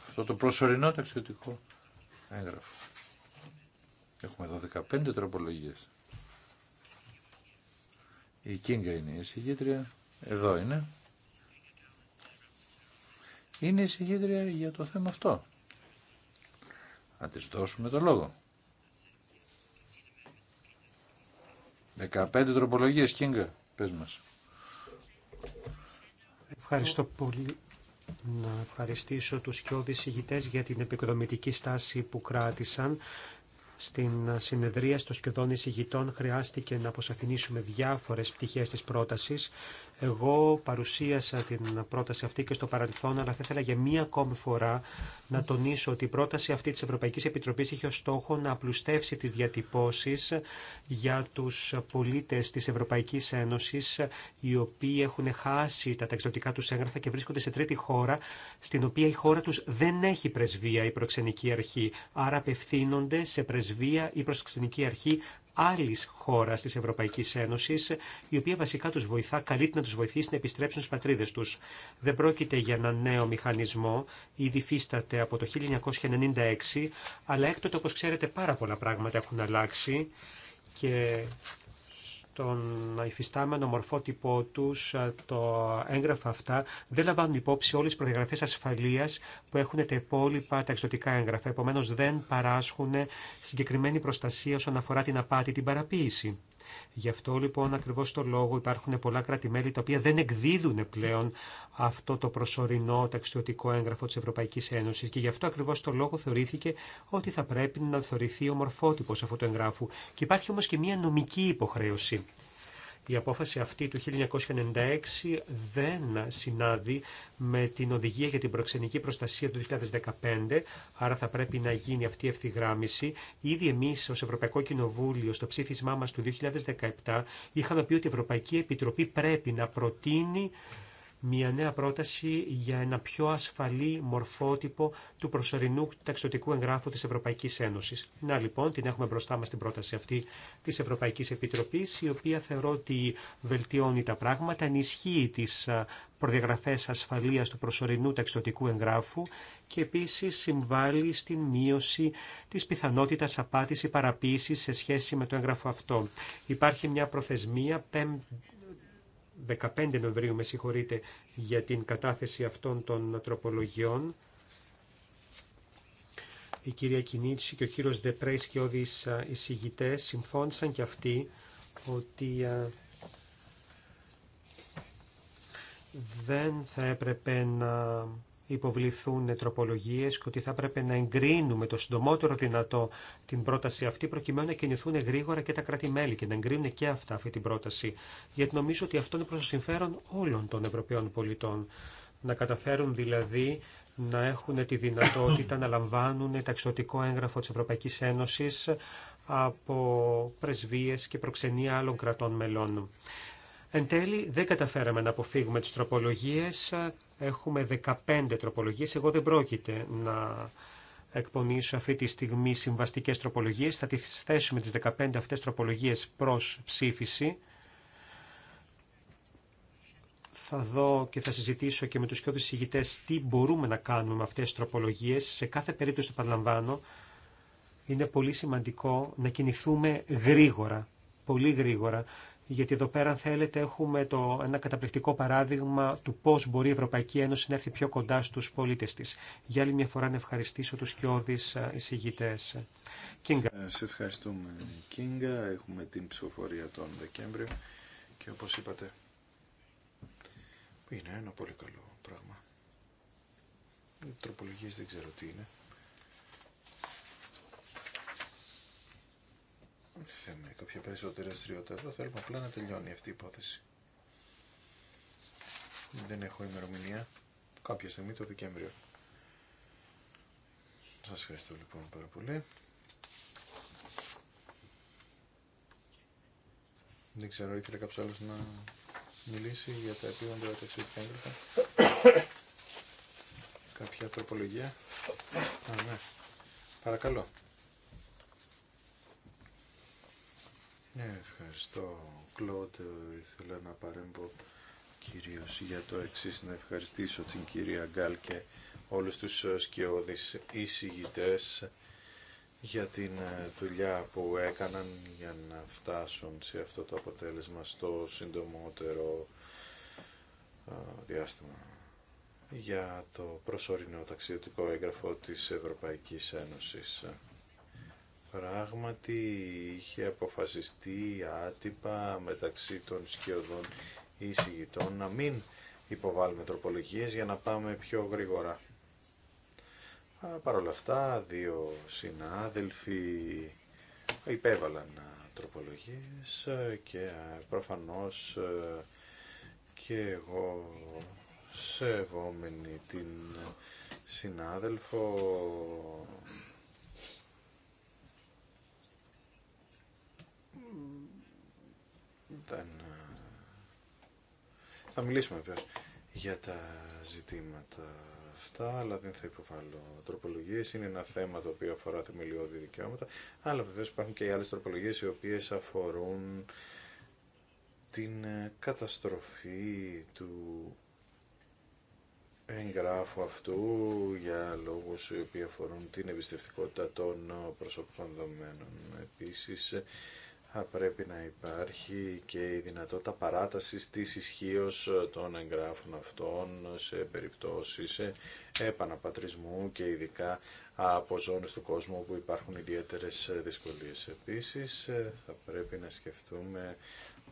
αυτό το προσωρινό ταξιδιωτικό έγγραφο. Έχουμε εδώ 15 τροπολογίες. Η Κίνγκα είναι η εισηγήτρια. Εδώ είναι. Είναι η εισηγήτρια για το θέμα αυτό. Να της δώσουμε το λόγο. 15 τροπολογίες, Κίνγκα. Πες μας. Ευχαριστώ πολύ, να ευχαριστήσω τους σκιώδεις ηγητές για την επικοδομητική στάση που κράτησαν. Στην συνεδρία των σκιωδών εισηγητών χρειάστηκε να αποσαφηνίσουμε διάφορες πτυχές της πρότασης εγώ παρουσίασα την πρόταση αυτή και στο παρελθόν, αλλά θα ήθελα για μία ακόμη φορά να τονίσω ότι η πρόταση αυτή της Ευρωπαϊκής Επιτροπής είχε ως στόχο να απλουστεύσει τις διατυπώσεις για τους πολίτες της Ευρωπαϊκής Ένωσης, οι οποίοι έχουν χάσει τα ταξιδιωτικά τους έγγραφα και βρίσκονται σε τρίτη χώρα, στην οποία η χώρα τους δεν έχει πρεσβεία ή προξενική αρχή. Άρα απευθύνονται σε πρεσβεία ή προξενική αρχή άλλη χώρα τη Ευρωπαϊκή Ένωση, η οποία βασικά του βοηθά, καλείται να του βοηθήσει να επιστρέψουν στι πατρίδε του. Δεν πρόκειται για ένα νέο μηχανισμό, ήδη φύσταται από το 1996, αλλά έκτοτε, όπω ξέρετε, πάρα πολλά πράγματα έχουν αλλάξει και τον υφιστάμενο μορφότυπό του ε, το έγγραφα αυτά δεν λαμβάνουν υπόψη όλε τι προδιαγραφέ ασφαλεία που έχουν τα υπόλοιπα τα εξωτικά έγγραφα. Επομένω, δεν παράσχουν συγκεκριμένη προστασία όσον αφορά την απάτη, την παραποίηση. Γι' αυτό λοιπόν ακριβώς το λόγο υπάρχουν πολλά κράτη-μέλη τα οποία δεν εκδίδουν πλέον αυτό το προσωρινό ταξιδιωτικό έγγραφο της Ευρωπαϊκής Ένωσης και γι' αυτό ακριβώς το λόγο θεωρήθηκε ότι θα πρέπει να θεωρηθεί ο μορφότυπος αυτού του εγγράφου. Και υπάρχει όμως και μια νομική υποχρέωση η απόφαση αυτή του 1996 δεν συνάδει με την οδηγία για την προξενική προστασία του 2015, άρα θα πρέπει να γίνει αυτή η ευθυγράμμιση. Ήδη εμεί ω Ευρωπαϊκό Κοινοβούλιο στο ψήφισμά μα του 2017 είχαμε πει ότι η Ευρωπαϊκή Επιτροπή πρέπει να προτείνει μια νέα πρόταση για ένα πιο ασφαλή μορφότυπο του προσωρινού ταξιδιωτικού εγγράφου της Ευρωπαϊκής Ένωσης. Να λοιπόν, την έχουμε μπροστά μας την πρόταση αυτή της Ευρωπαϊκής Επιτροπής, η οποία θεωρώ ότι βελτιώνει τα πράγματα, ενισχύει τις προδιαγραφές ασφαλείας του προσωρινού ταξιδιωτικού εγγράφου και επίσης συμβάλλει στην μείωση της πιθανότητας απάτης ή σε σχέση με το έγγραφο αυτό. Υπάρχει μια προθεσμία 15 Νοεμβρίου, με συγχωρείτε, για την κατάθεση αυτών των τροπολογιών. Η κυρία Κινίτσι και ο κύριος Δεπρέης και οι εισηγητές συμφώνησαν και αυτοί ότι δεν θα έπρεπε να υποβληθούν τροπολογίε και ότι θα έπρεπε να εγκρίνουμε το συντομότερο δυνατό την πρόταση αυτή προκειμένου να κινηθούν γρήγορα και τα κράτη-μέλη και να εγκρίνουν και αυτά αυτή την πρόταση. Γιατί νομίζω ότι αυτό είναι προ το συμφέρον όλων των Ευρωπαίων πολιτών. Να καταφέρουν δηλαδή να έχουν τη δυνατότητα να λαμβάνουν ταξιδιωτικό έγγραφο της Ευρωπαϊκής Ένωσης από πρεσβείες και προξενία άλλων κρατών μελών. Εν τέλει, δεν καταφέραμε να αποφύγουμε τις τροπολογίες. Έχουμε 15 τροπολογίες. Εγώ δεν πρόκειται να εκπονήσω αυτή τη στιγμή συμβαστικές τροπολογίες. Θα τις θέσουμε τις 15 αυτές τροπολογίες προς ψήφιση. Θα δω και θα συζητήσω και με τους πιο ηγητές τι μπορούμε να κάνουμε με αυτές τις τροπολογίες. Σε κάθε περίπτωση που παραλαμβάνω. Είναι πολύ σημαντικό να κινηθούμε γρήγορα, πολύ γρήγορα γιατί εδώ πέρα, αν θέλετε, έχουμε το, ένα καταπληκτικό παράδειγμα του πώ μπορεί η Ευρωπαϊκή Ένωση να έρθει πιο κοντά στου πολίτε τη. Για άλλη μια φορά να ευχαριστήσω του κοιόδη ε, εισηγητέ. Κίνγκα. Ε, σε ευχαριστούμε, Κίνγκα. Έχουμε την ψηφοφορία τον Δεκέμβριο και όπω είπατε, είναι ένα πολύ καλό πράγμα. τροπολογίε δεν ξέρω τι είναι. Θέλουμε κάποια περισσότερη αστριότητα εδώ, θέλουμε απλά να τελειώνει αυτή η υπόθεση. Δεν έχω ημερομηνία. Κάποια στιγμή το Δεκέμβριο. Σας ευχαριστώ λοιπόν πάρα πολύ. Δεν ξέρω, ήθελε κάποιο άλλο να μιλήσει για τα επίγοντα ταξίδια. έγγραφα. Κάποια τροπολογία. Α, ναι. Παρακαλώ. Ναι, ευχαριστώ, Κλώτ. Ήθελα να παρέμβω κυρίως για το εξής, να ευχαριστήσω την κυρία Γκάλ και όλους τους σκιώδεις εισηγητές για την ε, δουλειά που έκαναν για να φτάσουν σε αυτό το αποτέλεσμα στο συντομότερο ε, διάστημα για το προσωρινό ταξιδιωτικό έγγραφο της Ευρωπαϊκής Ένωσης. Πράγματι είχε αποφασιστεί άτυπα μεταξύ των σκιωδών εισηγητών να μην υποβάλουμε τροπολογίες για να πάμε πιο γρήγορα. Παρ' όλα αυτά, δύο συνάδελφοι υπέβαλαν τροπολογίες και προφανώς ε, και εγώ σεβόμενη την συνάδελφο Ε, θα μιλήσουμε βέβαια για τα ζητήματα αυτά, αλλά δεν θα υποβάλω τροπολογίε. Είναι ένα θέμα το οποίο αφορά θεμελιώδη δικαιώματα, αλλά βεβαίω υπάρχουν και οι άλλε τροπολογίε οι οποίε αφορούν την ε, καταστροφή του εγγράφου αυτού για λόγους οι οποίοι αφορούν την εμπιστευτικότητα των προσωπικών δεδομένων θα πρέπει να υπάρχει και η δυνατότητα παράτασης της ισχύω των εγγράφων αυτών σε περιπτώσεις επαναπατρισμού και ειδικά από ζώνες του κόσμου όπου υπάρχουν ιδιαίτερες δυσκολίες. Επίσης θα πρέπει να σκεφτούμε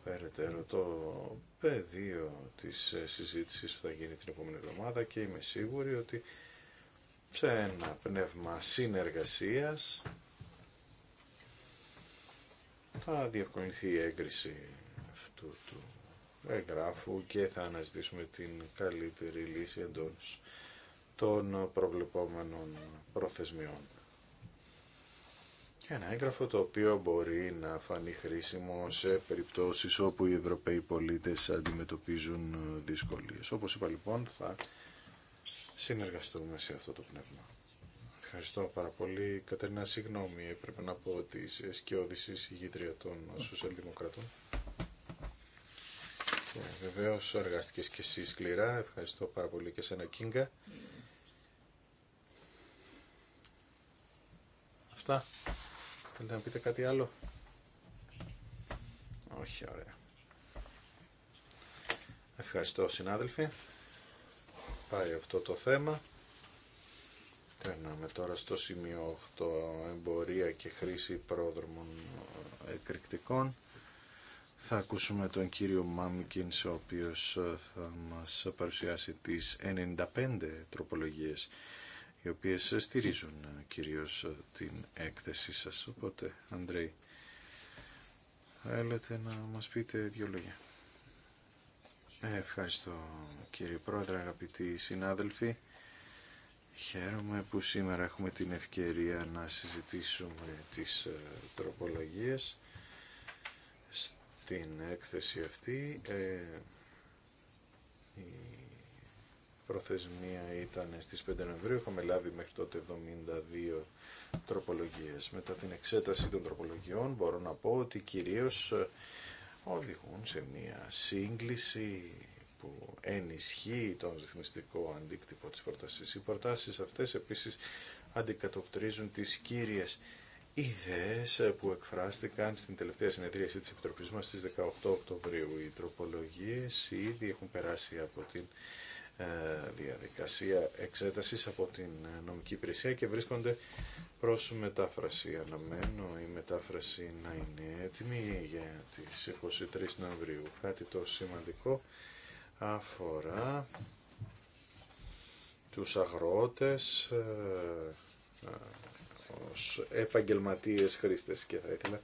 περαιτέρω το πεδίο της συζήτησης που θα γίνει την επόμενη εβδομάδα και είμαι σίγουρη ότι σε ένα πνεύμα συνεργασίας θα διευκολυνθεί η έγκριση αυτού του εγγράφου και θα αναζητήσουμε την καλύτερη λύση εντός των προβλεπόμενων προθεσμιών. Ένα έγγραφο το οποίο μπορεί να φανεί χρήσιμο σε περιπτώσεις όπου οι Ευρωπαίοι πολίτες αντιμετωπίζουν δυσκολίες. Όπως είπα λοιπόν θα συνεργαστούμε σε αυτό το πνεύμα. Ευχαριστώ πάρα πολύ. Κατερίνα, συγγνώμη, πρέπει να πω ότι είσαι σκιώδηση των των Σοσιαλδημοκρατών. Ε, Βεβαίω, εργαστήκε και εσύ σκληρά. Ευχαριστώ πάρα πολύ και σένα, Κίνγκα. Αυτά. Θέλετε να πείτε κάτι άλλο. Όχι, ωραία. Ευχαριστώ, συνάδελφοι. Πάει αυτό το θέμα. Περνάμε τώρα στο σημείο 8, εμπορία και χρήση πρόδρομων ε, εκρηκτικών. Θα ακούσουμε τον κύριο Μάμικινς, ο οποίος ε, θα μας παρουσιάσει τις 95 τροπολογίες, οι οποίες στηρίζουν ε, κυρίως την έκθεσή σας. Οπότε, Αντρέη, έλετε να μας πείτε δύο λόγια. Ευχαριστώ κύριε Πρόεδρε, αγαπητοί συνάδελφοι. Χαίρομαι που σήμερα έχουμε την ευκαιρία να συζητήσουμε τις ε, τροπολογίες στην έκθεση αυτή. Ε, η προθεσμία ήταν στις 5 Νοεμβρίου, είχαμε λάβει μέχρι τότε 72 τροπολογίες. Μετά την εξέταση των τροπολογιών μπορώ να πω ότι κυρίως ε, οδηγούν σε μια σύγκληση που ενισχύει τον ρυθμιστικό αντίκτυπο της πρότασης. Οι προτάσεις αυτές επίσης αντικατοπτρίζουν τις κύριες ιδέες που εκφράστηκαν στην τελευταία συνεδρίαση της Επιτροπής μας στις 18 Οκτωβρίου. Οι τροπολογίες ήδη έχουν περάσει από την ε, διαδικασία εξέτασης από την ε, νομική υπηρεσία και βρίσκονται προς μετάφραση. Αναμένω η μετάφραση να είναι έτοιμη για τις 23 Νοεμβρίου. Κάτι το σημαντικό αφορά τους αγρότες ε, ε, ως επαγγελματίες χρήστες και θα ήθελα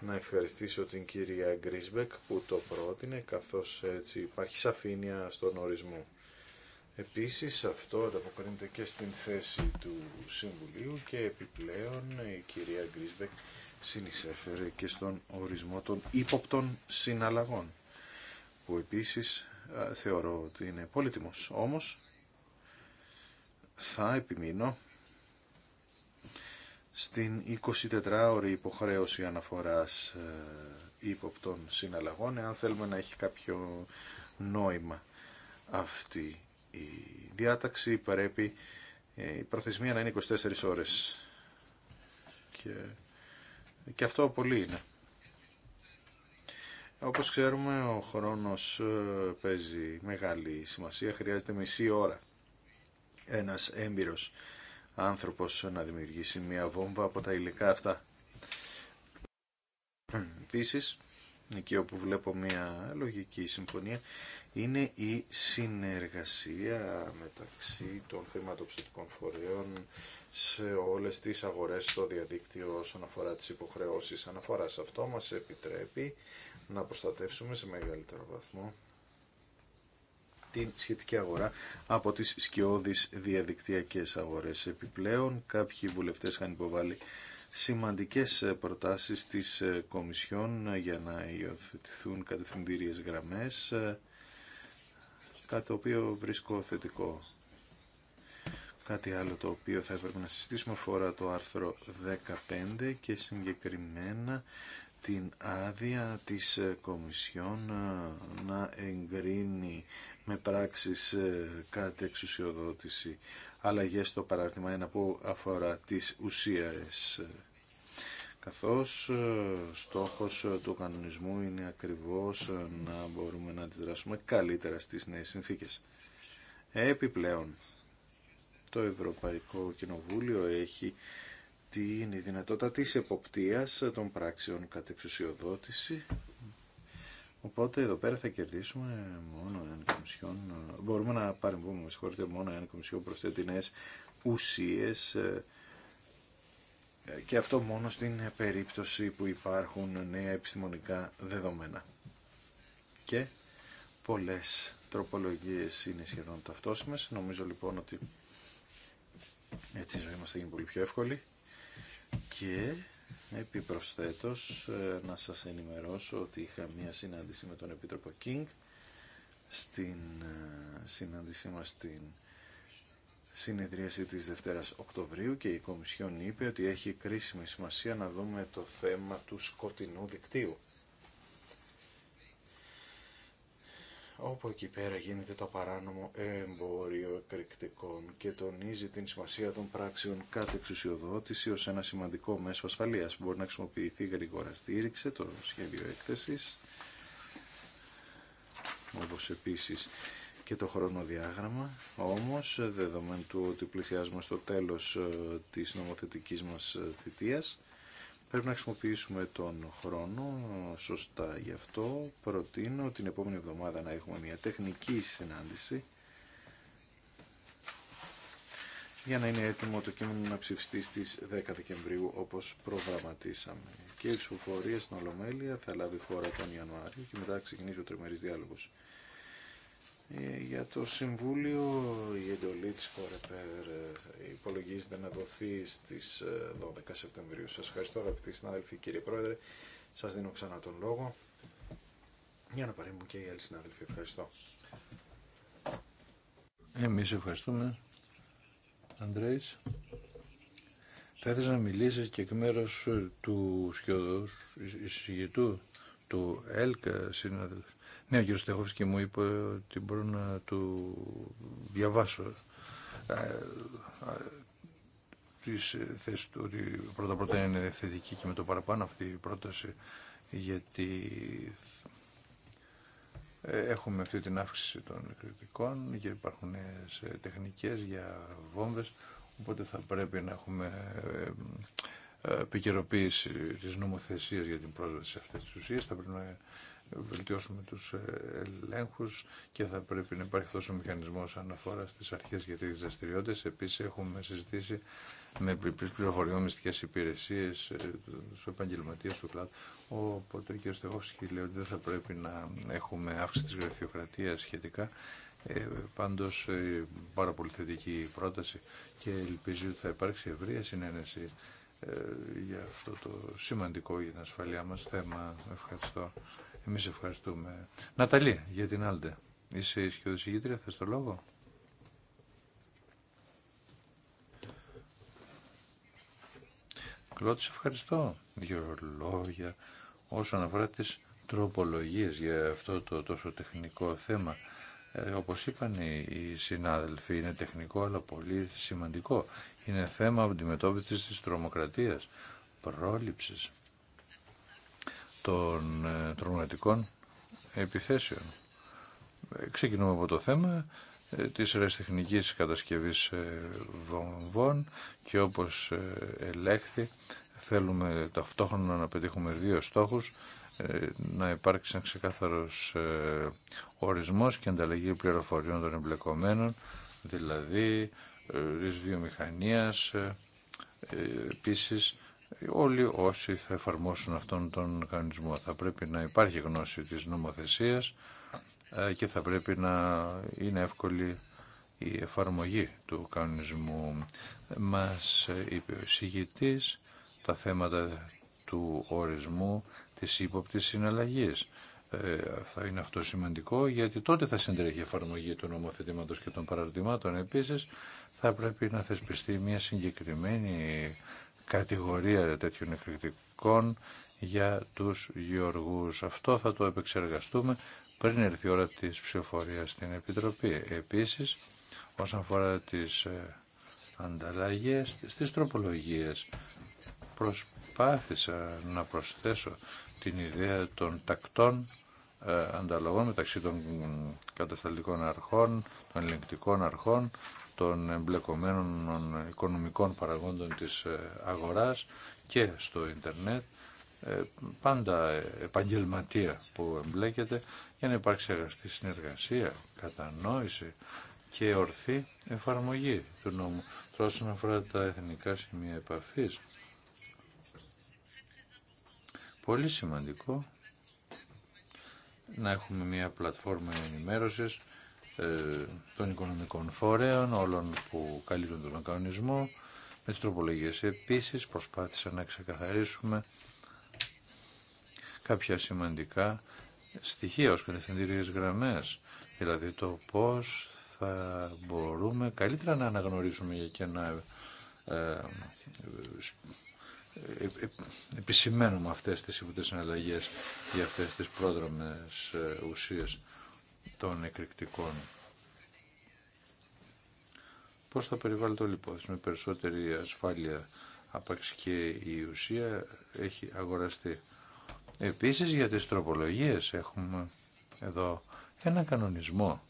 να ευχαριστήσω την κυρία Γκρίσμπεκ που το πρότεινε καθώς έτσι υπάρχει σαφήνεια στον ορισμό. Επίσης αυτό ανταποκρίνεται και στην θέση του Συμβουλίου και επιπλέον η κυρία Γκρίσμπεκ συνεισέφερε και στον ορισμό των ύποπτων συναλλαγών που επίσης θεωρώ ότι είναι πολύτιμος. Όμως θα επιμείνω στην 24ωρη υποχρέωση αναφοράς ε, ύποπτων συναλλαγών, εάν θέλουμε να έχει κάποιο νόημα αυτή η διάταξη, πρέπει ε, η προθεσμία να είναι 24 ώρες. Και, και αυτό πολύ είναι. Όπως ξέρουμε, ο χρόνος ε, παίζει μεγάλη σημασία, χρειάζεται μισή ώρα ένας έμπειρος άνθρωπος να δημιουργήσει μια βόμβα από τα υλικά αυτά. Επίση, εκεί όπου βλέπω μια λογική συμφωνία, είναι η συνεργασία μεταξύ των χρηματοπιστωτικών φορέων σε όλες τις αγορές στο διαδίκτυο όσον αφορά τις υποχρεώσεις αναφοράς. Αυτό μας επιτρέπει να προστατεύσουμε σε μεγαλύτερο βαθμό την σχετική αγορά από τις σκιώδεις διαδικτυακές αγορές. Επιπλέον, κάποιοι βουλευτές είχαν υποβάλει σημαντικές προτάσεις της Κομισιόν για να υιοθετηθούν κατευθυντήριες γραμμές, κάτι το οποίο βρίσκω θετικό. Κάτι άλλο το οποίο θα έπρεπε να συστήσουμε αφορά το άρθρο 15 και συγκεκριμένα την άδεια της ε, Κομισιόν ε, να εγκρίνει με πράξεις ε, κάτι εξουσιοδότηση αλλαγές στο παράρτημα ένα που αφορά τις ουσίες καθώς στόχος του κανονισμού είναι ακριβώς να μπορούμε να αντιδράσουμε καλύτερα στις νέες συνθήκες. Επιπλέον, το Ευρωπαϊκό Κοινοβούλιο έχει τι είναι η δυνατότητα της εποπτείας των πράξεων εξουσιοδότηση. Οπότε εδώ πέρα θα κερδίσουμε μόνο εάν κομισιόν, μπορούμε να παρεμβούμε, συγχωρείτε, μόνο εάν κομισιόν προσθέτει νέες ουσίες ε, και αυτό μόνο στην περίπτωση που υπάρχουν νέα επιστημονικά δεδομένα. Και πολλές τροπολογίες είναι σχεδόν ταυτόσιμες. Νομίζω λοιπόν ότι έτσι η ζωή μας θα γίνει πολύ πιο εύκολη. Και επιπροσθέτως ε, να σας ενημερώσω ότι είχα μία συνάντηση με τον Επίτροπο Κίνγκ στην ε, συνάντησή μας στην συνεδρίαση της Δευτέρας Οκτωβρίου και η Κομισιόν είπε ότι έχει κρίσιμη σημασία να δούμε το θέμα του σκοτεινού δικτύου. όπου εκεί πέρα γίνεται το παράνομο εμπόριο εκρηκτικών και τονίζει την σημασία των πράξεων κάτω εξουσιοδότηση ως ένα σημαντικό μέσο ασφαλείας μπορεί να χρησιμοποιηθεί γρήγορα. Στήριξε το σχέδιο έκθεσης, όπως επίσης και το χρονοδιάγραμμα, όμως δεδομένου του ότι πλησιάζουμε στο τέλος ε, της νομοθετικής μας ε, θητείας, Πρέπει να χρησιμοποιήσουμε τον χρόνο σωστά. Γι' αυτό προτείνω την επόμενη εβδομάδα να έχουμε μια τεχνική συνάντηση για να είναι έτοιμο το κείμενο να ψηφιστεί στις 10 Δεκεμβρίου όπως προγραμματίσαμε. Και η ψηφοφορία στην Ολομέλεια θα λάβει χώρα τον Ιανουάριο και μετά ξεκινήσει ο τριμερής διάλογος. Ε, για το Συμβούλιο η εντολή της Κορεπέρ ε, υπολογίζεται να δοθεί στις 12 ε, Σεπτεμβρίου. Σας ευχαριστώ αγαπητοί συνάδελφοι κύριε Πρόεδρε. Σας δίνω ξανά τον λόγο για να παρέμβουν και οι άλλοι συνάδελφοι. Ευχαριστώ. Εμείς ευχαριστούμε. Αντρέης. Θα ήθελα να μιλήσεις και εκ μέρους του σκιωδούς εισηγητού του ΕΛΚΑ συνάδελφου ναι, ο κύριος και μου είπε ότι μπορώ να του διαβάσω ε, ε, τις θέσεις του, ότι πρώτα πρώτα είναι θετική και με το παραπάνω αυτή η πρόταση, γιατί έχουμε αυτή την αύξηση των κριτικών και υπάρχουν σε τεχνικές για βόμβες, οπότε θα πρέπει να έχουμε ε, επικαιροποίηση της νομοθεσίας για την πρόσβαση σε αυτές τις ουσίες, θα πρέπει να βελτιώσουμε τους ε, ελέγχους και θα πρέπει να υπάρχει αυτός ο μηχανισμός αναφορά στις αρχές για τις δραστηριότητε. Επίσης έχουμε συζητήσει με πληροφοριών μυστικές υπηρεσίες, στους ε, επαγγελματίες του κλάδου. Οπότε ο κ. Στεχόφσκι λέει ότι δεν θα πρέπει να έχουμε αύξηση της γραφειοκρατίας σχετικά. Ε, πάντως ε, πάρα πολύ θετική πρόταση και ελπίζει ότι θα υπάρξει ευρεία συνένεση για αυτό το σημαντικό για την ασφαλεία μα θέμα. Ευχαριστώ. Εμείς ευχαριστούμε. Ναταλή, για την Άλντε. Είσαι ηγήτρια, θες το λόγο. Κλώτης, ευχαριστώ. Δύο λόγια όσον αφορά τις τροπολογίες για αυτό το τόσο τεχνικό θέμα. Ε, όπως είπαν οι συνάδελφοι, είναι τεχνικό αλλά πολύ σημαντικό. Είναι θέμα αντιμετώπισης της τρομοκρατίας, πρόληψης των ε, τρομοκρατικών επιθέσεων. Ε, ξεκινούμε από το θέμα ε, της ρεστιχνικής κατασκευής βομβών και όπως ελέγχθη θέλουμε ταυτόχρονα να πετύχουμε δύο στόχους να υπάρξει ένα ξεκάθαρος ορισμός και ανταλλαγή πληροφοριών των εμπλεκομένων δηλαδή της βιομηχανίας επίσης όλοι όσοι θα εφαρμόσουν αυτόν τον κανονισμό. Θα πρέπει να υπάρχει γνώση της νομοθεσίας ε, και θα πρέπει να είναι εύκολη η εφαρμογή του κανονισμού. Μας είπε ο εισηγητής τα θέματα του ορισμού της ύποπτης συναλλαγής. Ε, θα είναι αυτό σημαντικό γιατί τότε θα συντρέχει η εφαρμογή του νομοθετήματος και των παραρτημάτων. Επίσης θα πρέπει να θεσπιστεί μια συγκεκριμένη κατηγορία τέτοιων εκρηκτικών για τους γεωργούς. Αυτό θα το επεξεργαστούμε πριν έρθει η ώρα της ψηφοφορίας στην Επιτροπή. Επίσης, όσον αφορά τις ε, ανταλλαγές, στις τροπολογίες, προσπάθησα να προσθέσω την ιδέα των τακτών ε, ανταλλαγών μεταξύ των κατασταλτικών αρχών, των ελεγκτικών αρχών, των εμπλεκομένων οικονομικών παραγόντων της ε, αγοράς και στο ίντερνετ, ε, πάντα επαγγελματία που εμπλέκεται για να υπάρξει αγαστή συνεργασία, κατανόηση και ορθή εφαρμογή του νόμου. Τώρα όσον αφορά τα εθνικά σημεία επαφής, πολύ σημαντικό να έχουμε μια πλατφόρμα ενημέρωσης ε, των οικονομικών φορέων, όλων που καλύπτουν τον κανονισμό. Με τις τροπολογίες επίσης προσπάθησα να ξεκαθαρίσουμε κάποια σημαντικά στοιχεία ως κατευθυντήριες γραμμές, δηλαδή το πώς θα μπορούμε καλύτερα να αναγνωρίσουμε και να ε, ε, επισημαίνουμε αυτές τις υποτές συναλλαγές για αυτές τις πρόδρομες ουσίες των εκρηκτικών. Πώς θα περιβάλλει το λοιπόν, με περισσότερη ασφάλεια άπαξ η ουσία έχει αγοραστεί. Επίσης για τις τροπολογίες έχουμε εδώ ένα κανονισμό.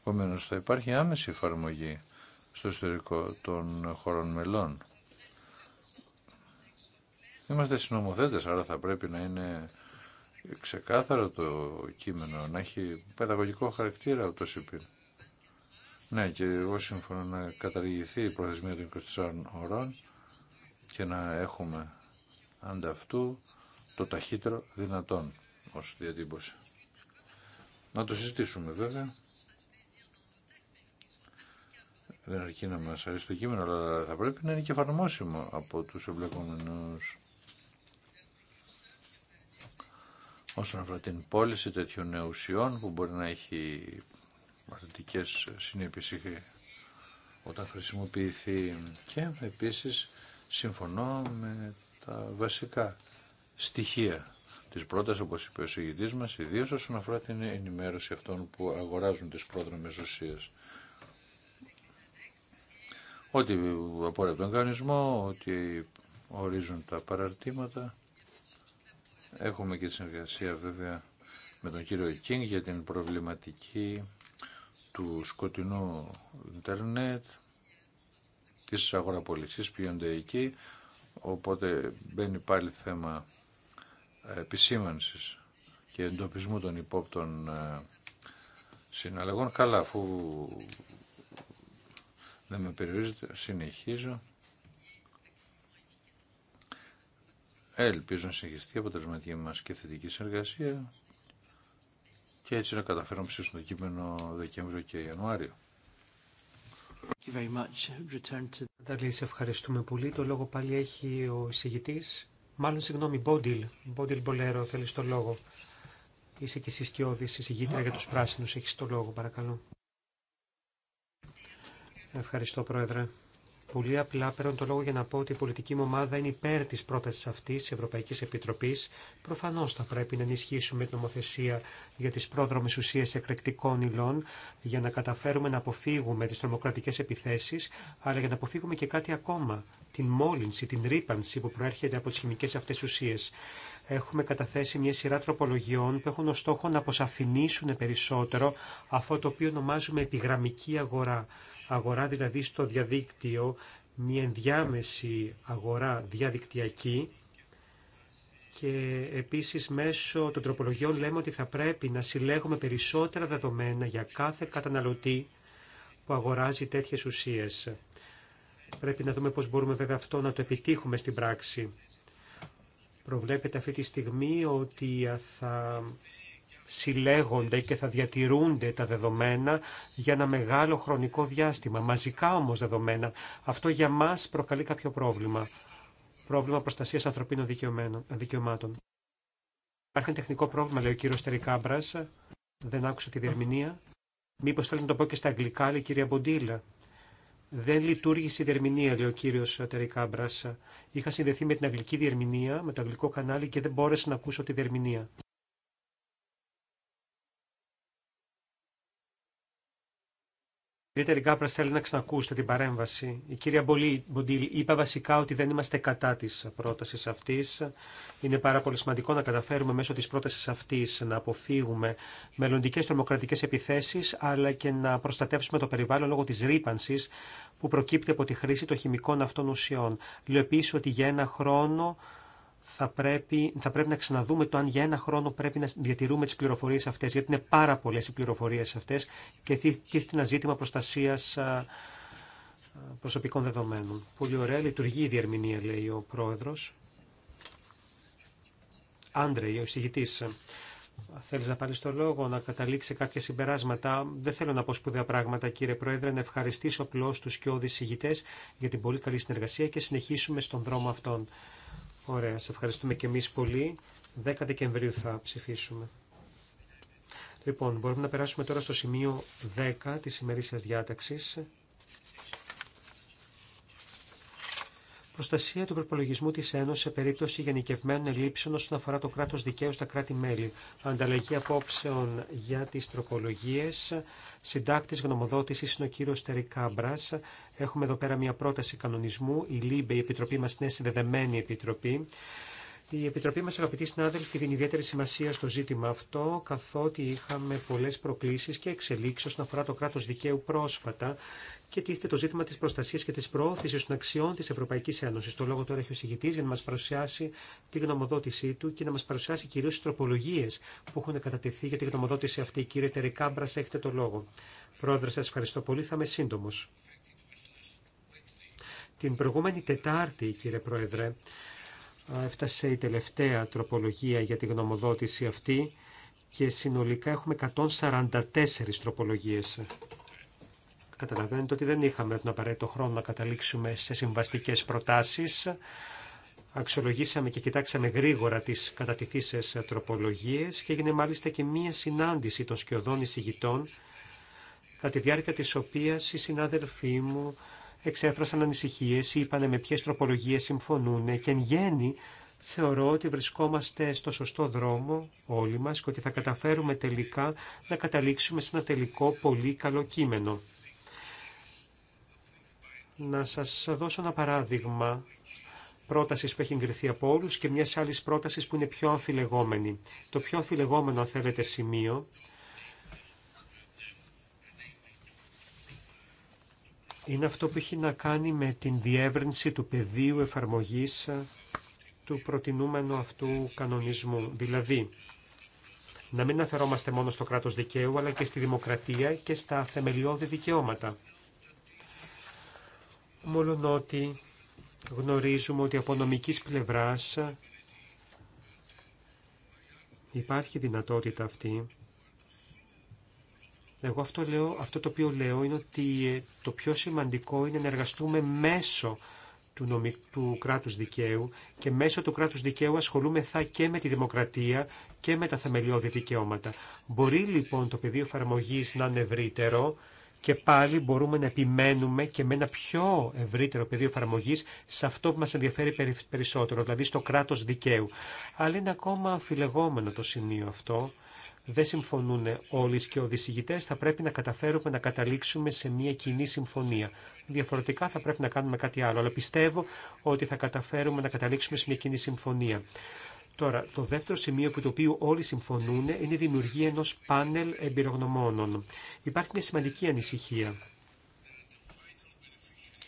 Επομένω θα υπάρχει άμεση εφαρμογή στο ιστορικό των χωρών μελών. Είμαστε συνομοθέτες, άρα θα πρέπει να είναι ξεκάθαρα το κείμενο, να έχει παιδαγωγικό χαρακτήρα το είπε. Ναι, και εγώ να καταργηθεί η προθεσμία των 24 ωρών και να έχουμε ανταυτού το ταχύτερο δυνατόν ως διατύπωση. Να το συζητήσουμε βέβαια. Δεν αρκεί να μας αρέσει το κείμενο, αλλά θα πρέπει να είναι και εφαρμόσιμο από τους εμπλεκόμενους όσον αφορά την πώληση τέτοιων ουσιών που μπορεί να έχει αρνητικές συνέπειες όταν χρησιμοποιηθεί και επίσης συμφωνώ με τα βασικά στοιχεία της πρώτας όπως είπε ο συγητής μας ιδίως όσον αφορά την ενημέρωση αυτών που αγοράζουν τις πρόδρομες ουσίες ότι από τον κανονισμό ότι ορίζουν τα παραρτήματα Έχουμε και τη συνεργασία βέβαια με τον κύριο Κίνγκ για την προβληματική του σκοτεινού ίντερνετ, της αγοραπολισίες πιόνται εκεί, οπότε μπαίνει πάλι θέμα ε, επισήμανσης και εντοπισμού των υπόπτων ε, συναλλαγών. Καλά, αφού δεν με περιορίζετε, συνεχίζω. Ελπίζω να συνεχιστεί η αποτελεσματική μα και θετική συνεργασία και έτσι να καταφέρουμε ψήσουμε το κείμενο Δεκέμβριο και Ιανουάριο. Ανταλή, σε ευχαριστούμε πολύ. Το λόγο πάλι έχει ο εισηγητής. Μάλλον, συγγνώμη, Μπόντιλ. Μπόντιλ Μπολέρο, θέλει το λόγο. Είσαι και εσύ όδη εισηγήτρια για τους πράσινους. Έχεις το λόγο, παρακαλώ. Ευχαριστώ, Πρόεδρε. Πολύ απλά παίρνω το λόγο για να πω ότι η πολιτική μου ομάδα είναι υπέρ τη πρόταση αυτή τη Ευρωπαϊκή Επιτροπή. Προφανώ θα πρέπει να ενισχύσουμε την νομοθεσία για τι πρόδρομε ουσίε εκρηκτικών υλών, για να καταφέρουμε να αποφύγουμε τι τρομοκρατικέ επιθέσει, αλλά για να αποφύγουμε και κάτι ακόμα, την μόλυνση, την ρήπανση που προέρχεται από τι χημικέ αυτέ ουσίε. Έχουμε καταθέσει μια σειρά τροπολογιών που έχουν ως στόχο να αποσαφηνίσουν περισσότερο αυτό το οποίο ονομάζουμε επιγραμμική αγορά αγορά δηλαδή στο διαδίκτυο, μια ενδιάμεση αγορά διαδικτυακή και επίσης μέσω των τροπολογιών λέμε ότι θα πρέπει να συλλέγουμε περισσότερα δεδομένα για κάθε καταναλωτή που αγοράζει τέτοιες ουσίες. Πρέπει να δούμε πώς μπορούμε βέβαια αυτό να το επιτύχουμε στην πράξη. Προβλέπεται αυτή τη στιγμή ότι θα συλλέγονται και θα διατηρούνται τα δεδομένα για ένα μεγάλο χρονικό διάστημα, μαζικά όμως δεδομένα. Αυτό για μας προκαλεί κάποιο πρόβλημα. Πρόβλημα προστασίας ανθρωπίνων δικαιωμάτων. Υπάρχει ένα τεχνικό πρόβλημα, λέει ο κύριο Τερικάμπρα. Δεν άκουσα τη διερμηνία. Μήπω θέλει να το πω και στα αγγλικά, λέει η κυρία Μποντίλα. Δεν λειτουργήσε η διερμηνία, λέει ο κύριο Τερικάμπρα. Είχα συνδεθεί με την αγγλική διερμηνία, με το αγγλικό κανάλι και δεν μπόρεσα να ακούσω τη διερμηνία. Κύριε Ριγκάπρα, θέλει να ξανακούσετε την παρέμβαση. Η κυρία Μποντήλ είπε βασικά ότι δεν είμαστε κατά τη πρόταση αυτή. Είναι πάρα πολύ σημαντικό να καταφέρουμε μέσω τη πρόταση αυτή να αποφύγουμε μελλοντικέ τρομοκρατικέ επιθέσει, αλλά και να προστατεύσουμε το περιβάλλον λόγω τη ρήπανση που προκύπτει από τη χρήση των χημικών αυτών ουσιών. Λέω επίση ότι για ένα χρόνο θα πρέπει, θα πρέπει να ξαναδούμε το αν για ένα χρόνο πρέπει να διατηρούμε τις πληροφορίες αυτές, γιατί είναι πάρα πολλές οι πληροφορίες αυτές και τίθεται ένα ζήτημα προστασίας προσωπικών δεδομένων. Πολύ ωραία, λειτουργεί η διερμηνία, λέει ο πρόεδρος. Άντρε, ο εισηγητής, θέλεις να πάρεις το λόγο, να καταλήξει κάποια συμπεράσματα. Δεν θέλω να πω σπουδαία πράγματα, κύριε Πρόεδρε, να ευχαριστήσω απλώ τους και όδης για την πολύ καλή συνεργασία και συνεχίσουμε στον δρόμο αυτόν. Ωραία, σε ευχαριστούμε και εμείς πολύ. 10 Δεκεμβρίου θα ψηφίσουμε. Λοιπόν, μπορούμε να περάσουμε τώρα στο σημείο 10 της ημερήσιας διάταξης. Προστασία του προπολογισμού τη Ένωση σε περίπτωση γενικευμένων ελλείψεων όσον αφορά το κράτο δικαίου στα κράτη-μέλη. Ανταλλαγή απόψεων για τι τροπολογίε. Συντάκτη γνωμοδότηση είναι ο κύριο Κάμπρα. Έχουμε εδώ πέρα μια πρόταση κανονισμού. Η ΛΥΜΠΕ, η επιτροπή μα, είναι συνδεδεμένη επιτροπή. Η Επιτροπή μας, αγαπητοί συνάδελφοι, δίνει ιδιαίτερη σημασία στο ζήτημα αυτό, καθότι είχαμε πολλές προκλήσεις και εξελίξεις όσον αφορά το κράτος δικαίου πρόσφατα και τίθεται το ζήτημα της προστασίας και της προώθησης των αξιών της Ευρωπαϊκής Ένωσης. Το λόγο τώρα έχει ο συγητής για να μας παρουσιάσει τη γνωμοδότησή του και να μας παρουσιάσει κυρίως τις τροπολογίες που έχουν κατατεθεί για τη γνωμοδότηση αυτή. Κύριε Τερικάμπρας, έχετε το λόγο. Πρόεδρε, σας ευχαριστώ πολύ. Θα είμαι σύντομος. Την προηγούμενη Τετάρτη, κύριε Πρόεδρε, έφτασε η τελευταία τροπολογία για τη γνωμοδότηση αυτή και συνολικά έχουμε 144 τροπολογίες. Καταλαβαίνετε ότι δεν είχαμε τον απαραίτητο χρόνο να καταλήξουμε σε συμβαστικές προτάσεις. Αξιολογήσαμε και κοιτάξαμε γρήγορα τις κατατηθήσεις τροπολογίες και έγινε μάλιστα και μία συνάντηση των σκιωδών εισηγητών κατά τη διάρκεια της οποίας οι συνάδελφοί μου εξέφρασαν ανησυχίες, είπανε με ποιε τροπολογίε συμφωνούν και εν γέννη θεωρώ ότι βρισκόμαστε στο σωστό δρόμο όλοι μας και ότι θα καταφέρουμε τελικά να καταλήξουμε σε ένα τελικό πολύ καλό κείμενο. Να σας δώσω ένα παράδειγμα πρόταση που έχει εγκριθεί από όλου και μια άλλη πρόταση που είναι πιο αμφιλεγόμενη. Το πιο αμφιλεγόμενο, αν θέλετε, σημείο είναι αυτό που έχει να κάνει με την διεύρυνση του πεδίου εφαρμογής ε, του προτινούμενου αυτού κανονισμού. Δηλαδή, να μην αφαιρόμαστε μόνο στο κράτος δικαίου, αλλά και στη δημοκρατία και στα θεμελιώδη δικαιώματα. Μόλον ότι γνωρίζουμε ότι από νομικής πλευράς υπάρχει δυνατότητα αυτή εγώ αυτό, λέω, αυτό το οποίο λέω είναι ότι ε, το πιο σημαντικό είναι να εργαστούμε μέσω του, νομι... του κράτους δικαίου και μέσω του κράτους δικαίου ασχολούμεθα και με τη δημοκρατία και με τα θεμελιώδη δικαιώματα. Μπορεί λοιπόν το πεδίο εφαρμογή να είναι ευρύτερο και πάλι μπορούμε να επιμένουμε και με ένα πιο ευρύτερο πεδίο εφαρμογή σε αυτό που μα ενδιαφέρει περισσότερο, δηλαδή στο κράτο δικαίου. Αλλά είναι ακόμα αμφιλεγόμενο το σημείο αυτό δεν συμφωνούν όλοι και οι θα πρέπει να καταφέρουμε να καταλήξουμε σε μια κοινή συμφωνία. Διαφορετικά θα πρέπει να κάνουμε κάτι άλλο, αλλά πιστεύω ότι θα καταφέρουμε να καταλήξουμε σε μια κοινή συμφωνία. Τώρα, το δεύτερο σημείο που το οποίο όλοι συμφωνούν είναι η δημιουργία ενός πάνελ εμπειρογνωμόνων. Υπάρχει μια σημαντική ανησυχία.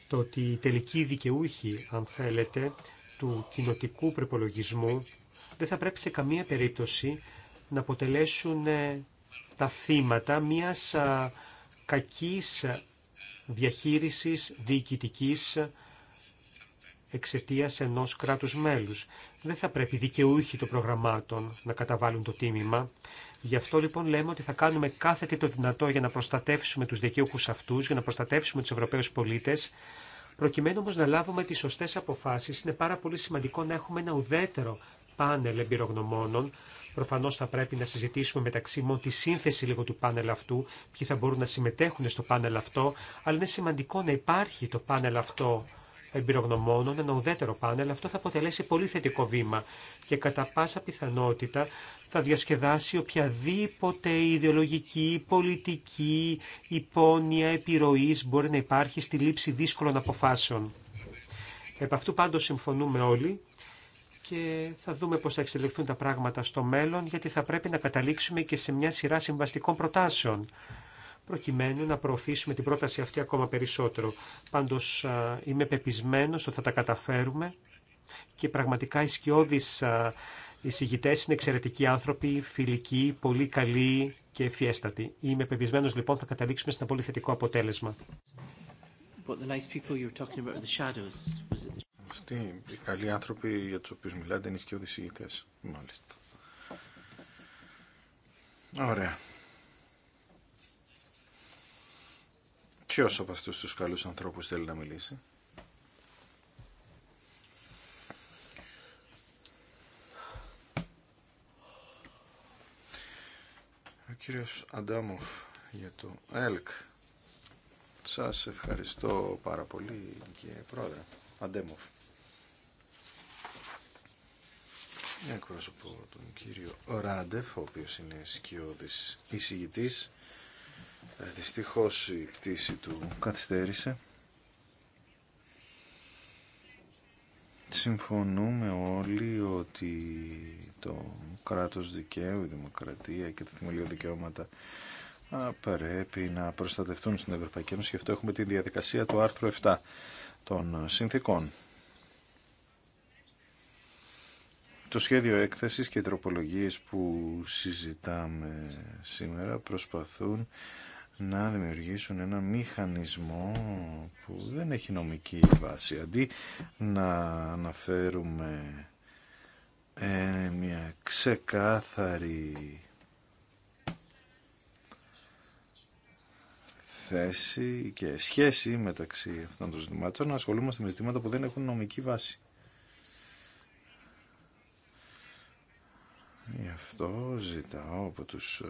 Το ότι οι τελικοί δικαιούχοι, αν θέλετε, του κοινοτικού προπολογισμού δεν θα πρέπει σε καμία περίπτωση να αποτελέσουν ε, τα θύματα μιας κακής διαχείρισης διοικητικής εξαιτία ενός κράτους μέλους. Δεν θα πρέπει δικαιούχοι των προγραμμάτων να καταβάλουν το τίμημα. Γι' αυτό λοιπόν λέμε ότι θα κάνουμε κάθε τι το δυνατό για να προστατεύσουμε τους δικαιούχους αυτούς, για να προστατεύσουμε τους ευρωπαίους πολίτες. Προκειμένου όμως να λάβουμε τις σωστές αποφάσεις είναι πάρα πολύ σημαντικό να έχουμε ένα ουδέτερο πάνελ εμπειρογνωμόνων Προφανώ θα πρέπει να συζητήσουμε μεταξύ μόνο τη σύνθεση λίγο του πάνελ αυτού, ποιοι θα μπορούν να συμμετέχουν στο πάνελ αυτό, αλλά είναι σημαντικό να υπάρχει το πάνελ αυτό εμπειρογνωμόνων, ένα ουδέτερο πάνελ, αυτό θα αποτελέσει πολύ θετικό βήμα και κατά πάσα πιθανότητα θα διασκεδάσει οποιαδήποτε ιδεολογική, πολιτική, υπόνοια, επιρροής μπορεί να υπάρχει στη λήψη δύσκολων αποφάσεων. Επ' αυτού πάντως συμφωνούμε όλοι και θα δούμε πώς θα εξελιχθούν τα πράγματα στο μέλλον, γιατί θα πρέπει να καταλήξουμε και σε μια σειρά συμβαστικών προτάσεων, προκειμένου να προωθήσουμε την πρόταση αυτή ακόμα περισσότερο. Πάντως είμαι πεπισμένος ότι θα τα καταφέρουμε και πραγματικά οι σκιώδεις εισηγητέ είναι εξαιρετικοί άνθρωποι, φιλικοί, πολύ καλοί και ευφιέστατοι. Είμαι πεπισμένος λοιπόν θα καταλήξουμε σε ένα πολύ θετικό αποτέλεσμα. But the nice people you were talking about the shadows. Was it οι καλοί άνθρωποι για τους οποίους μιλάτε είναι και Μάλιστα. Ωραία. Ποιος από αυτούς τους καλούς ανθρώπους θέλει να μιλήσει. Ο κύριος Αντάμοφ για το ΕΛΚ. Σας ευχαριστώ πάρα πολύ και πρόεδρε. Αντέμοφ. εκπρόσωπο τον κύριο Ράντεφ, ο οποίος είναι σκιώδης εισηγητής. Ε, δυστυχώς η πτήση του καθυστέρησε. Συμφωνούμε όλοι ότι το κράτος δικαίου, η δημοκρατία και τα θεμελιώδη δικαιώματα πρέπει να προστατευτούν στην Ευρωπαϊκή Ένωση Γι' αυτό έχουμε τη διαδικασία του άρθρου 7 των συνθήκων Το σχέδιο έκθεσης και οι τροπολογίες που συζητάμε σήμερα προσπαθούν να δημιουργήσουν ένα μηχανισμό που δεν έχει νομική βάση. Αντί να αναφέρουμε ε, μια ξεκάθαρη θέση και σχέση μεταξύ αυτών των ζητημάτων, να ασχολούμαστε με ζητήματα που δεν έχουν νομική βάση. Γι' αυτό ζητάω από τους ε,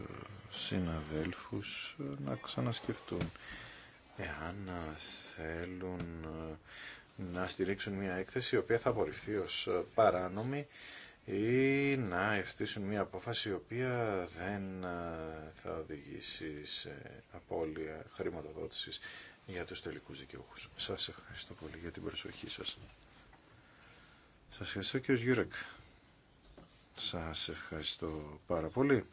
συναδέλφους ε, να ξανασκεφτούν εάν θέλουν ε, να στηρίξουν μια έκθεση η οποία θα απορριφθεί ως παράνομη ή να ευθύσουν μια απόφαση η οποία δεν θα οδηγήσει σε απώλεια χρηματοδότησης για τους τελικούς δικαιούχους. Σας ευχαριστώ πολύ για την προσοχή σας. Σας ευχαριστώ και ο Γιούρεκ. Σας ευχαριστώ πάρα πολύ.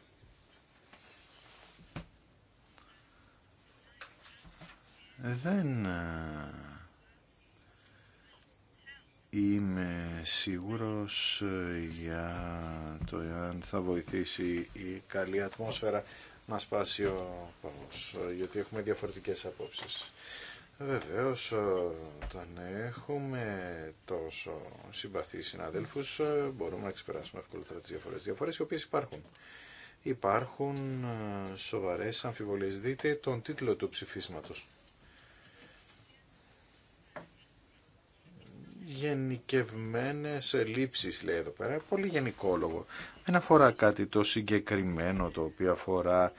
Δεν ε, είμαι σίγουρος ε, για το εάν θα βοηθήσει η καλή ατμόσφαιρα να σπάσει ο παγός, ε, γιατί έχουμε διαφορετικές απόψεις. Βεβαίως ε, όταν έχουμε τόσο συμπαθείς συναδέλφους ε, μπορούμε να ξεπεράσουμε ευκολότερα τις διαφορές. Διαφορές οι οποίες υπάρχουν. Υπάρχουν ε, σοβαρές αμφιβολίες. Δείτε τον τίτλο του ψηφίσματος. γενικευμένες ελλείψεις λέει εδώ πέρα, πολύ γενικόλογο. Δεν αφορά κάτι το συγκεκριμένο το οποίο αφορά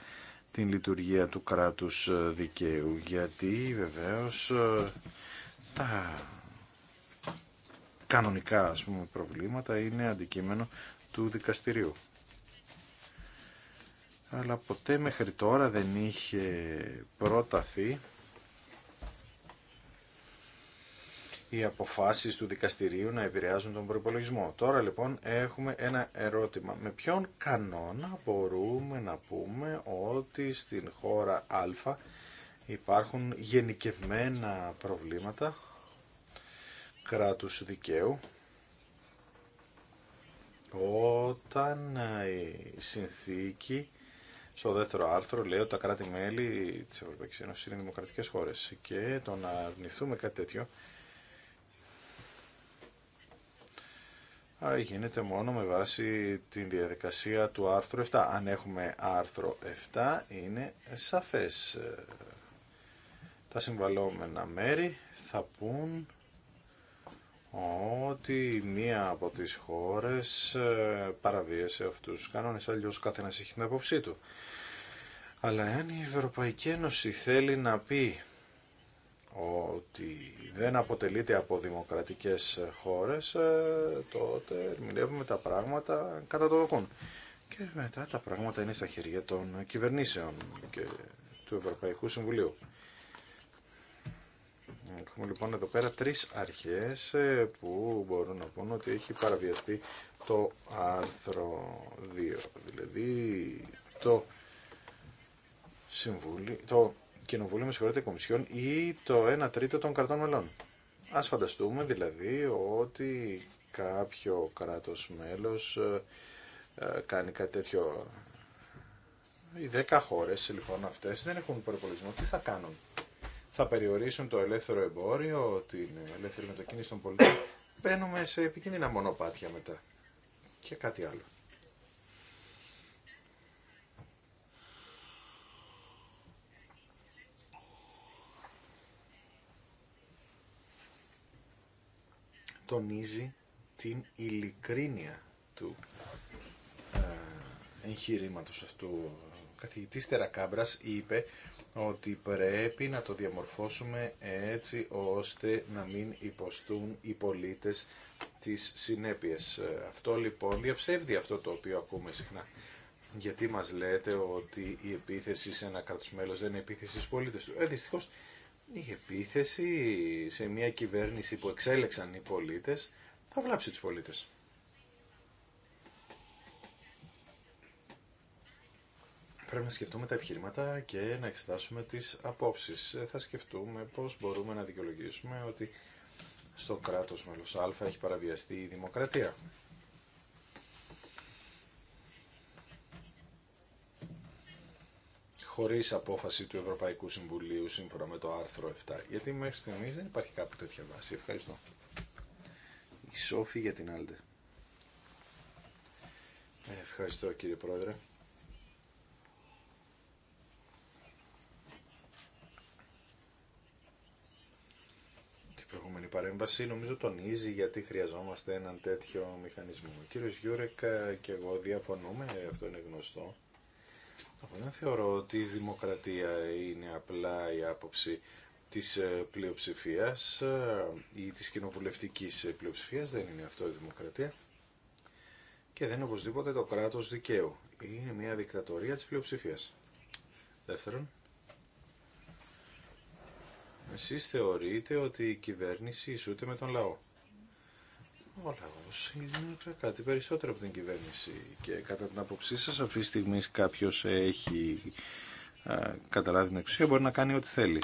την λειτουργία του κράτους ε, δικαίου γιατί βεβαίως ε, τα κανονικά ας πούμε, προβλήματα είναι αντικείμενο του δικαστηρίου. Αλλά ποτέ μέχρι τώρα δεν είχε πρόταθεί οι αποφάσει του δικαστηρίου να επηρεάζουν τον προπολογισμό. Τώρα λοιπόν έχουμε ένα ερώτημα. Με ποιον κανόνα μπορούμε να πούμε ότι στην χώρα Α υπάρχουν γενικευμένα προβλήματα κράτους δικαίου όταν η συνθήκη στο δεύτερο άρθρο λέει ότι τα κράτη-μέλη της Ευρωπαϊκής είναι δημοκρατικές χώρες και το να αρνηθούμε κάτι τέτοιο γίνεται μόνο με βάση την διαδικασία του άρθρου 7. Αν έχουμε άρθρο 7 είναι σαφές. Τα συμβαλόμενα μέρη θα πούν ότι μία από τις χώρες ε, παραβίασε αυτούς τους κανόνες, αλλιώς κάθε ένας έχει την απόψή του. Αλλά αν η Ευρωπαϊκή Ένωση θέλει να πει ότι δεν αποτελείται από δημοκρατικές χώρες, ε, τότε ερμηνεύουμε τα πράγματα κατά το δοκούν. Και μετά τα πράγματα είναι στα χέρια των κυβερνήσεων και του Ευρωπαϊκού Συμβουλίου. Έχουμε λοιπόν εδώ πέρα τρεις αρχές ε, που μπορούν να πούν ότι έχει παραβιαστεί το άρθρο 2. Δηλαδή το Συμβούλιο, το Κοινοβούλιο, με συγχωρείτε, Κομισιόν ή το 1 τρίτο των κρατών μελών. Ας φανταστούμε δηλαδή ότι κάποιο κράτος μέλος ε, ε, κάνει κάτι τέτοιο. Οι 10 χώρες λοιπόν αυτές δεν έχουν προπολογισμό. Τι θα κάνουν. Θα περιορίσουν το ελεύθερο εμπόριο, την ελεύθερη μετακίνηση των πολιτών. Μπαίνουμε σε επικίνδυνα μονοπάτια μετά. Και κάτι άλλο. τονίζει την ειλικρίνεια του ε, εγχειρήματο αυτού. Ο καθηγητής Τερακάμπρα είπε ότι πρέπει να το διαμορφώσουμε έτσι ώστε να μην υποστούν οι πολίτες τις συνέπειες. Ε, αυτό λοιπόν διαψεύδει αυτό το οποίο ακούμε συχνά. Γιατί μας λέτε ότι η επίθεση σε ένα κράτος δεν είναι επίθεση στους πολίτες του. Ε, δυστυχώς, η επίθεση σε μια κυβέρνηση που εξέλεξαν οι πολίτες θα βλάψει τους πολίτες. Πρέπει να σκεφτούμε τα επιχειρήματα και να εξετάσουμε τις απόψεις. Θα σκεφτούμε πώς μπορούμε να δικαιολογήσουμε ότι στο κράτος μέλος Α έχει παραβιαστεί η δημοκρατία. χωρίς απόφαση του Ευρωπαϊκού Συμβουλίου σύμφωνα με το άρθρο 7. Γιατί μέχρι στιγμής δεν υπάρχει κάποια τέτοια βάση. Ευχαριστώ. Η Σόφη για την Άλτε. Ε, ευχαριστώ κύριε Πρόεδρε. Την προηγούμενη παρέμβαση νομίζω τονίζει γιατί χρειαζόμαστε έναν τέτοιο μηχανισμό. Ο κύριος Γιούρεκ και εγώ διαφωνούμε, αυτό είναι γνωστό. Εγώ δεν θεωρώ ότι η δημοκρατία είναι απλά η άποψη της ε, πλειοψηφίας ε, ή της κοινοβουλευτικής ε, πλειοψηφίας, δεν είναι αυτό η δημοκρατία. Και δεν είναι οπωσδήποτε το κράτος δικαίου. Είναι μια δικτατορία της πλειοψηφίας. Δεύτερον, εσείς θεωρείτε ότι η κυβέρνηση ισούται με τον λαό. Όλα όμω είναι κάτι περισσότερο από την κυβέρνηση και κατά την άποψή σα, αυτή τη στιγμή κάποιο έχει καταλάβει την εξουσία μπορεί να κάνει ό,τι θέλει.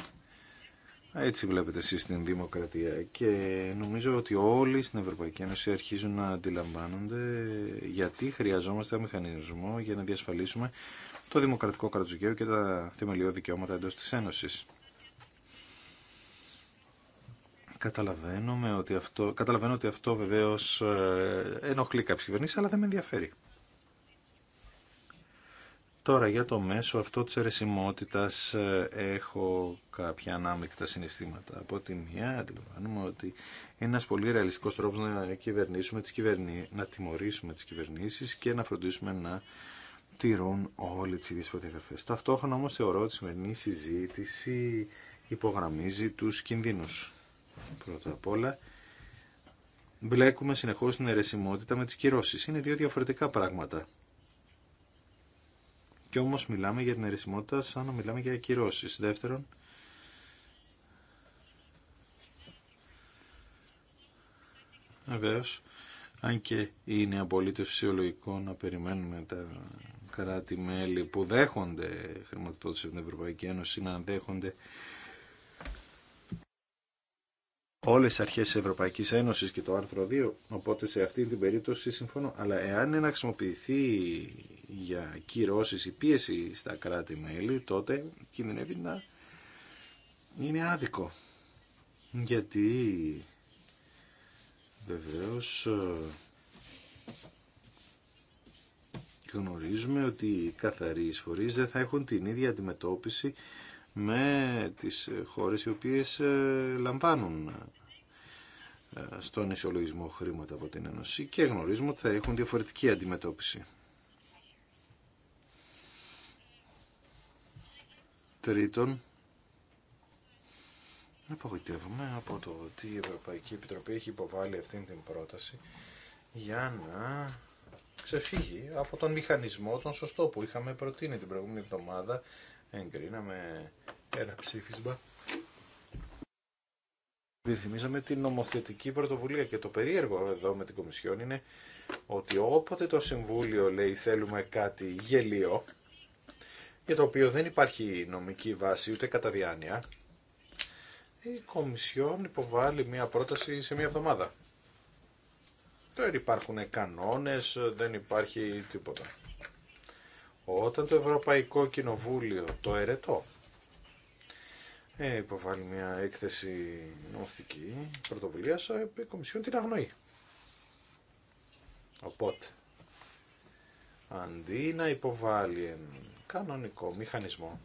Έτσι βλέπετε εσείς την δημοκρατία και νομίζω ότι όλοι στην Ευρωπαϊκή Ένωση αρχίζουν να αντιλαμβάνονται γιατί χρειαζόμαστε μηχανισμό για να διασφαλίσουμε το δημοκρατικό κράτος και τα θεμελιώδη δικαιώματα εντό της Ένωσης. Καταλαβαίνουμε ότι αυτό, καταλαβαίνω ότι αυτό βεβαίως ε, ενοχλεί κάποιες κυβερνήσεις, αλλά δεν με ενδιαφέρει. Τώρα για το μέσο αυτό της αιρεσιμότητας ε, έχω κάποια ανάμεικτα συναισθήματα. Από τη μία αντιλαμβάνομαι ότι είναι ένας πολύ ρεαλιστικός τρόπος να, κυβερνήσουμε τις κυβερνή... να τιμωρήσουμε τις κυβερνήσεις και να φροντίσουμε να τηρούν όλε τι ίδιες προδιαγραφές. Ταυτόχρονα όμως θεωρώ ότι η σημερινή συζήτηση υπογραμμίζει τους κινδύνους πρώτα απ' όλα μπλέκουμε συνεχώς την αιρεσιμότητα με τις κυρώσεις. Είναι δύο διαφορετικά πράγματα. Και όμως μιλάμε για την αιρεσιμότητα σαν να μιλάμε για κυρώσεις. Δεύτερον, Βεβαίω, αν και είναι απολύτως φυσιολογικό να περιμένουμε τα κράτη-μέλη που δέχονται χρηματοδότηση από την Ευρωπαϊκή Ένωση να δέχονται όλες τις αρχές της Ευρωπαϊκής Ένωσης και το άρθρο 2, οπότε σε αυτή την περίπτωση συμφωνώ. Αλλά εάν είναι να χρησιμοποιηθεί για κυρώσεις ή πίεση στα κράτη-μέλη, τότε κινδυνεύει να είναι άδικο. Γιατί βεβαίως ε, γνωρίζουμε ότι οι καθαροί εισφορείς δεν θα έχουν την ίδια αντιμετώπιση με τις χώρες οι οποίες ε, λαμβάνουν ε, στον ισολογισμό χρήματα από την Ένωση και γνωρίζουμε ότι θα έχουν διαφορετική αντιμετώπιση. Τρίτον, απογοητεύομαι από το ότι η Ευρωπαϊκή Επιτροπή έχει υποβάλει αυτή την πρόταση για να ξεφύγει από τον μηχανισμό τον σωστό που είχαμε προτείνει την προηγούμενη εβδομάδα εγκρίναμε ένα ψήφισμα. Ρυθμίζαμε την νομοθετική πρωτοβουλία και το περίεργο εδώ με την Κομισιόν είναι ότι όποτε το Συμβούλιο λέει θέλουμε κάτι γελίο, για το οποίο δεν υπάρχει νομική βάση ούτε κατά διάνοια, η Κομισιόν υποβάλλει μια πρόταση σε μια εβδομάδα. Δεν υπάρχουν κανόνες, δεν υπάρχει τίποτα. Όταν το Ευρωπαϊκό Κοινοβούλιο, το ΕΡΕΤΟ, ε, υποβάλλει μια έκθεση νοθική πρωτοβουλία, ε, η Κομισιόν την αγνοεί. Οπότε, αντί να υποβάλει έναν κανονικό μηχανισμό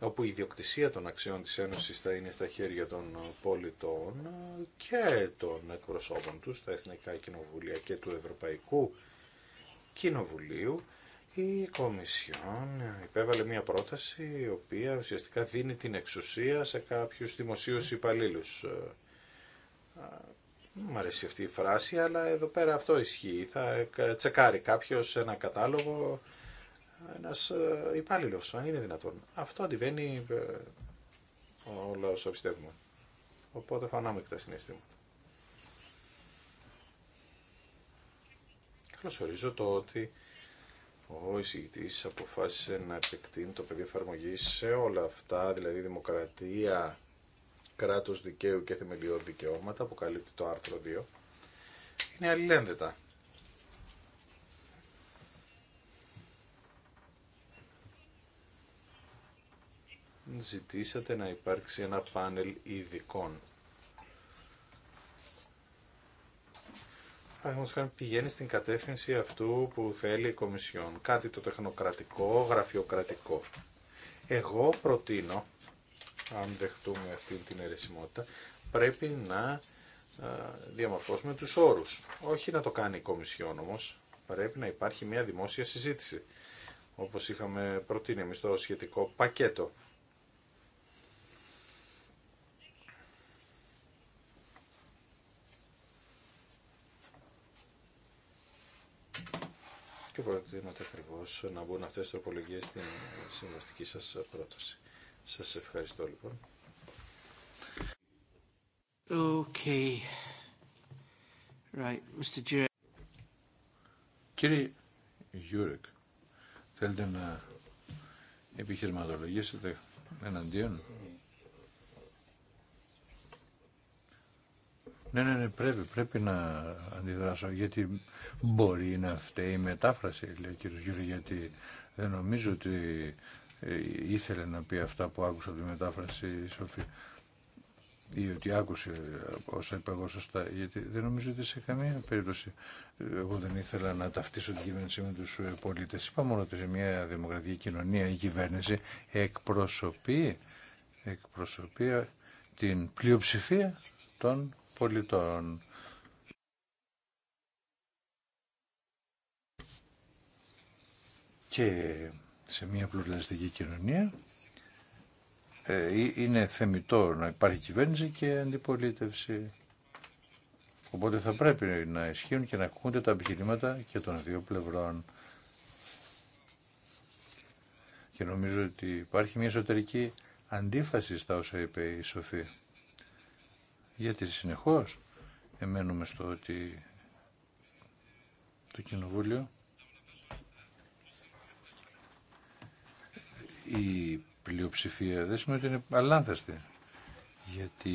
όπου η ιδιοκτησία των αξιών της Ένωσης θα είναι στα χέρια των πολιτών και των εκπροσώπων του στα Εθνικά Κοινοβούλια και του Ευρωπαϊκού Κοινοβουλίου, η Κομισιόν υπέβαλε μια πρόταση η οποία ουσιαστικά δίνει την εξουσία σε κάποιους δημοσίους υπαλλήλους. Ε, Μου αρέσει αυτή η φράση, αλλά εδώ πέρα αυτό ισχύει. Θα τσεκάρει κάποιος ένα κατάλογο ένα ε, υπάλληλο αν είναι δυνατόν. Αυτό αντιβαίνει ε, όλα όσα πιστεύουμε. Οπότε και τα συναισθήματα. Καλωσορίζω το ότι ο εισηγητή αποφάσισε να επεκτείνει το πεδίο εφαρμογή σε όλα αυτά, δηλαδή δημοκρατία, κράτο δικαίου και θεμελιώδη δικαιώματα που καλύπτει το άρθρο 2. Είναι αλληλένδετα. ζητήσατε να υπάρξει ένα πάνελ ειδικών. Παραδείγματος χάρη πηγαίνει στην κατεύθυνση αυτού που θέλει η Κομισιόν. Κάτι το τεχνοκρατικό, γραφειοκρατικό. Εγώ προτείνω, αν δεχτούμε αυτή την αιρεσιμότητα, πρέπει να διαμορφώσουμε τους όρους. Όχι να το κάνει η Κομισιόν όμως, πρέπει να υπάρχει μια δημόσια συζήτηση. Όπως είχαμε προτείνει εμείς το σχετικό πακέτο και προτείνατε ακριβώ να μπουν αυτές τι τροπολογίε στην συμβαστική σα πρόταση. Σας ευχαριστώ λοιπόν. Okay. Right, Mr. Κύριε Γιούρεκ, θέλετε να επιχειρηματολογήσετε εναντίον. Ναι, ναι, ναι, πρέπει, πρέπει να αντιδράσω, γιατί μπορεί να φταίει η μετάφραση, λέει ο κύριος γιατί δεν νομίζω ότι ε, ήθελε να πει αυτά που άκουσα από τη μετάφραση η Σοφή ή ότι άκουσε όσα είπα εγώ σωστά, γιατί δεν νομίζω ότι σε καμία περίπτωση ε, εγώ δεν ήθελα να ταυτίσω την κυβέρνηση με τους ε, πολίτες. Είπα μόνο ότι σε μια δημοκρατική κοινωνία η κυβέρνηση εκπροσωπεί, εκπροσωπεί την πλειοψηφία των πολιτών. Και σε μια πλουραλιστική κοινωνία ε, είναι θεμητό να υπάρχει κυβέρνηση και αντιπολίτευση. Οπότε θα πρέπει να ισχύουν και να ακούνται τα επιχειρήματα και των δύο πλευρών. Και νομίζω ότι υπάρχει μια εσωτερική αντίφαση στα όσα είπε η Σοφία γιατί συνεχώς εμένουμε στο ότι το Κοινοβούλιο η πλειοψηφία δεν σημαίνει ότι είναι αλάνθαστη γιατί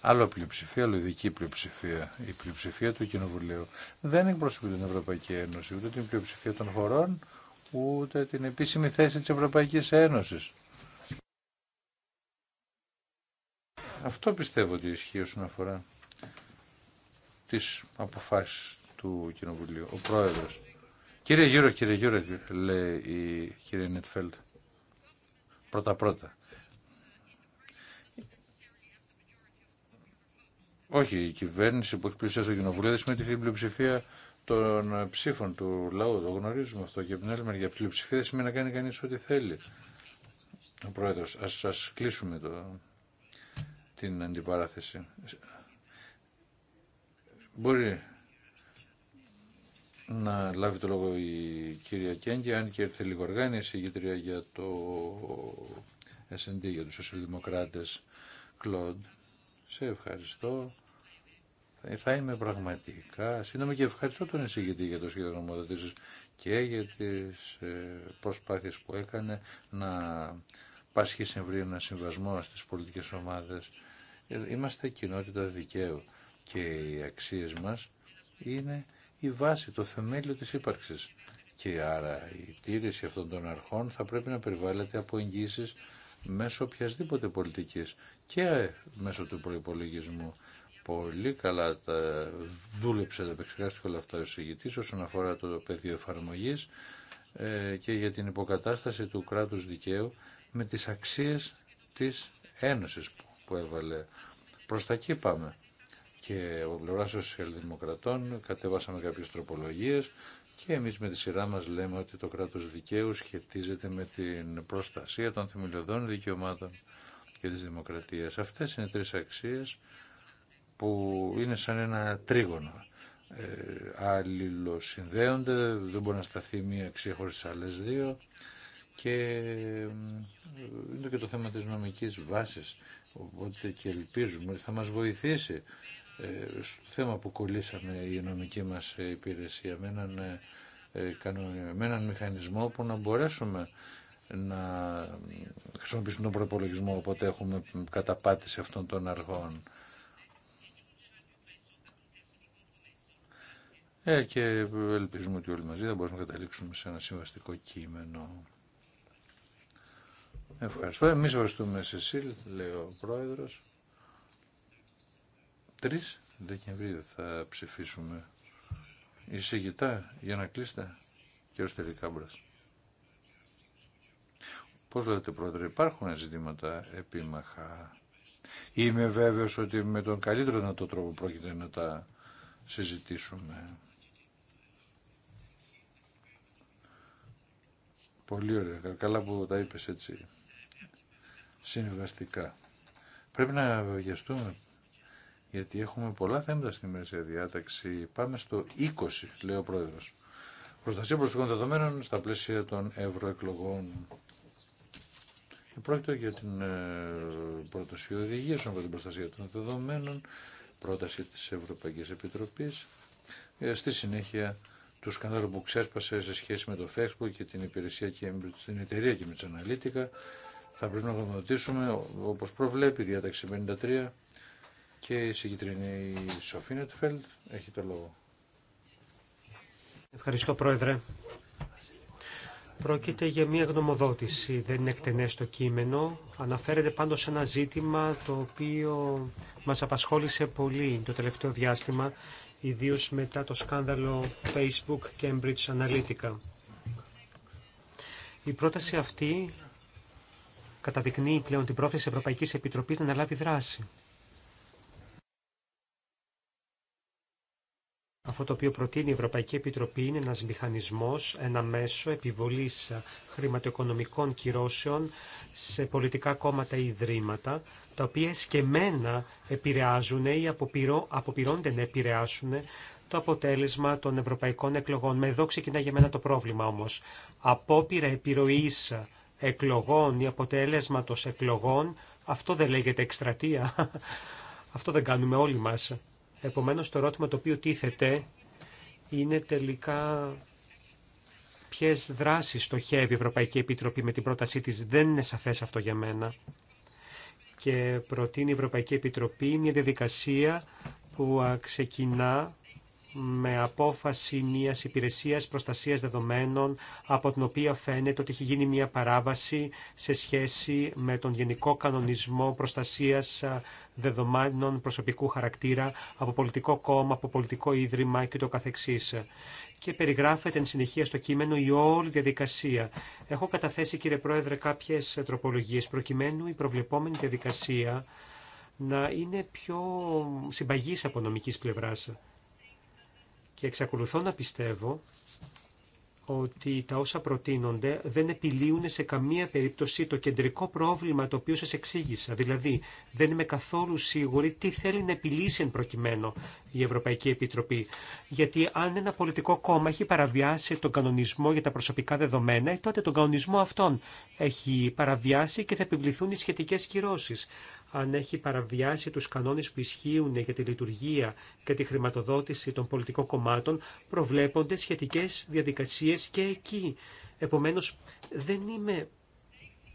άλλο πλειοψηφία, άλλο ειδική πλειοψηφία η πλειοψηφία του Κοινοβουλίου δεν εκπροσωπεί την Ευρωπαϊκή Ένωση ούτε την πλειοψηφία των χωρών ούτε την επίσημη θέση της Ευρωπαϊκής Ένωσης Αυτό πιστεύω ότι ισχύει όσον αφορά τις αποφάσεις του Κοινοβουλίου. Ο Πρόεδρος. Κύριε Γιώργο, κύριε Γιώργο, λέει η κυρία Νιτφέλτ. Πρώτα-πρώτα. Όχι, η κυβέρνηση που έχει πλησιάσει στο Κοινοβουλίο δεν σημαίνει την πλειοψηφία των ψήφων του λαού. Το γνωρίζουμε αυτό. Και από την άλλη μεριά, πλειοψηφία δεν σημαίνει να κάνει κανεί ό,τι θέλει. Ο Πρόεδρο, α κλείσουμε το, την αντιπαράθεση. Μπορεί να λάβει το λόγο η κυρία Κέγκη, αν και ήρθε λίγο αργά, είναι εισηγητρία για το S&D, για τους σοσιαλδημοκράτες. Κλοντ, σε ευχαριστώ. Θα είμαι πραγματικά σύντομη και ευχαριστώ τον εισηγητή για το σχέδιο νομοδοτήσεις και για τις ε, προσπάθειες που έκανε να πάσχει σε ένα συμβασμό στις πολιτικές ομάδες. Είμαστε κοινότητα δικαίου και οι αξίες μας είναι η βάση, το θεμέλιο της ύπαρξης. Και άρα η τήρηση αυτών των αρχών θα πρέπει να περιβάλλεται από εγγύσεις μέσω οποιασδήποτε πολιτικής και μέσω του προϋπολογισμού. Πολύ καλά τα δούλεψε, τα επεξεργάστηκε όλα αυτά ο συγητής όσον αφορά το πεδίο εφαρμογής ε, και για την υποκατάσταση του κράτους δικαίου με τις αξίες της Ένωσης που έβαλε. Προς τα εκεί Και ο πλευρά των Σοσιαλδημοκρατών κατεβάσαμε κάποιες τροπολογίες και εμείς με τη σειρά μας λέμε ότι το κράτος δικαίου σχετίζεται με την προστασία των θεμελιωδών δικαιωμάτων και της δημοκρατίας. Αυτές είναι τρεις αξίες που είναι σαν ένα τρίγωνο. Ε, αλληλοσυνδέονται, δεν μπορεί να σταθεί μία αξία χωρίς άλλες δύο και είναι και το θέμα της νομικής βάσης οπότε και ελπίζουμε ότι θα μας βοηθήσει ε, στο θέμα που κολλήσαμε η νομική μας υπηρεσία με έναν, ε, ε, με έναν μηχανισμό που να μπορέσουμε να χρησιμοποιήσουμε τον προπολογισμό οπότε έχουμε καταπάτηση αυτών των αργών. και ελπίζουμε ότι όλοι μαζί θα μπορούμε να καταλήξουμε σε ένα συμβαστικό κείμενο. Ευχαριστώ. Εμείς ευχαριστούμε Σεσίλ, λέει ο Πρόεδρος. 3 Δεκεμβρίου θα ψηφίσουμε εισηγητά για να κλείστε. και Τελικάμπρας. Πώς λέτε Πρόεδρε, υπάρχουν ζητήματα επίμαχα. Είμαι βέβαιος ότι με τον καλύτερο δυνατό τρόπο πρόκειται να τα συζητήσουμε. Πολύ ωραία. Καλά που τα είπες έτσι συμβαστικά. Πρέπει να βιαστούμε γιατί έχουμε πολλά θέματα στη μέση διάταξη. Πάμε στο 20, λέει ο Πρόεδρος. Προστασία προσωπικών δεδομένων στα πλαίσια των ευρωεκλογών. Πρόκειται για την ε, πρόταση οδηγία για την προστασία των δεδομένων, πρόταση της Ευρωπαϊκής Επιτροπής. Ε, στη συνέχεια του σκανδάλου που ξέσπασε σε σχέση με το Facebook και την υπηρεσία και την εταιρεία και με τις αναλύτικα θα πρέπει να γνωμοδοτήσουμε όπως προβλέπει η διάταξη 53 και η συγκεκριμένη η έχει το λόγο. Ευχαριστώ Πρόεδρε. Πρόκειται για μια γνωμοδότηση, δεν είναι εκτενές το κείμενο. Αναφέρεται πάντως σε ένα ζήτημα το οποίο μας απασχόλησε πολύ το τελευταίο διάστημα, ιδίως μετά το σκάνδαλο Facebook Cambridge Analytica. Η πρόταση αυτή καταδεικνύει πλέον την πρόθεση της Ευρωπαϊκής Επιτροπής να αναλάβει δράση. Αυτό το οποίο προτείνει η Ευρωπαϊκή Επιτροπή είναι ένας μηχανισμός, ένα μέσο επιβολής χρηματοοικονομικών κυρώσεων σε πολιτικά κόμματα ή ιδρύματα, τα οποία σκεμμένα επηρεάζουν ή αποπειρώνται να επηρεάσουν το αποτέλεσμα των ευρωπαϊκών εκλογών. Με εδώ ξεκινά για μένα το πρόβλημα όμως. Απόπειρα επιρροής εκλογών ή αποτελέσματος εκλογών, αυτό δεν λέγεται εκστρατεία. Αυτό δεν κάνουμε όλοι μας. Επομένως το ερώτημα το οποίο τίθεται είναι τελικά ποιες δράσεις στοχεύει η Ευρωπαϊκή Επιτροπή με την πρότασή της. Δεν είναι σαφές αυτό για μένα. Και προτείνει η Ευρωπαϊκή Επιτροπή μια διαδικασία που ξεκινά με απόφαση μια υπηρεσία, προστασίας δεδομένων από την οποία φαίνεται ότι έχει γίνει μια παράβαση σε σχέση με τον Γενικό Κανονισμό Προστασίας Δεδομένων Προσωπικού Χαρακτήρα από πολιτικό κόμμα, από πολιτικό ίδρυμα και το Και περιγράφεται εν συνεχεία στο κείμενο η όλη διαδικασία. Έχω καταθέσει κύριε Πρόεδρε κάποιε τροπολογίε προκειμένου η προβλεπόμενη διαδικασία να είναι πιο συμπαγής από νομικής πλευράς. Και εξακολουθώ να πιστεύω ότι τα όσα προτείνονται δεν επιλύουν σε καμία περίπτωση το κεντρικό πρόβλημα το οποίο σας εξήγησα. Δηλαδή, δεν είμαι καθόλου σίγουρη τι θέλει να επιλύσει εν προκειμένου η Ευρωπαϊκή Επιτροπή. Γιατί αν ένα πολιτικό κόμμα έχει παραβιάσει τον κανονισμό για τα προσωπικά δεδομένα, τότε τον κανονισμό αυτόν έχει παραβιάσει και θα επιβληθούν οι σχετικές κυρώσεις αν έχει παραβιάσει τους κανόνες που ισχύουν για τη λειτουργία και τη χρηματοδότηση των πολιτικών κομμάτων, προβλέπονται σχετικές διαδικασίες και εκεί. Επομένως, δεν είμαι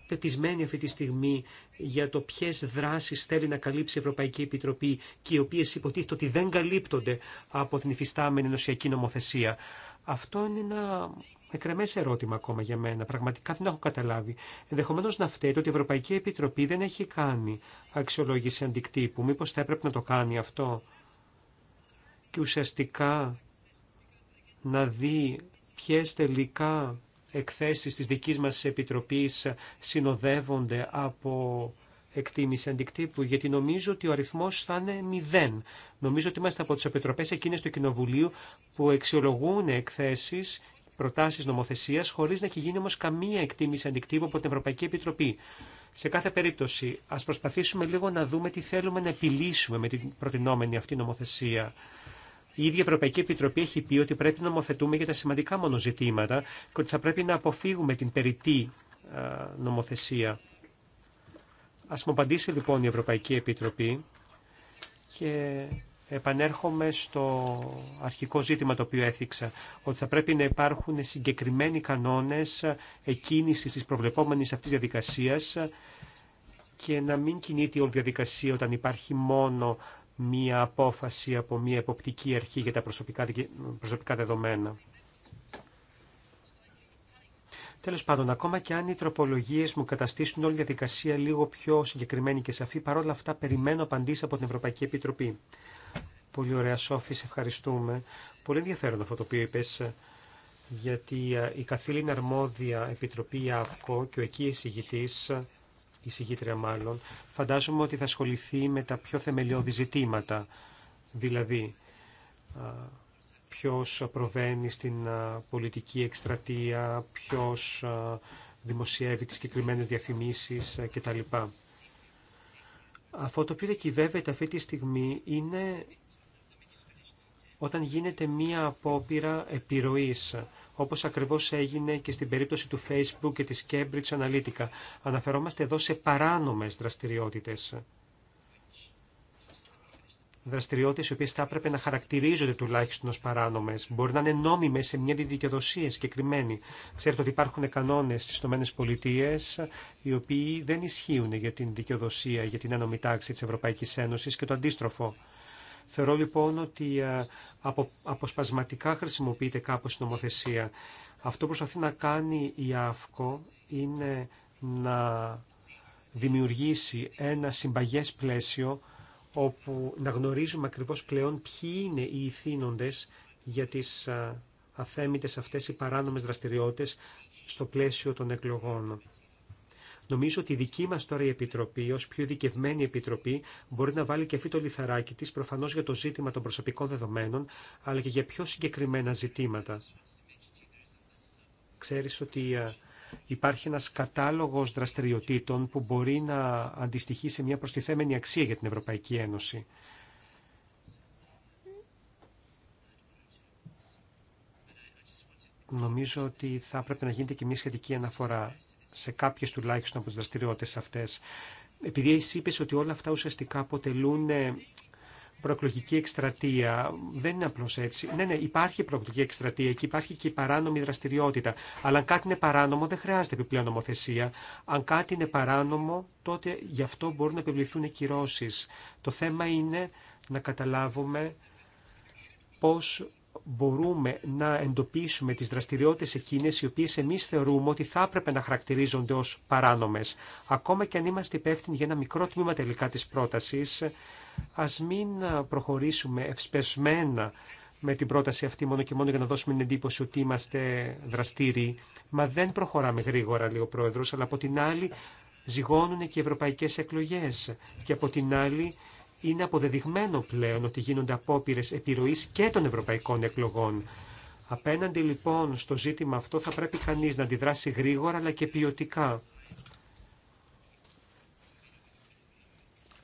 πεπισμένη αυτή τη στιγμή για το ποιε δράσει θέλει να καλύψει η Ευρωπαϊκή Επιτροπή και οι οποίε υποτίθεται ότι δεν καλύπτονται από την υφιστάμενη νοσιακή νομοθεσία. Αυτό είναι ένα εκρεμέ ερώτημα ακόμα για μένα. Πραγματικά δεν έχω καταλάβει. Ενδεχομένω να φταίει το ότι η Ευρωπαϊκή Επιτροπή δεν έχει κάνει αξιολόγηση αντικτύπου. Μήπω θα έπρεπε να το κάνει αυτό και ουσιαστικά να δει ποιε τελικά εκθέσεις της δικής μας Επιτροπής συνοδεύονται από εκτίμηση αντικτύπου, γιατί νομίζω ότι ο αριθμός θα είναι μηδέν. Νομίζω ότι είμαστε από τις επιτροπές εκείνες του Κοινοβουλίου που αξιολογούν εκθέσεις προτάσει νομοθεσία, χωρί να έχει γίνει όμω καμία εκτίμηση αντικτύπου από την Ευρωπαϊκή Επιτροπή. Σε κάθε περίπτωση, α προσπαθήσουμε λίγο να δούμε τι θέλουμε να επιλύσουμε με την προτινόμενη αυτή νομοθεσία. Η ίδια Ευρωπαϊκή Επιτροπή έχει πει ότι πρέπει να νομοθετούμε για τα σημαντικά μονοζητήματα και ότι θα πρέπει να αποφύγουμε την περιττή νομοθεσία. Ας μου απαντήσει λοιπόν η Ευρωπαϊκή Επιτροπή και επανέρχομαι στο αρχικό ζήτημα το οποίο έθιξα, ότι θα πρέπει να υπάρχουν συγκεκριμένοι κανόνες εκκίνησης της προβλεπόμενης αυτής διαδικασίας και να μην κινείται η όλη διαδικασία όταν υπάρχει μόνο μία απόφαση από μία εποπτική αρχή για τα προσωπικά, προσωπικά δεδομένα. Τέλο πάντων, ακόμα και αν οι τροπολογίε μου καταστήσουν όλη τη διαδικασία λίγο πιο συγκεκριμένη και σαφή, παρόλα αυτά περιμένω απαντήσει από την Ευρωπαϊκή Επιτροπή. Πολύ ωραία, Σόφη, σε ευχαριστούμε. Πολύ ενδιαφέρον αυτό το οποίο είπε, γιατί ε, η καθήλυνα αρμόδια επιτροπή ΑΦΚΟ και ο εκεί εισηγητή, η συγγήτρια μάλλον, φαντάζομαι ότι θα ασχοληθεί με τα πιο θεμελιώδη ζητήματα. Δηλαδή, ε, ποιο προβαίνει στην ε, πολιτική εκστρατεία, ποιο δημοσιεύει τι συγκεκριμένε διαφημίσει κτλ. Αυτό το οποίο διακυβεύεται αυτή τη στιγμή είναι όταν γίνεται μία απόπειρα επιρροής, όπως ακριβώς έγινε και στην περίπτωση του Facebook και της Cambridge Analytica. Αναφερόμαστε εδώ σε παράνομες δραστηριότητες. Δραστηριότητες οι οποίες θα έπρεπε να χαρακτηρίζονται τουλάχιστον ως παράνομες. Μπορεί να είναι νόμιμες σε μια δικαιοδοσία συγκεκριμένη. Ξέρετε ότι υπάρχουν κανόνες στις ΗΠΑ οι οποίοι δεν ισχύουν για την δικαιοδοσία, για την ένωμη τάξη της Ευρωπαϊκής Ένωσης και το αντίστροφο. Θεωρώ λοιπόν ότι ε, αποσπασματικά χρησιμοποιείται κάπως η νομοθεσία. Αυτό που προσπαθεί να κάνει η ΑΦΚΟ είναι να δημιουργήσει ένα συμπαγές πλαίσιο όπου να γνωρίζουμε ακριβώς πλέον ποιοι είναι οι ηθήνοντες για τις ε, αθέμητες αυτές οι παράνομες δραστηριότητες στο πλαίσιο των εκλογών. Νομίζω ότι η δική μα τώρα η Επιτροπή, ω πιο ειδικευμένη Επιτροπή, μπορεί να βάλει και αυτή το λιθαράκι τη, προφανώ για το ζήτημα των προσωπικών δεδομένων, αλλά και για πιο συγκεκριμένα ζητήματα. Ξέρεις ότι ε, υπάρχει ένας κατάλογος δραστηριοτήτων που μπορεί να αντιστοιχεί σε μια προστιθέμενη αξία για την Ευρωπαϊκή Ένωση. Νομίζω ότι θα πρέπει να γίνεται και μια σχετική αναφορά σε κάποιε τουλάχιστον από τι δραστηριότητε αυτέ. Επειδή εσύ είπε ότι όλα αυτά ουσιαστικά αποτελούν ε, προεκλογική εκστρατεία. Δεν είναι απλώ έτσι. Ναι, ναι, υπάρχει προεκλογική εκστρατεία και υπάρχει και η παράνομη δραστηριότητα. Αλλά αν κάτι είναι παράνομο, δεν χρειάζεται επιπλέον νομοθεσία. Αν κάτι είναι παράνομο, τότε γι' αυτό μπορούν να επιβληθούν κυρώσει. Το θέμα είναι να καταλάβουμε πώς μπορούμε να εντοπίσουμε τις δραστηριότητες εκείνες οι οποίες εμείς θεωρούμε ότι θα έπρεπε να χαρακτηρίζονται ως παράνομες. Ακόμα και αν είμαστε υπεύθυνοι για ένα μικρό τμήμα τελικά της πρότασης, ας μην προχωρήσουμε ευσπεσμένα με την πρόταση αυτή μόνο και μόνο για να δώσουμε την εντύπωση ότι είμαστε δραστήριοι. Μα δεν προχωράμε γρήγορα, λέει ο Πρόεδρος, αλλά από την άλλη ζυγώνουν και οι ευρωπαϊκές εκλογές και από την άλλη είναι αποδεδειγμένο πλέον ότι γίνονται απόπειρε επιρροή και των ευρωπαϊκών εκλογών. Απέναντι λοιπόν στο ζήτημα αυτό θα πρέπει κανείς να αντιδράσει γρήγορα αλλά και ποιοτικά.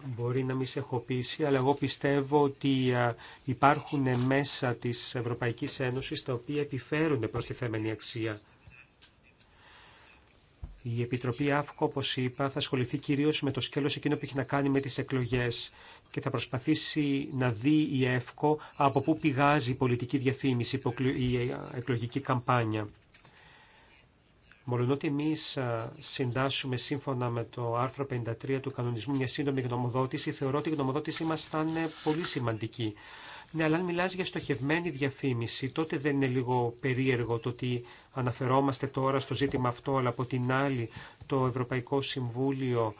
Μπορεί να μην σε έχω πείσει, αλλά εγώ πιστεύω ότι υπάρχουν μέσα της Ευρωπαϊκής Ένωσης τα οποία επιφέρουν προς τη θέμενη αξία. Η Επιτροπή ΑΦΚΟ, όπω είπα, θα ασχοληθεί κυρίως με το σκέλος εκείνο που έχει να κάνει με τις εκλογές και θα προσπαθήσει να δει η ΕΦΚΟ από πού πηγάζει η πολιτική διαφήμιση, η ε, εκλογική καμπάνια. Μολονότι εμεί ε, συντάσσουμε σύμφωνα με το άρθρο 53 του κανονισμού μια σύντομη γνωμοδότηση, θεωρώ ότι η γνωμοδότησή μα θα είναι πολύ σημαντική. Ναι, αλλά αν μιλάς για στοχευμένη διαφήμιση, τότε δεν είναι λίγο περίεργο το ότι αναφερόμαστε τώρα στο ζήτημα αυτό, αλλά από την άλλη το Ευρωπαϊκό Συμβούλιο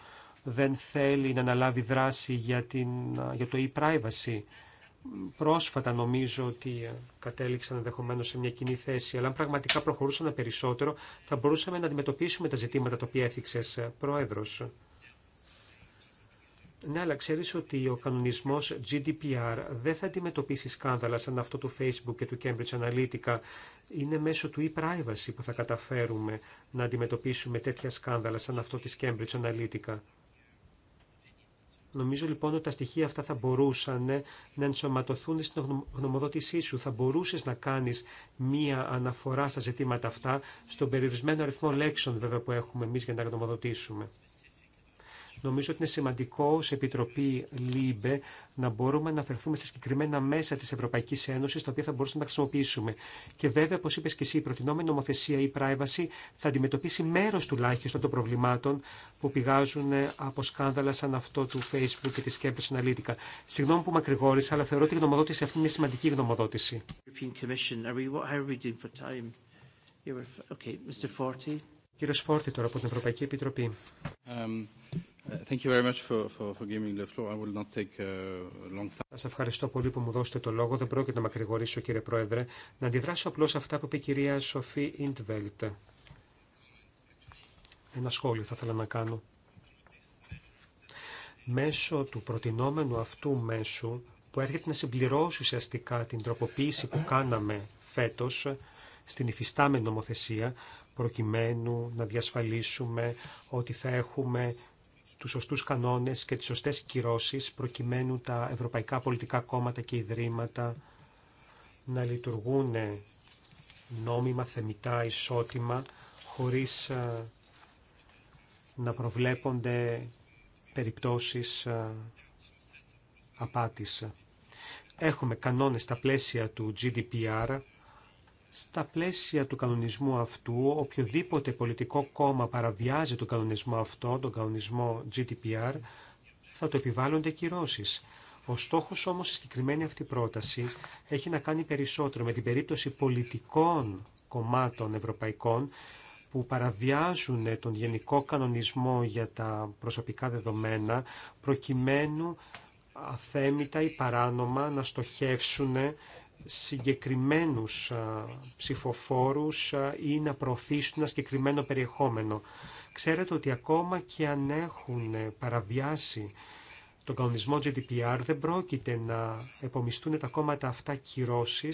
δεν θέλει να αναλάβει δράση για, την, για το e-privacy. Πρόσφατα νομίζω ότι κατέληξαν ενδεχομένω σε μια κοινή θέση, αλλά αν πραγματικά προχωρούσαν περισσότερο, θα μπορούσαμε να αντιμετωπίσουμε τα ζητήματα τα οποία έθιξε, Πρόεδρο. Ναι, αλλά ξέρει ότι ο κανονισμό GDPR δεν θα αντιμετωπίσει σκάνδαλα σαν αυτό του Facebook και του Cambridge Analytica. Είναι μέσω του e-privacy που θα καταφέρουμε να αντιμετωπίσουμε τέτοια σκάνδαλα σαν αυτό τη Cambridge Analytica. Νομίζω λοιπόν ότι τα στοιχεία αυτά θα μπορούσαν ε, να ενσωματωθούν στην γνωμοδότησή σου. Θα μπορούσες να κάνεις μία αναφορά στα ζητήματα αυτά στον περιορισμένο αριθμό λέξεων βέβαια που έχουμε εμείς για να γνωμοδοτήσουμε. Νομίζω ότι είναι σημαντικό ω Επιτροπή ΛΥΜΠΕ να μπορούμε να αφαιρθούμε σε συγκεκριμένα μέσα τη Ευρωπαϊκή Ένωση, τα οποία θα μπορούσαμε να χρησιμοποιήσουμε. Και βέβαια, όπω είπε και εσύ, η προτινόμενη νομοθεσία ή privacy θα αντιμετωπίσει μέρο τουλάχιστον των προβλημάτων που πηγάζουν από σκάνδαλα σαν αυτό του Facebook και τη Cambridge Analytica. Συγγνώμη που μακρηγόρησα, αλλά θεωρώ ότι η γνωμοδότηση αυτή είναι σημαντική γνωμοδότηση. Κύριο Σφόρτη, τώρα από την Ευρωπαϊκή Επιτροπή. Thank Σας ευχαριστώ πολύ που μου δώσετε το λόγο. Δεν πρόκειται να μακρηγορήσω, κύριε Πρόεδρε. Να αντιδράσω απλώς αυτά που είπε η κυρία Σοφή Ιντβέλτ. Ένα σχόλιο θα ήθελα να κάνω. Μέσω του προτινόμενου αυτού μέσου, που έρχεται να συμπληρώσει ουσιαστικά την τροποποίηση που κάναμε φέτος στην υφιστάμενη νομοθεσία, προκειμένου να διασφαλίσουμε ότι θα έχουμε τους σωστούς κανόνες και τις σωστές κυρώσεις προκειμένου τα ευρωπαϊκά πολιτικά κόμματα και ιδρύματα να λειτουργούν νόμιμα, θεμητά, ισότιμα, χωρίς ε, να προβλέπονται περιπτώσεις ε, απάτης. Έχουμε κανόνες στα πλαίσια του GDPR στα πλαίσια του κανονισμού αυτού, οποιοδήποτε πολιτικό κόμμα παραβιάζει τον κανονισμό αυτό, τον κανονισμό GDPR, θα το επιβάλλονται κυρώσεις. Ο στόχος όμως, η συγκεκριμένη αυτή πρόταση, έχει να κάνει περισσότερο με την περίπτωση πολιτικών κομμάτων ευρωπαϊκών που παραβιάζουν τον γενικό κανονισμό για τα προσωπικά δεδομένα προκειμένου αθέμητα ή παράνομα να στοχεύσουν συγκεκριμένους ψηφοφόρους ή να προωθήσουν ένα συγκεκριμένο περιεχόμενο. Ξέρετε ότι ακόμα και αν έχουν παραβιάσει τον κανονισμό GDPR δεν πρόκειται να επομιστούν τα κόμματα αυτά κυρώσει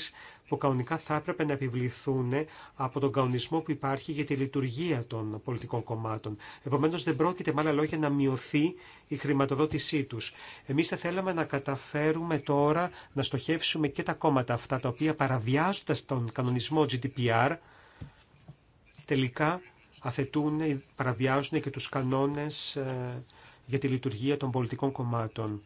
που κανονικά θα έπρεπε να επιβληθούν από τον κανονισμό που υπάρχει για τη λειτουργία των πολιτικών κομμάτων. Επομένω, δεν πρόκειται με άλλα λόγια να μειωθεί η χρηματοδότησή του. Εμεί θα θέλαμε να καταφέρουμε τώρα να στοχεύσουμε και τα κόμματα αυτά τα οποία παραβιάζοντα τον κανονισμό GDPR τελικά αθετούν, παραβιάζουν και τους κανόνες ε, για τη λειτουργία των πολιτικών κομμάτων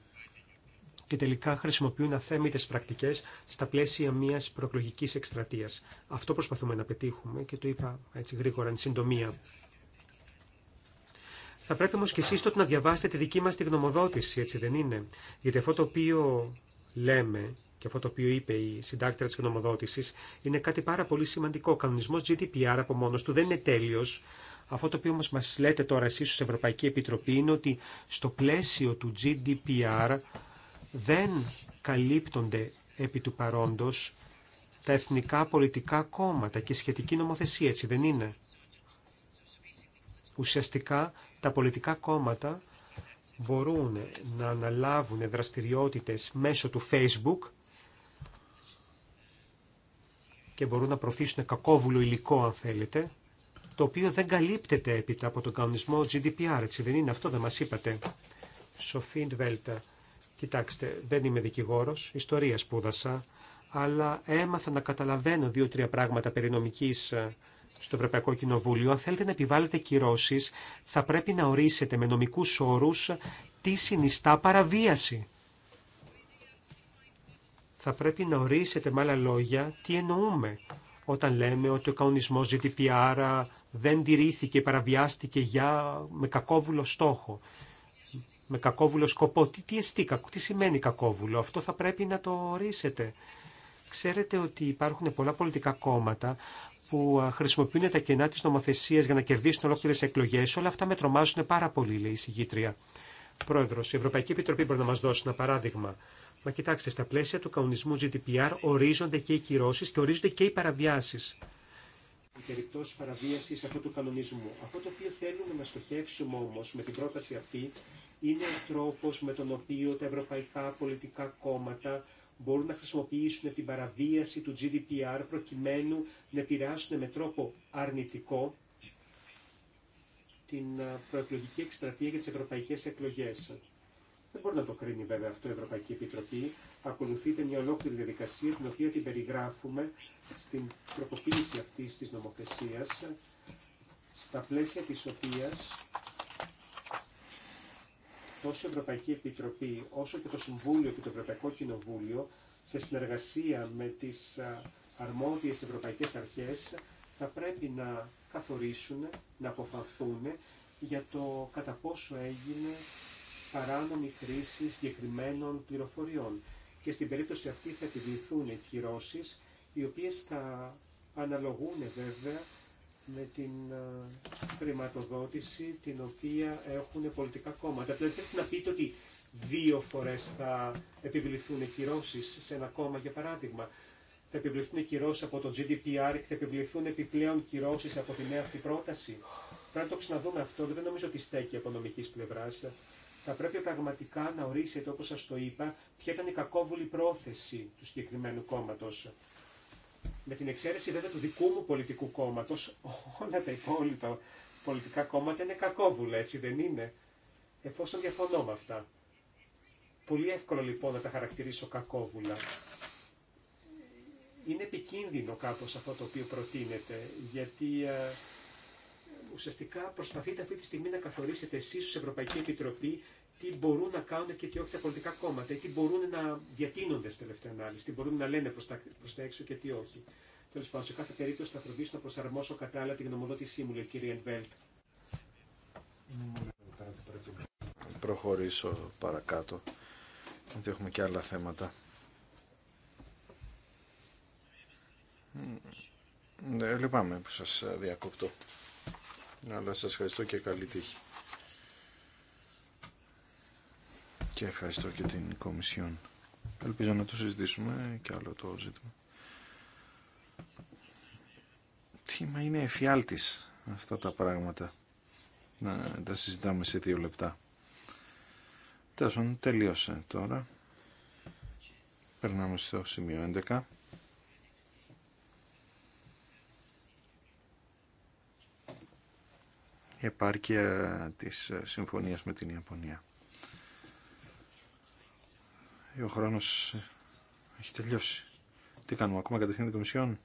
και τελικά χρησιμοποιούν αθέμητες πρακτικές στα πλαίσια μιας προεκλογικής εκστρατείας. Αυτό προσπαθούμε να πετύχουμε και το είπα έτσι γρήγορα, εν συντομία. Θα πρέπει όμως και εσείς τότε να διαβάσετε τη δική μα τη γνωμοδότηση, έτσι δεν είναι. Γιατί αυτό το οποίο λέμε και αυτό το οποίο είπε η συντάκτρια τη γνωμοδότηση είναι κάτι πάρα πολύ σημαντικό. Ο κανονισμό GDPR από μόνο του δεν είναι τέλειο. Αυτό το οποίο όμως μας λέτε τώρα εσείς ως Ευρωπαϊκή Επιτροπή είναι ότι στο πλαίσιο του GDPR δεν καλύπτονται επί του παρόντος τα εθνικά πολιτικά κόμματα και σχετική νομοθεσία, έτσι δεν είναι. Ουσιαστικά τα πολιτικά κόμματα μπορούν να αναλάβουν δραστηριότητες μέσω του Facebook και μπορούν να προφήσουν κακόβουλο υλικό αν θέλετε το οποίο δεν καλύπτεται έπειτα από τον κανονισμό GDPR, έτσι δεν είναι αυτό, δεν μας είπατε. Σοφίντ Βέλτα, κοιτάξτε, δεν είμαι δικηγόρος, ιστορία σπούδασα, αλλά έμαθα να καταλαβαίνω δύο-τρία πράγματα περί νομικής ε, στο Ευρωπαϊκό Κοινοβούλιο. Αν θέλετε να επιβάλλετε κυρώσεις, θα πρέπει να ορίσετε με νομικούς όρους τι συνιστά παραβίαση. Θα πρέπει να ορίσετε με άλλα λόγια τι εννοούμε όταν λέμε ότι ο κανονισμός GDPR δεν τηρήθηκε, παραβιάστηκε για, με κακόβουλο στόχο, με κακόβουλο σκοπό. Τι, τι εστί, τι σημαίνει κακόβουλο, αυτό θα πρέπει να το ορίσετε. Ξέρετε ότι υπάρχουν πολλά πολιτικά κόμματα που χρησιμοποιούν τα κενά της νομοθεσίας για να κερδίσουν ολόκληρες εκλογές. Όλα αυτά με τρομάζουν πάρα πολύ, λέει η συγγήτρια. Πρόεδρος, η Ευρωπαϊκή Επιτροπή μπορεί να μας δώσει ένα παράδειγμα. Μα κοιτάξτε, στα πλαίσια του κανονισμού GDPR ορίζονται και οι κυρώσεις και ορίζονται και οι παραβιάσεις οι περιπτώσει παραβίαση αυτού του κανονισμού. Αυτό το οποίο θέλουμε να στοχεύσουμε όμω με την πρόταση αυτή είναι ο τρόπο με τον οποίο τα ευρωπαϊκά πολιτικά κόμματα μπορούν να χρησιμοποιήσουν την παραβίαση του GDPR προκειμένου να επηρεάσουν με τρόπο αρνητικό την προεκλογική εκστρατεία για τι ευρωπαϊκέ εκλογέ. Δεν μπορεί να το κρίνει βέβαια αυτό η Ευρωπαϊκή Επιτροπή ακολουθείται μια ολόκληρη διαδικασία την οποία την περιγράφουμε στην τροποποίηση αυτή της νομοθεσίας στα πλαίσια της οποίας τόσο η Ευρωπαϊκή Επιτροπή όσο και το Συμβούλιο και το Ευρωπαϊκό Κοινοβούλιο σε συνεργασία με τις αρμόδιες ευρωπαϊκές αρχές θα πρέπει να καθορίσουν, να αποφανθούν για το κατά πόσο έγινε παράνομη χρήση συγκεκριμένων πληροφοριών και στην περίπτωση αυτή θα επιβληθούν οι οι οποίες θα αναλογούν βέβαια με την χρηματοδότηση την οποία έχουν πολιτικά κόμματα. Δεν δηλαδή, θέλετε να πείτε ότι δύο φορές θα επιβληθούν κυρώσεις σε ένα κόμμα για παράδειγμα. Θα επιβληθούν κυρώσει από το GDPR και θα επιβληθούν επιπλέον κυρώσει από τη νέα αυτή πρόταση. Πρέπει να το ξαναδούμε αυτό, δεν νομίζω ότι στέκει από νομικής πλευρά θα πρέπει πραγματικά να ορίσετε, όπως σας το είπα, ποια ήταν η κακόβουλη πρόθεση του συγκεκριμένου κόμματος. Με την εξαίρεση βέβαια του δικού μου πολιτικού κόμματος, όλα τα υπόλοιπα πολιτικά κόμματα είναι κακόβουλα, έτσι δεν είναι, εφόσον διαφωνώ με αυτά. Πολύ εύκολο λοιπόν να τα χαρακτηρίσω κακόβουλα. Είναι επικίνδυνο κάπως αυτό το οποίο προτείνεται, γιατί ε, ουσιαστικά προσπαθείτε αυτή τη στιγμή να καθορίσετε εσείς ως Ευρωπαϊκή Επιτροπή τι μπορούν να κάνουν και τι όχι τα πολιτικά κόμματα, τι μπορούν να διατείνονται στη τελευταία ανάλυση, τι μπορούν να λένε προ τα, έξω και τι όχι. Τέλο πάντων, σε κάθε περίπτωση θα φροντίσω να προσαρμόσω κατάλληλα τη γνωμοδότησή μου, λέει κυρία Εντβέλτ. Προχωρήσω παρακάτω, γιατί έχουμε και άλλα θέματα. Ε, λυπάμαι που σας διακόπτω. Αλλά σας ευχαριστώ και καλή τύχη. και ευχαριστώ και την Κομισιόν. Ελπίζω να το συζητήσουμε και άλλο το ζήτημα. Τι μα είναι εφιάλτης αυτά τα πράγματα. Να τα συζητάμε σε δύο λεπτά. Τέλος τελείωσε τώρα. Περνάμε στο σημείο 11. επάρκεια της συμφωνίας με την Ιαπωνία. Ε, ο χρόνος ε, έχει τελειώσει. Τι κάνουμε, ακόμα κατευθύνει την Κομισιόν.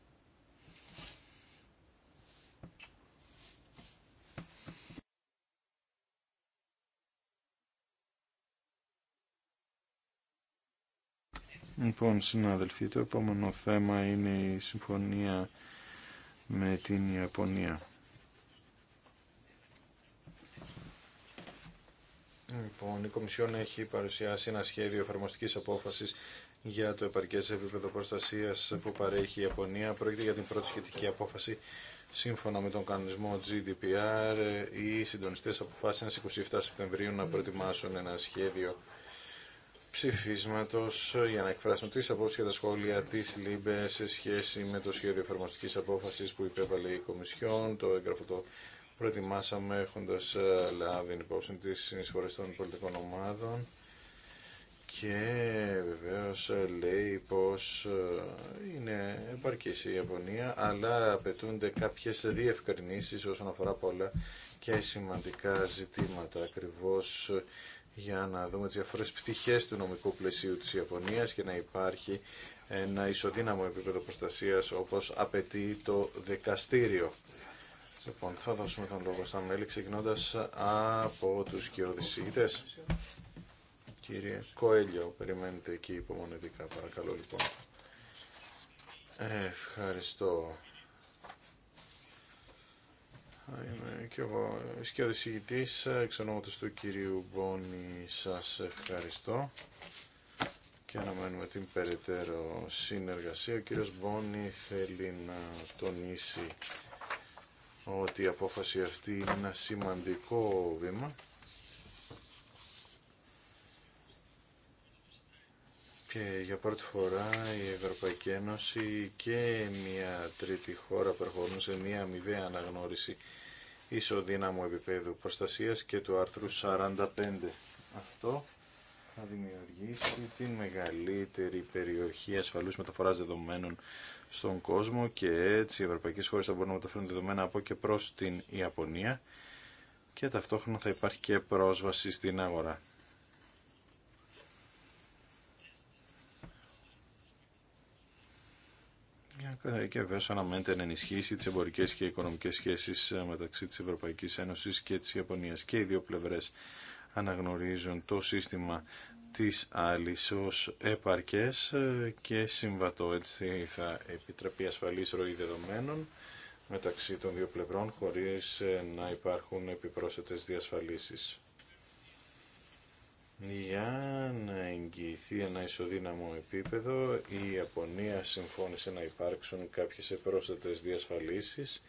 Λοιπόν, συνάδελφοι, το επόμενο θέμα είναι η συμφωνία με την Ιαπωνία. Λοιπόν, η Κομισιόν έχει παρουσιάσει ένα σχέδιο εφαρμοστική απόφαση για το επαρκέ επίπεδο προστασία που παρέχει η Ιαπωνία. Πρόκειται για την πρώτη σχετική απόφαση σύμφωνα με τον κανονισμό GDPR. Οι συντονιστέ αποφάσισαν στι 27 Σεπτεμβρίου να προετοιμάσουν ένα σχέδιο ψηφίσματο για να εκφράσουν τι απόψει και τα σχόλια τη ΛΥΜΠΕ σε σχέση με το σχέδιο εφαρμοστική απόφαση που υπέβαλε η Κομισιόν. Το έγγραφο το προετοιμάσαμε έχοντας ε, λάβει υπόψη τις συνεισφορές των πολιτικών ομάδων και βεβαίως ε, λέει πως ε, είναι επαρκής η Ιαπωνία αλλά απαιτούνται κάποιες διευκρινήσεις όσον αφορά πολλά και σημαντικά ζητήματα ακριβώς για να δούμε τις διαφορές πτυχές του νομικού πλαισίου της Ιαπωνίας και να υπάρχει ένα ισοδύναμο επίπεδο προστασίας όπως απαιτεί το δικαστήριο. Λοιπόν, θα δώσουμε τον λόγο στα μέλη, ξεκινώντα από του κοιόδησηγητέ. Κύριε Κοέλιο, περιμένετε εκεί υπομονετικά, παρακαλώ λοιπόν. Ευχαριστώ. Είμαι και εγώ σκιοδησηγητής εξ ονόματος του κυρίου Μπόνη. Σας ευχαριστώ και αναμένουμε την περαιτέρω συνεργασία. Ο κύριος Μπόνη θέλει να τονίσει ότι η απόφαση αυτή είναι ένα σημαντικό βήμα. Και για πρώτη φορά η Ευρωπαϊκή Ένωση και μια τρίτη χώρα προχωρούν σε μια αμοιβαία αναγνώριση ισοδύναμου επίπεδου προστασίας και του άρθρου 45. Αυτό θα δημιουργήσει την μεγαλύτερη περιοχή ασφαλούς μεταφοράς δεδομένων στον κόσμο και έτσι οι ευρωπαϊκές χώρες θα μπορούν να μεταφέρουν δεδομένα από και προς την Ιαπωνία και ταυτόχρονα θα υπάρχει και πρόσβαση στην αγορά. Και βέβαια αναμένεται να ενισχύσει τις εμπορικέ και οικονομικές σχέσεις μεταξύ της Ευρωπαϊκής Ένωσης και της Ιαπωνίας. Και οι δύο πλευρές αναγνωρίζουν το σύστημα της άλλης επαρκές ε, και συμβατό. Έτσι θα επιτραπεί ασφαλής ροή δεδομένων μεταξύ των δύο πλευρών χωρίς ε, να υπάρχουν επιπρόσθετες διασφαλίσεις. Για να εγγυηθεί ένα ισοδύναμο επίπεδο, η Ιαπωνία συμφώνησε να υπάρξουν κάποιες επρόσθετες διασφαλίσεις.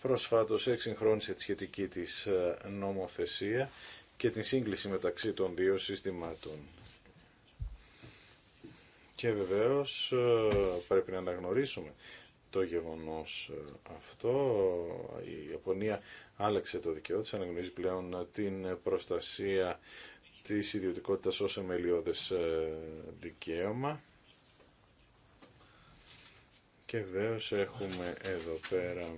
Προσφάτως εξυγχρόνισε τη σχετική της ε, νομοθεσία και την σύγκληση μεταξύ των δύο συστημάτων. Και βεβαίως ε, πρέπει να αναγνωρίσουμε το γεγονός ε, αυτό. Η Ιαπωνία άλλαξε το δικαιό της, αναγνωρίζει πλέον ε, την προστασία της ιδιωτικότητας ως εμελιώδες δικαίωμα. Και βεβαίως έχουμε εδώ πέρα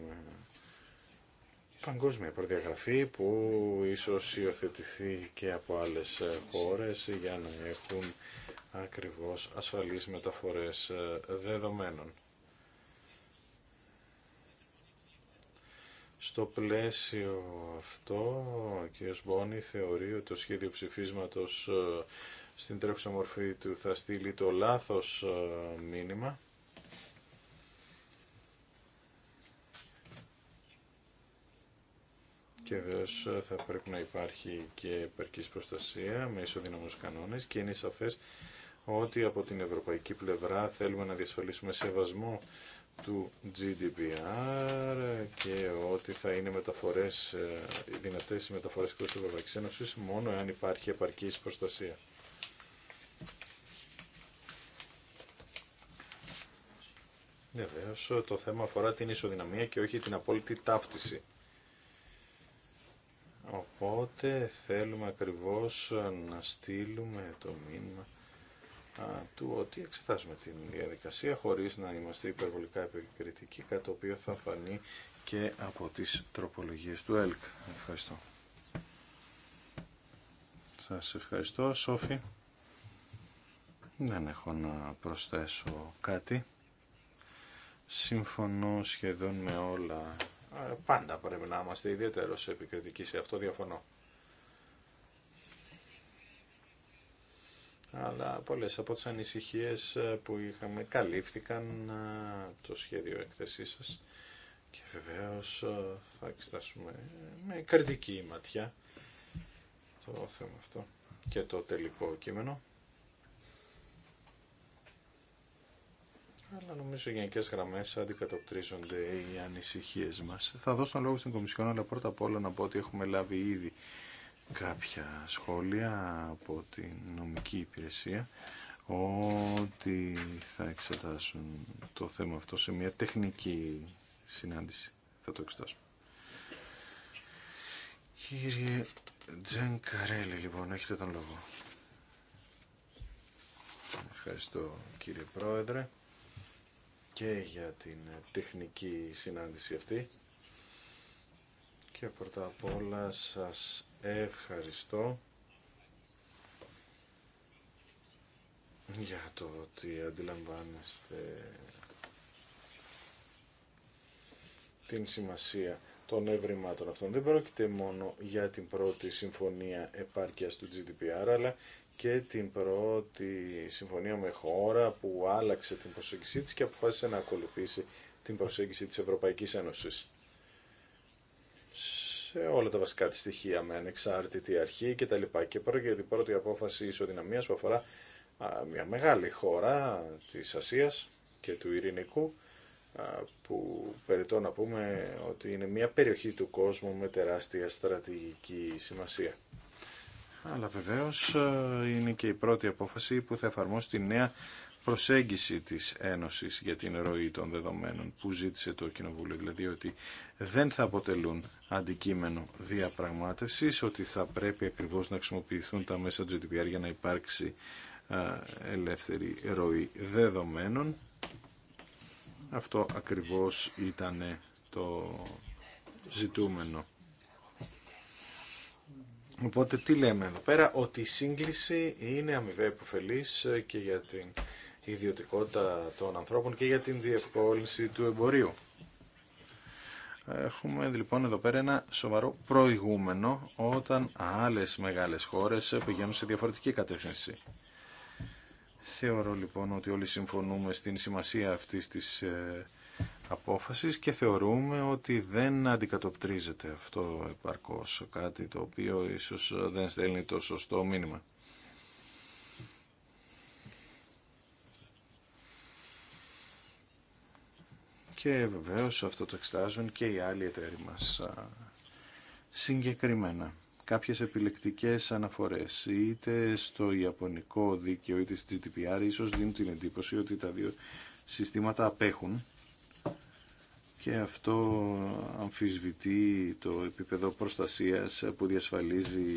παγκόσμια προδιαγραφή που ίσως υιοθετηθεί και από άλλες ε, χώρες για να έχουν ακριβώς ασφαλείς μεταφορές ε, δεδομένων. Στο πλαίσιο αυτό, ο κ. Μπόνι θεωρεί ότι το σχέδιο ψηφίσματος ε, στην τρέχουσα μορφή του θα στείλει το λάθος μήνυμα και βεβαίω ε, θα πρέπει να υπάρχει και επαρκής προστασία με ισοδυναμούς κανόνες και είναι σαφές ότι από την ευρωπαϊκή πλευρά θέλουμε να διασφαλίσουμε σεβασμό του GDPR και ότι θα είναι μεταφορές, ε, δυνατές οι μεταφορές εκτός της Ευρωπαϊκής μόνο αν υπάρχει επαρκής προστασία. Βεβαίω, το θέμα αφορά την ισοδυναμία και όχι την απόλυτη ταύτιση. Οπότε θέλουμε ακριβώς να στείλουμε το μήνυμα του ότι εξετάζουμε την διαδικασία χωρίς να είμαστε υπερβολικά επικριτικοί, κάτι το οποίο θα φανεί και από τις τροπολογίες του ΕΛΚ. Ευχαριστώ. Σας ευχαριστώ, Σόφη. Δεν έχω να προσθέσω κάτι. Συμφωνώ σχεδόν με όλα ε, πάντα πρέπει να είμαστε ιδιαίτερο επικριτικοί σε αυτό, διαφωνώ. Αλλά πολλές από τις ανησυχίες ε, που είχαμε καλύφθηκαν ε, το σχέδιο έκθεσής σας και βεβαίως θα εξετάσουμε με κριτική ματιά το θέμα αυτό και το τελικό κείμενο. αλλά νομίζω οι γενικέ γραμμές αντικατοπτρίζονται οι ανησυχίες μας. Θα δώσω τον λόγο στην Κομισιόν, αλλά πρώτα απ' όλα να πω ότι έχουμε λάβει ήδη κάποια σχόλια από την νομική υπηρεσία ότι θα εξετάσουν το θέμα αυτό σε μια τεχνική συνάντηση. Θα το εξετάσουμε. Κύριε Τζεν Καρέλη, λοιπόν, έχετε τον λόγο. Ευχαριστώ κύριε Πρόεδρε και για την τεχνική συνάντηση αυτή. Και πρώτα απ' όλα σας ευχαριστώ για το ότι αντιλαμβάνεστε την σημασία των ευρημάτων αυτών. Δεν πρόκειται μόνο για την πρώτη συμφωνία επάρκειας του GDPR, αλλά και την πρώτη συμφωνία με χώρα που άλλαξε την προσέγγιση της και αποφάσισε να ακολουθήσει την προσέγγιση της Ευρωπαϊκής Ένωσης. Σε όλα τα βασικά της στοιχεία με ανεξάρτητη αρχή και τα λοιπά. Και πρώτη, για την πρώτη απόφαση ισοδυναμίας που αφορά μια μεγάλη χώρα της Ασίας και του Ειρηνικού που περιττώ να πούμε ότι είναι μια περιοχή του κόσμου με τεράστια στρατηγική σημασία αλλά βεβαίως ε, είναι και η πρώτη απόφαση που θα εφαρμόσει τη νέα προσέγγιση της Ένωσης για την ροή των δεδομένων που ζήτησε το Κοινοβούλιο, δηλαδή ότι δεν θα αποτελούν αντικείμενο διαπραγμάτευσης, ότι θα πρέπει ακριβώς να χρησιμοποιηθούν τα μέσα GDPR για να υπάρξει ε, ελεύθερη ροή δεδομένων. Αυτό ακριβώς ήταν το ζητούμενο Οπότε τι λέμε εδώ πέρα, ότι η σύγκληση είναι αμοιβαία υποφελής ε, και για την ιδιωτικότητα των ανθρώπων και για την διευκόλυνση του εμπορίου. Έχουμε λοιπόν εδώ πέρα ένα σοβαρό προηγούμενο όταν άλλες μεγάλες χώρες πηγαίνουν σε διαφορετική κατεύθυνση. Θεωρώ λοιπόν ότι όλοι συμφωνούμε στην σημασία αυτής της ε, απόφασης και θεωρούμε ότι δεν αντικατοπτρίζεται αυτό επαρκώς, κάτι το οποίο ίσως δεν στέλνει το σωστό μήνυμα. Και βεβαίως αυτό το εξτάζουν και οι άλλοι εταίροι μας συγκεκριμένα. Κάποιες επιλεκτικές αναφορές είτε στο Ιαπωνικό δίκαιο είτε στη GDPR ίσως δίνουν την εντύπωση ότι τα δύο συστήματα απέχουν και αυτό αμφισβητεί το επίπεδο προστασίας που διασφαλίζει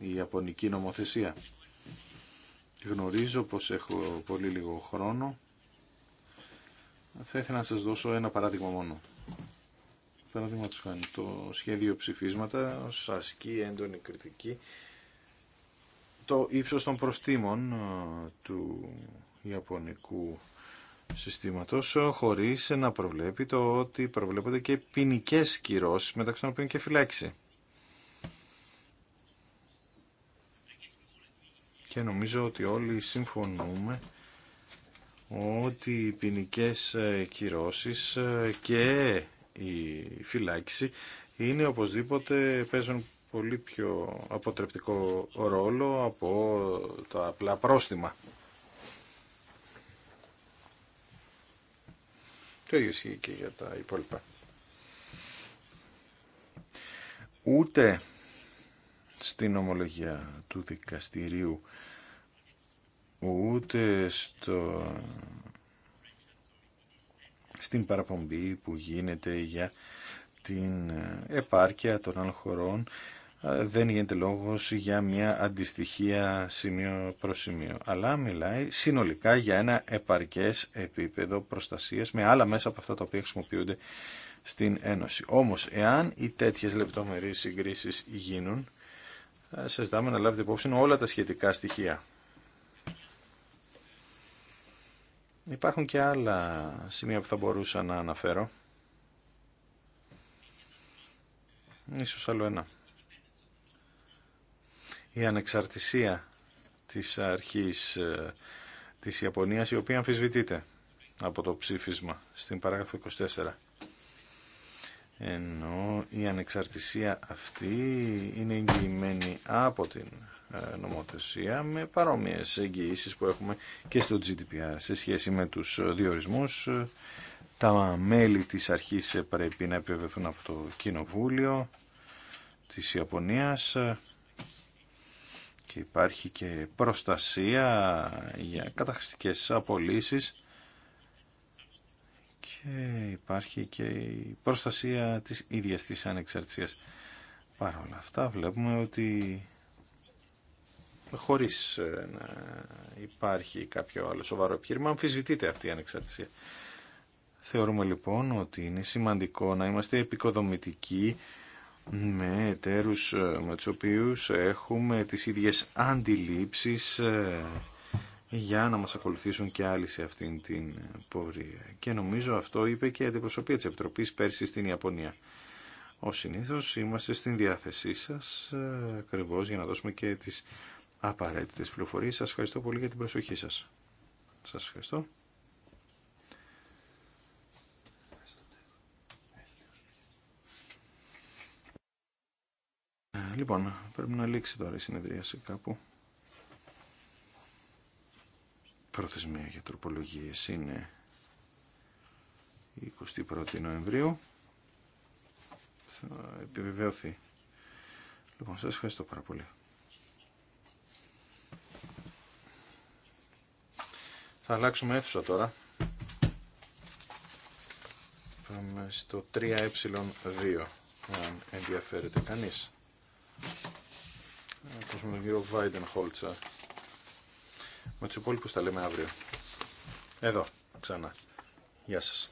η Ιαπωνική νομοθεσία. Γνωρίζω πως έχω πολύ λίγο χρόνο. Θα ήθελα να σας δώσω ένα παράδειγμα μόνο. Παράδειγμα τους κάνει το σχέδιο ψηφίσματα ως ασκή έντονη κριτική το ύψος των προστήμων ε, του Ιαπωνικού συστήματος ε, χωρίς να προβλέπει το ότι προβλέπονται και ποινικέ κυρώσεις μεταξύ των οποίων και φυλάξη. Και νομίζω ότι όλοι συμφωνούμε ότι οι ποινικέ ε, κυρώσεις ε, και η φυλάξη είναι οπωσδήποτε παίζουν πολύ πιο αποτρεπτικό ρόλο από τα απλά πρόστιμα. Το ίδιο ισχύει και για τα υπόλοιπα. Ούτε στην ομολογία του δικαστηρίου, ούτε στο... στην παραπομπή που γίνεται για την επάρκεια των άλλων χωρών δεν γίνεται λόγος για μια αντιστοιχία σημείο προς σημείο, αλλά μιλάει συνολικά για ένα επαρκές επίπεδο προστασίας με άλλα μέσα από αυτά τα οποία χρησιμοποιούνται στην Ένωση. Όμως, εάν οι τέτοιες λεπτομερείς συγκρίσεις γίνουν, σας ζητάμε να λάβετε υπόψη όλα τα σχετικά στοιχεία. Υπάρχουν και άλλα σημεία που θα μπορούσα να αναφέρω. Ίσως άλλο ένα η ανεξαρτησία της αρχής ε, της Ιαπωνίας, η οποία αμφισβητείται από το ψήφισμα στην παράγραφο 24. Ενώ η ανεξαρτησία αυτή είναι εγγυημένη από την ε, νομοθεσία με παρόμοιες εγγυήσεις που έχουμε και στο GDPR σε σχέση με τους διορισμούς. Τα μέλη της αρχής πρέπει να επιβεβαιωθούν από το Κοινοβούλιο της Ιαπωνίας υπάρχει και προστασία για καταχρηστικές απολύσεις και υπάρχει και η προστασία της ίδιας της ανεξαρτησίας. Παρ' όλα αυτά βλέπουμε ότι χωρίς ε, να υπάρχει κάποιο άλλο σοβαρό επιχείρημα αμφισβητείται αυτή η ανεξαρτησία. Θεωρούμε λοιπόν ότι είναι σημαντικό να είμαστε επικοδομητικοί με εταίρους ε, με τους οποίους έχουμε τις ίδιες αντιλήψεις ε, για να μας ακολουθήσουν και άλλοι σε αυτήν την πορεία. Και νομίζω αυτό είπε και η αντιπροσωπεία της Επιτροπής πέρσι στην Ιαπωνία. Ως συνήθως είμαστε στην διάθεσή σας ε, ακριβώ για να δώσουμε και τις απαραίτητες πληροφορίες. Σας ευχαριστώ πολύ για την προσοχή σας. Σας ευχαριστώ. Ε, λοιπόν, πρέπει να λήξει τώρα η συνεδρίαση κάπου. Προθεσμία για τροπολογίες είναι 21 η Νοεμβρίου. Θα επιβεβαιωθεί. Λοιπόν, σας ευχαριστώ πάρα πολύ. Θα αλλάξουμε αίθουσα τώρα. Πάμε στο 3ε2, αν ενδιαφέρεται κανείς ακούσουμε τον κύριο Βάιντεν Χόλτσα. Με τους υπόλοιπους τα λέμε αύριο. Εδώ, ξανά. Γεια σας.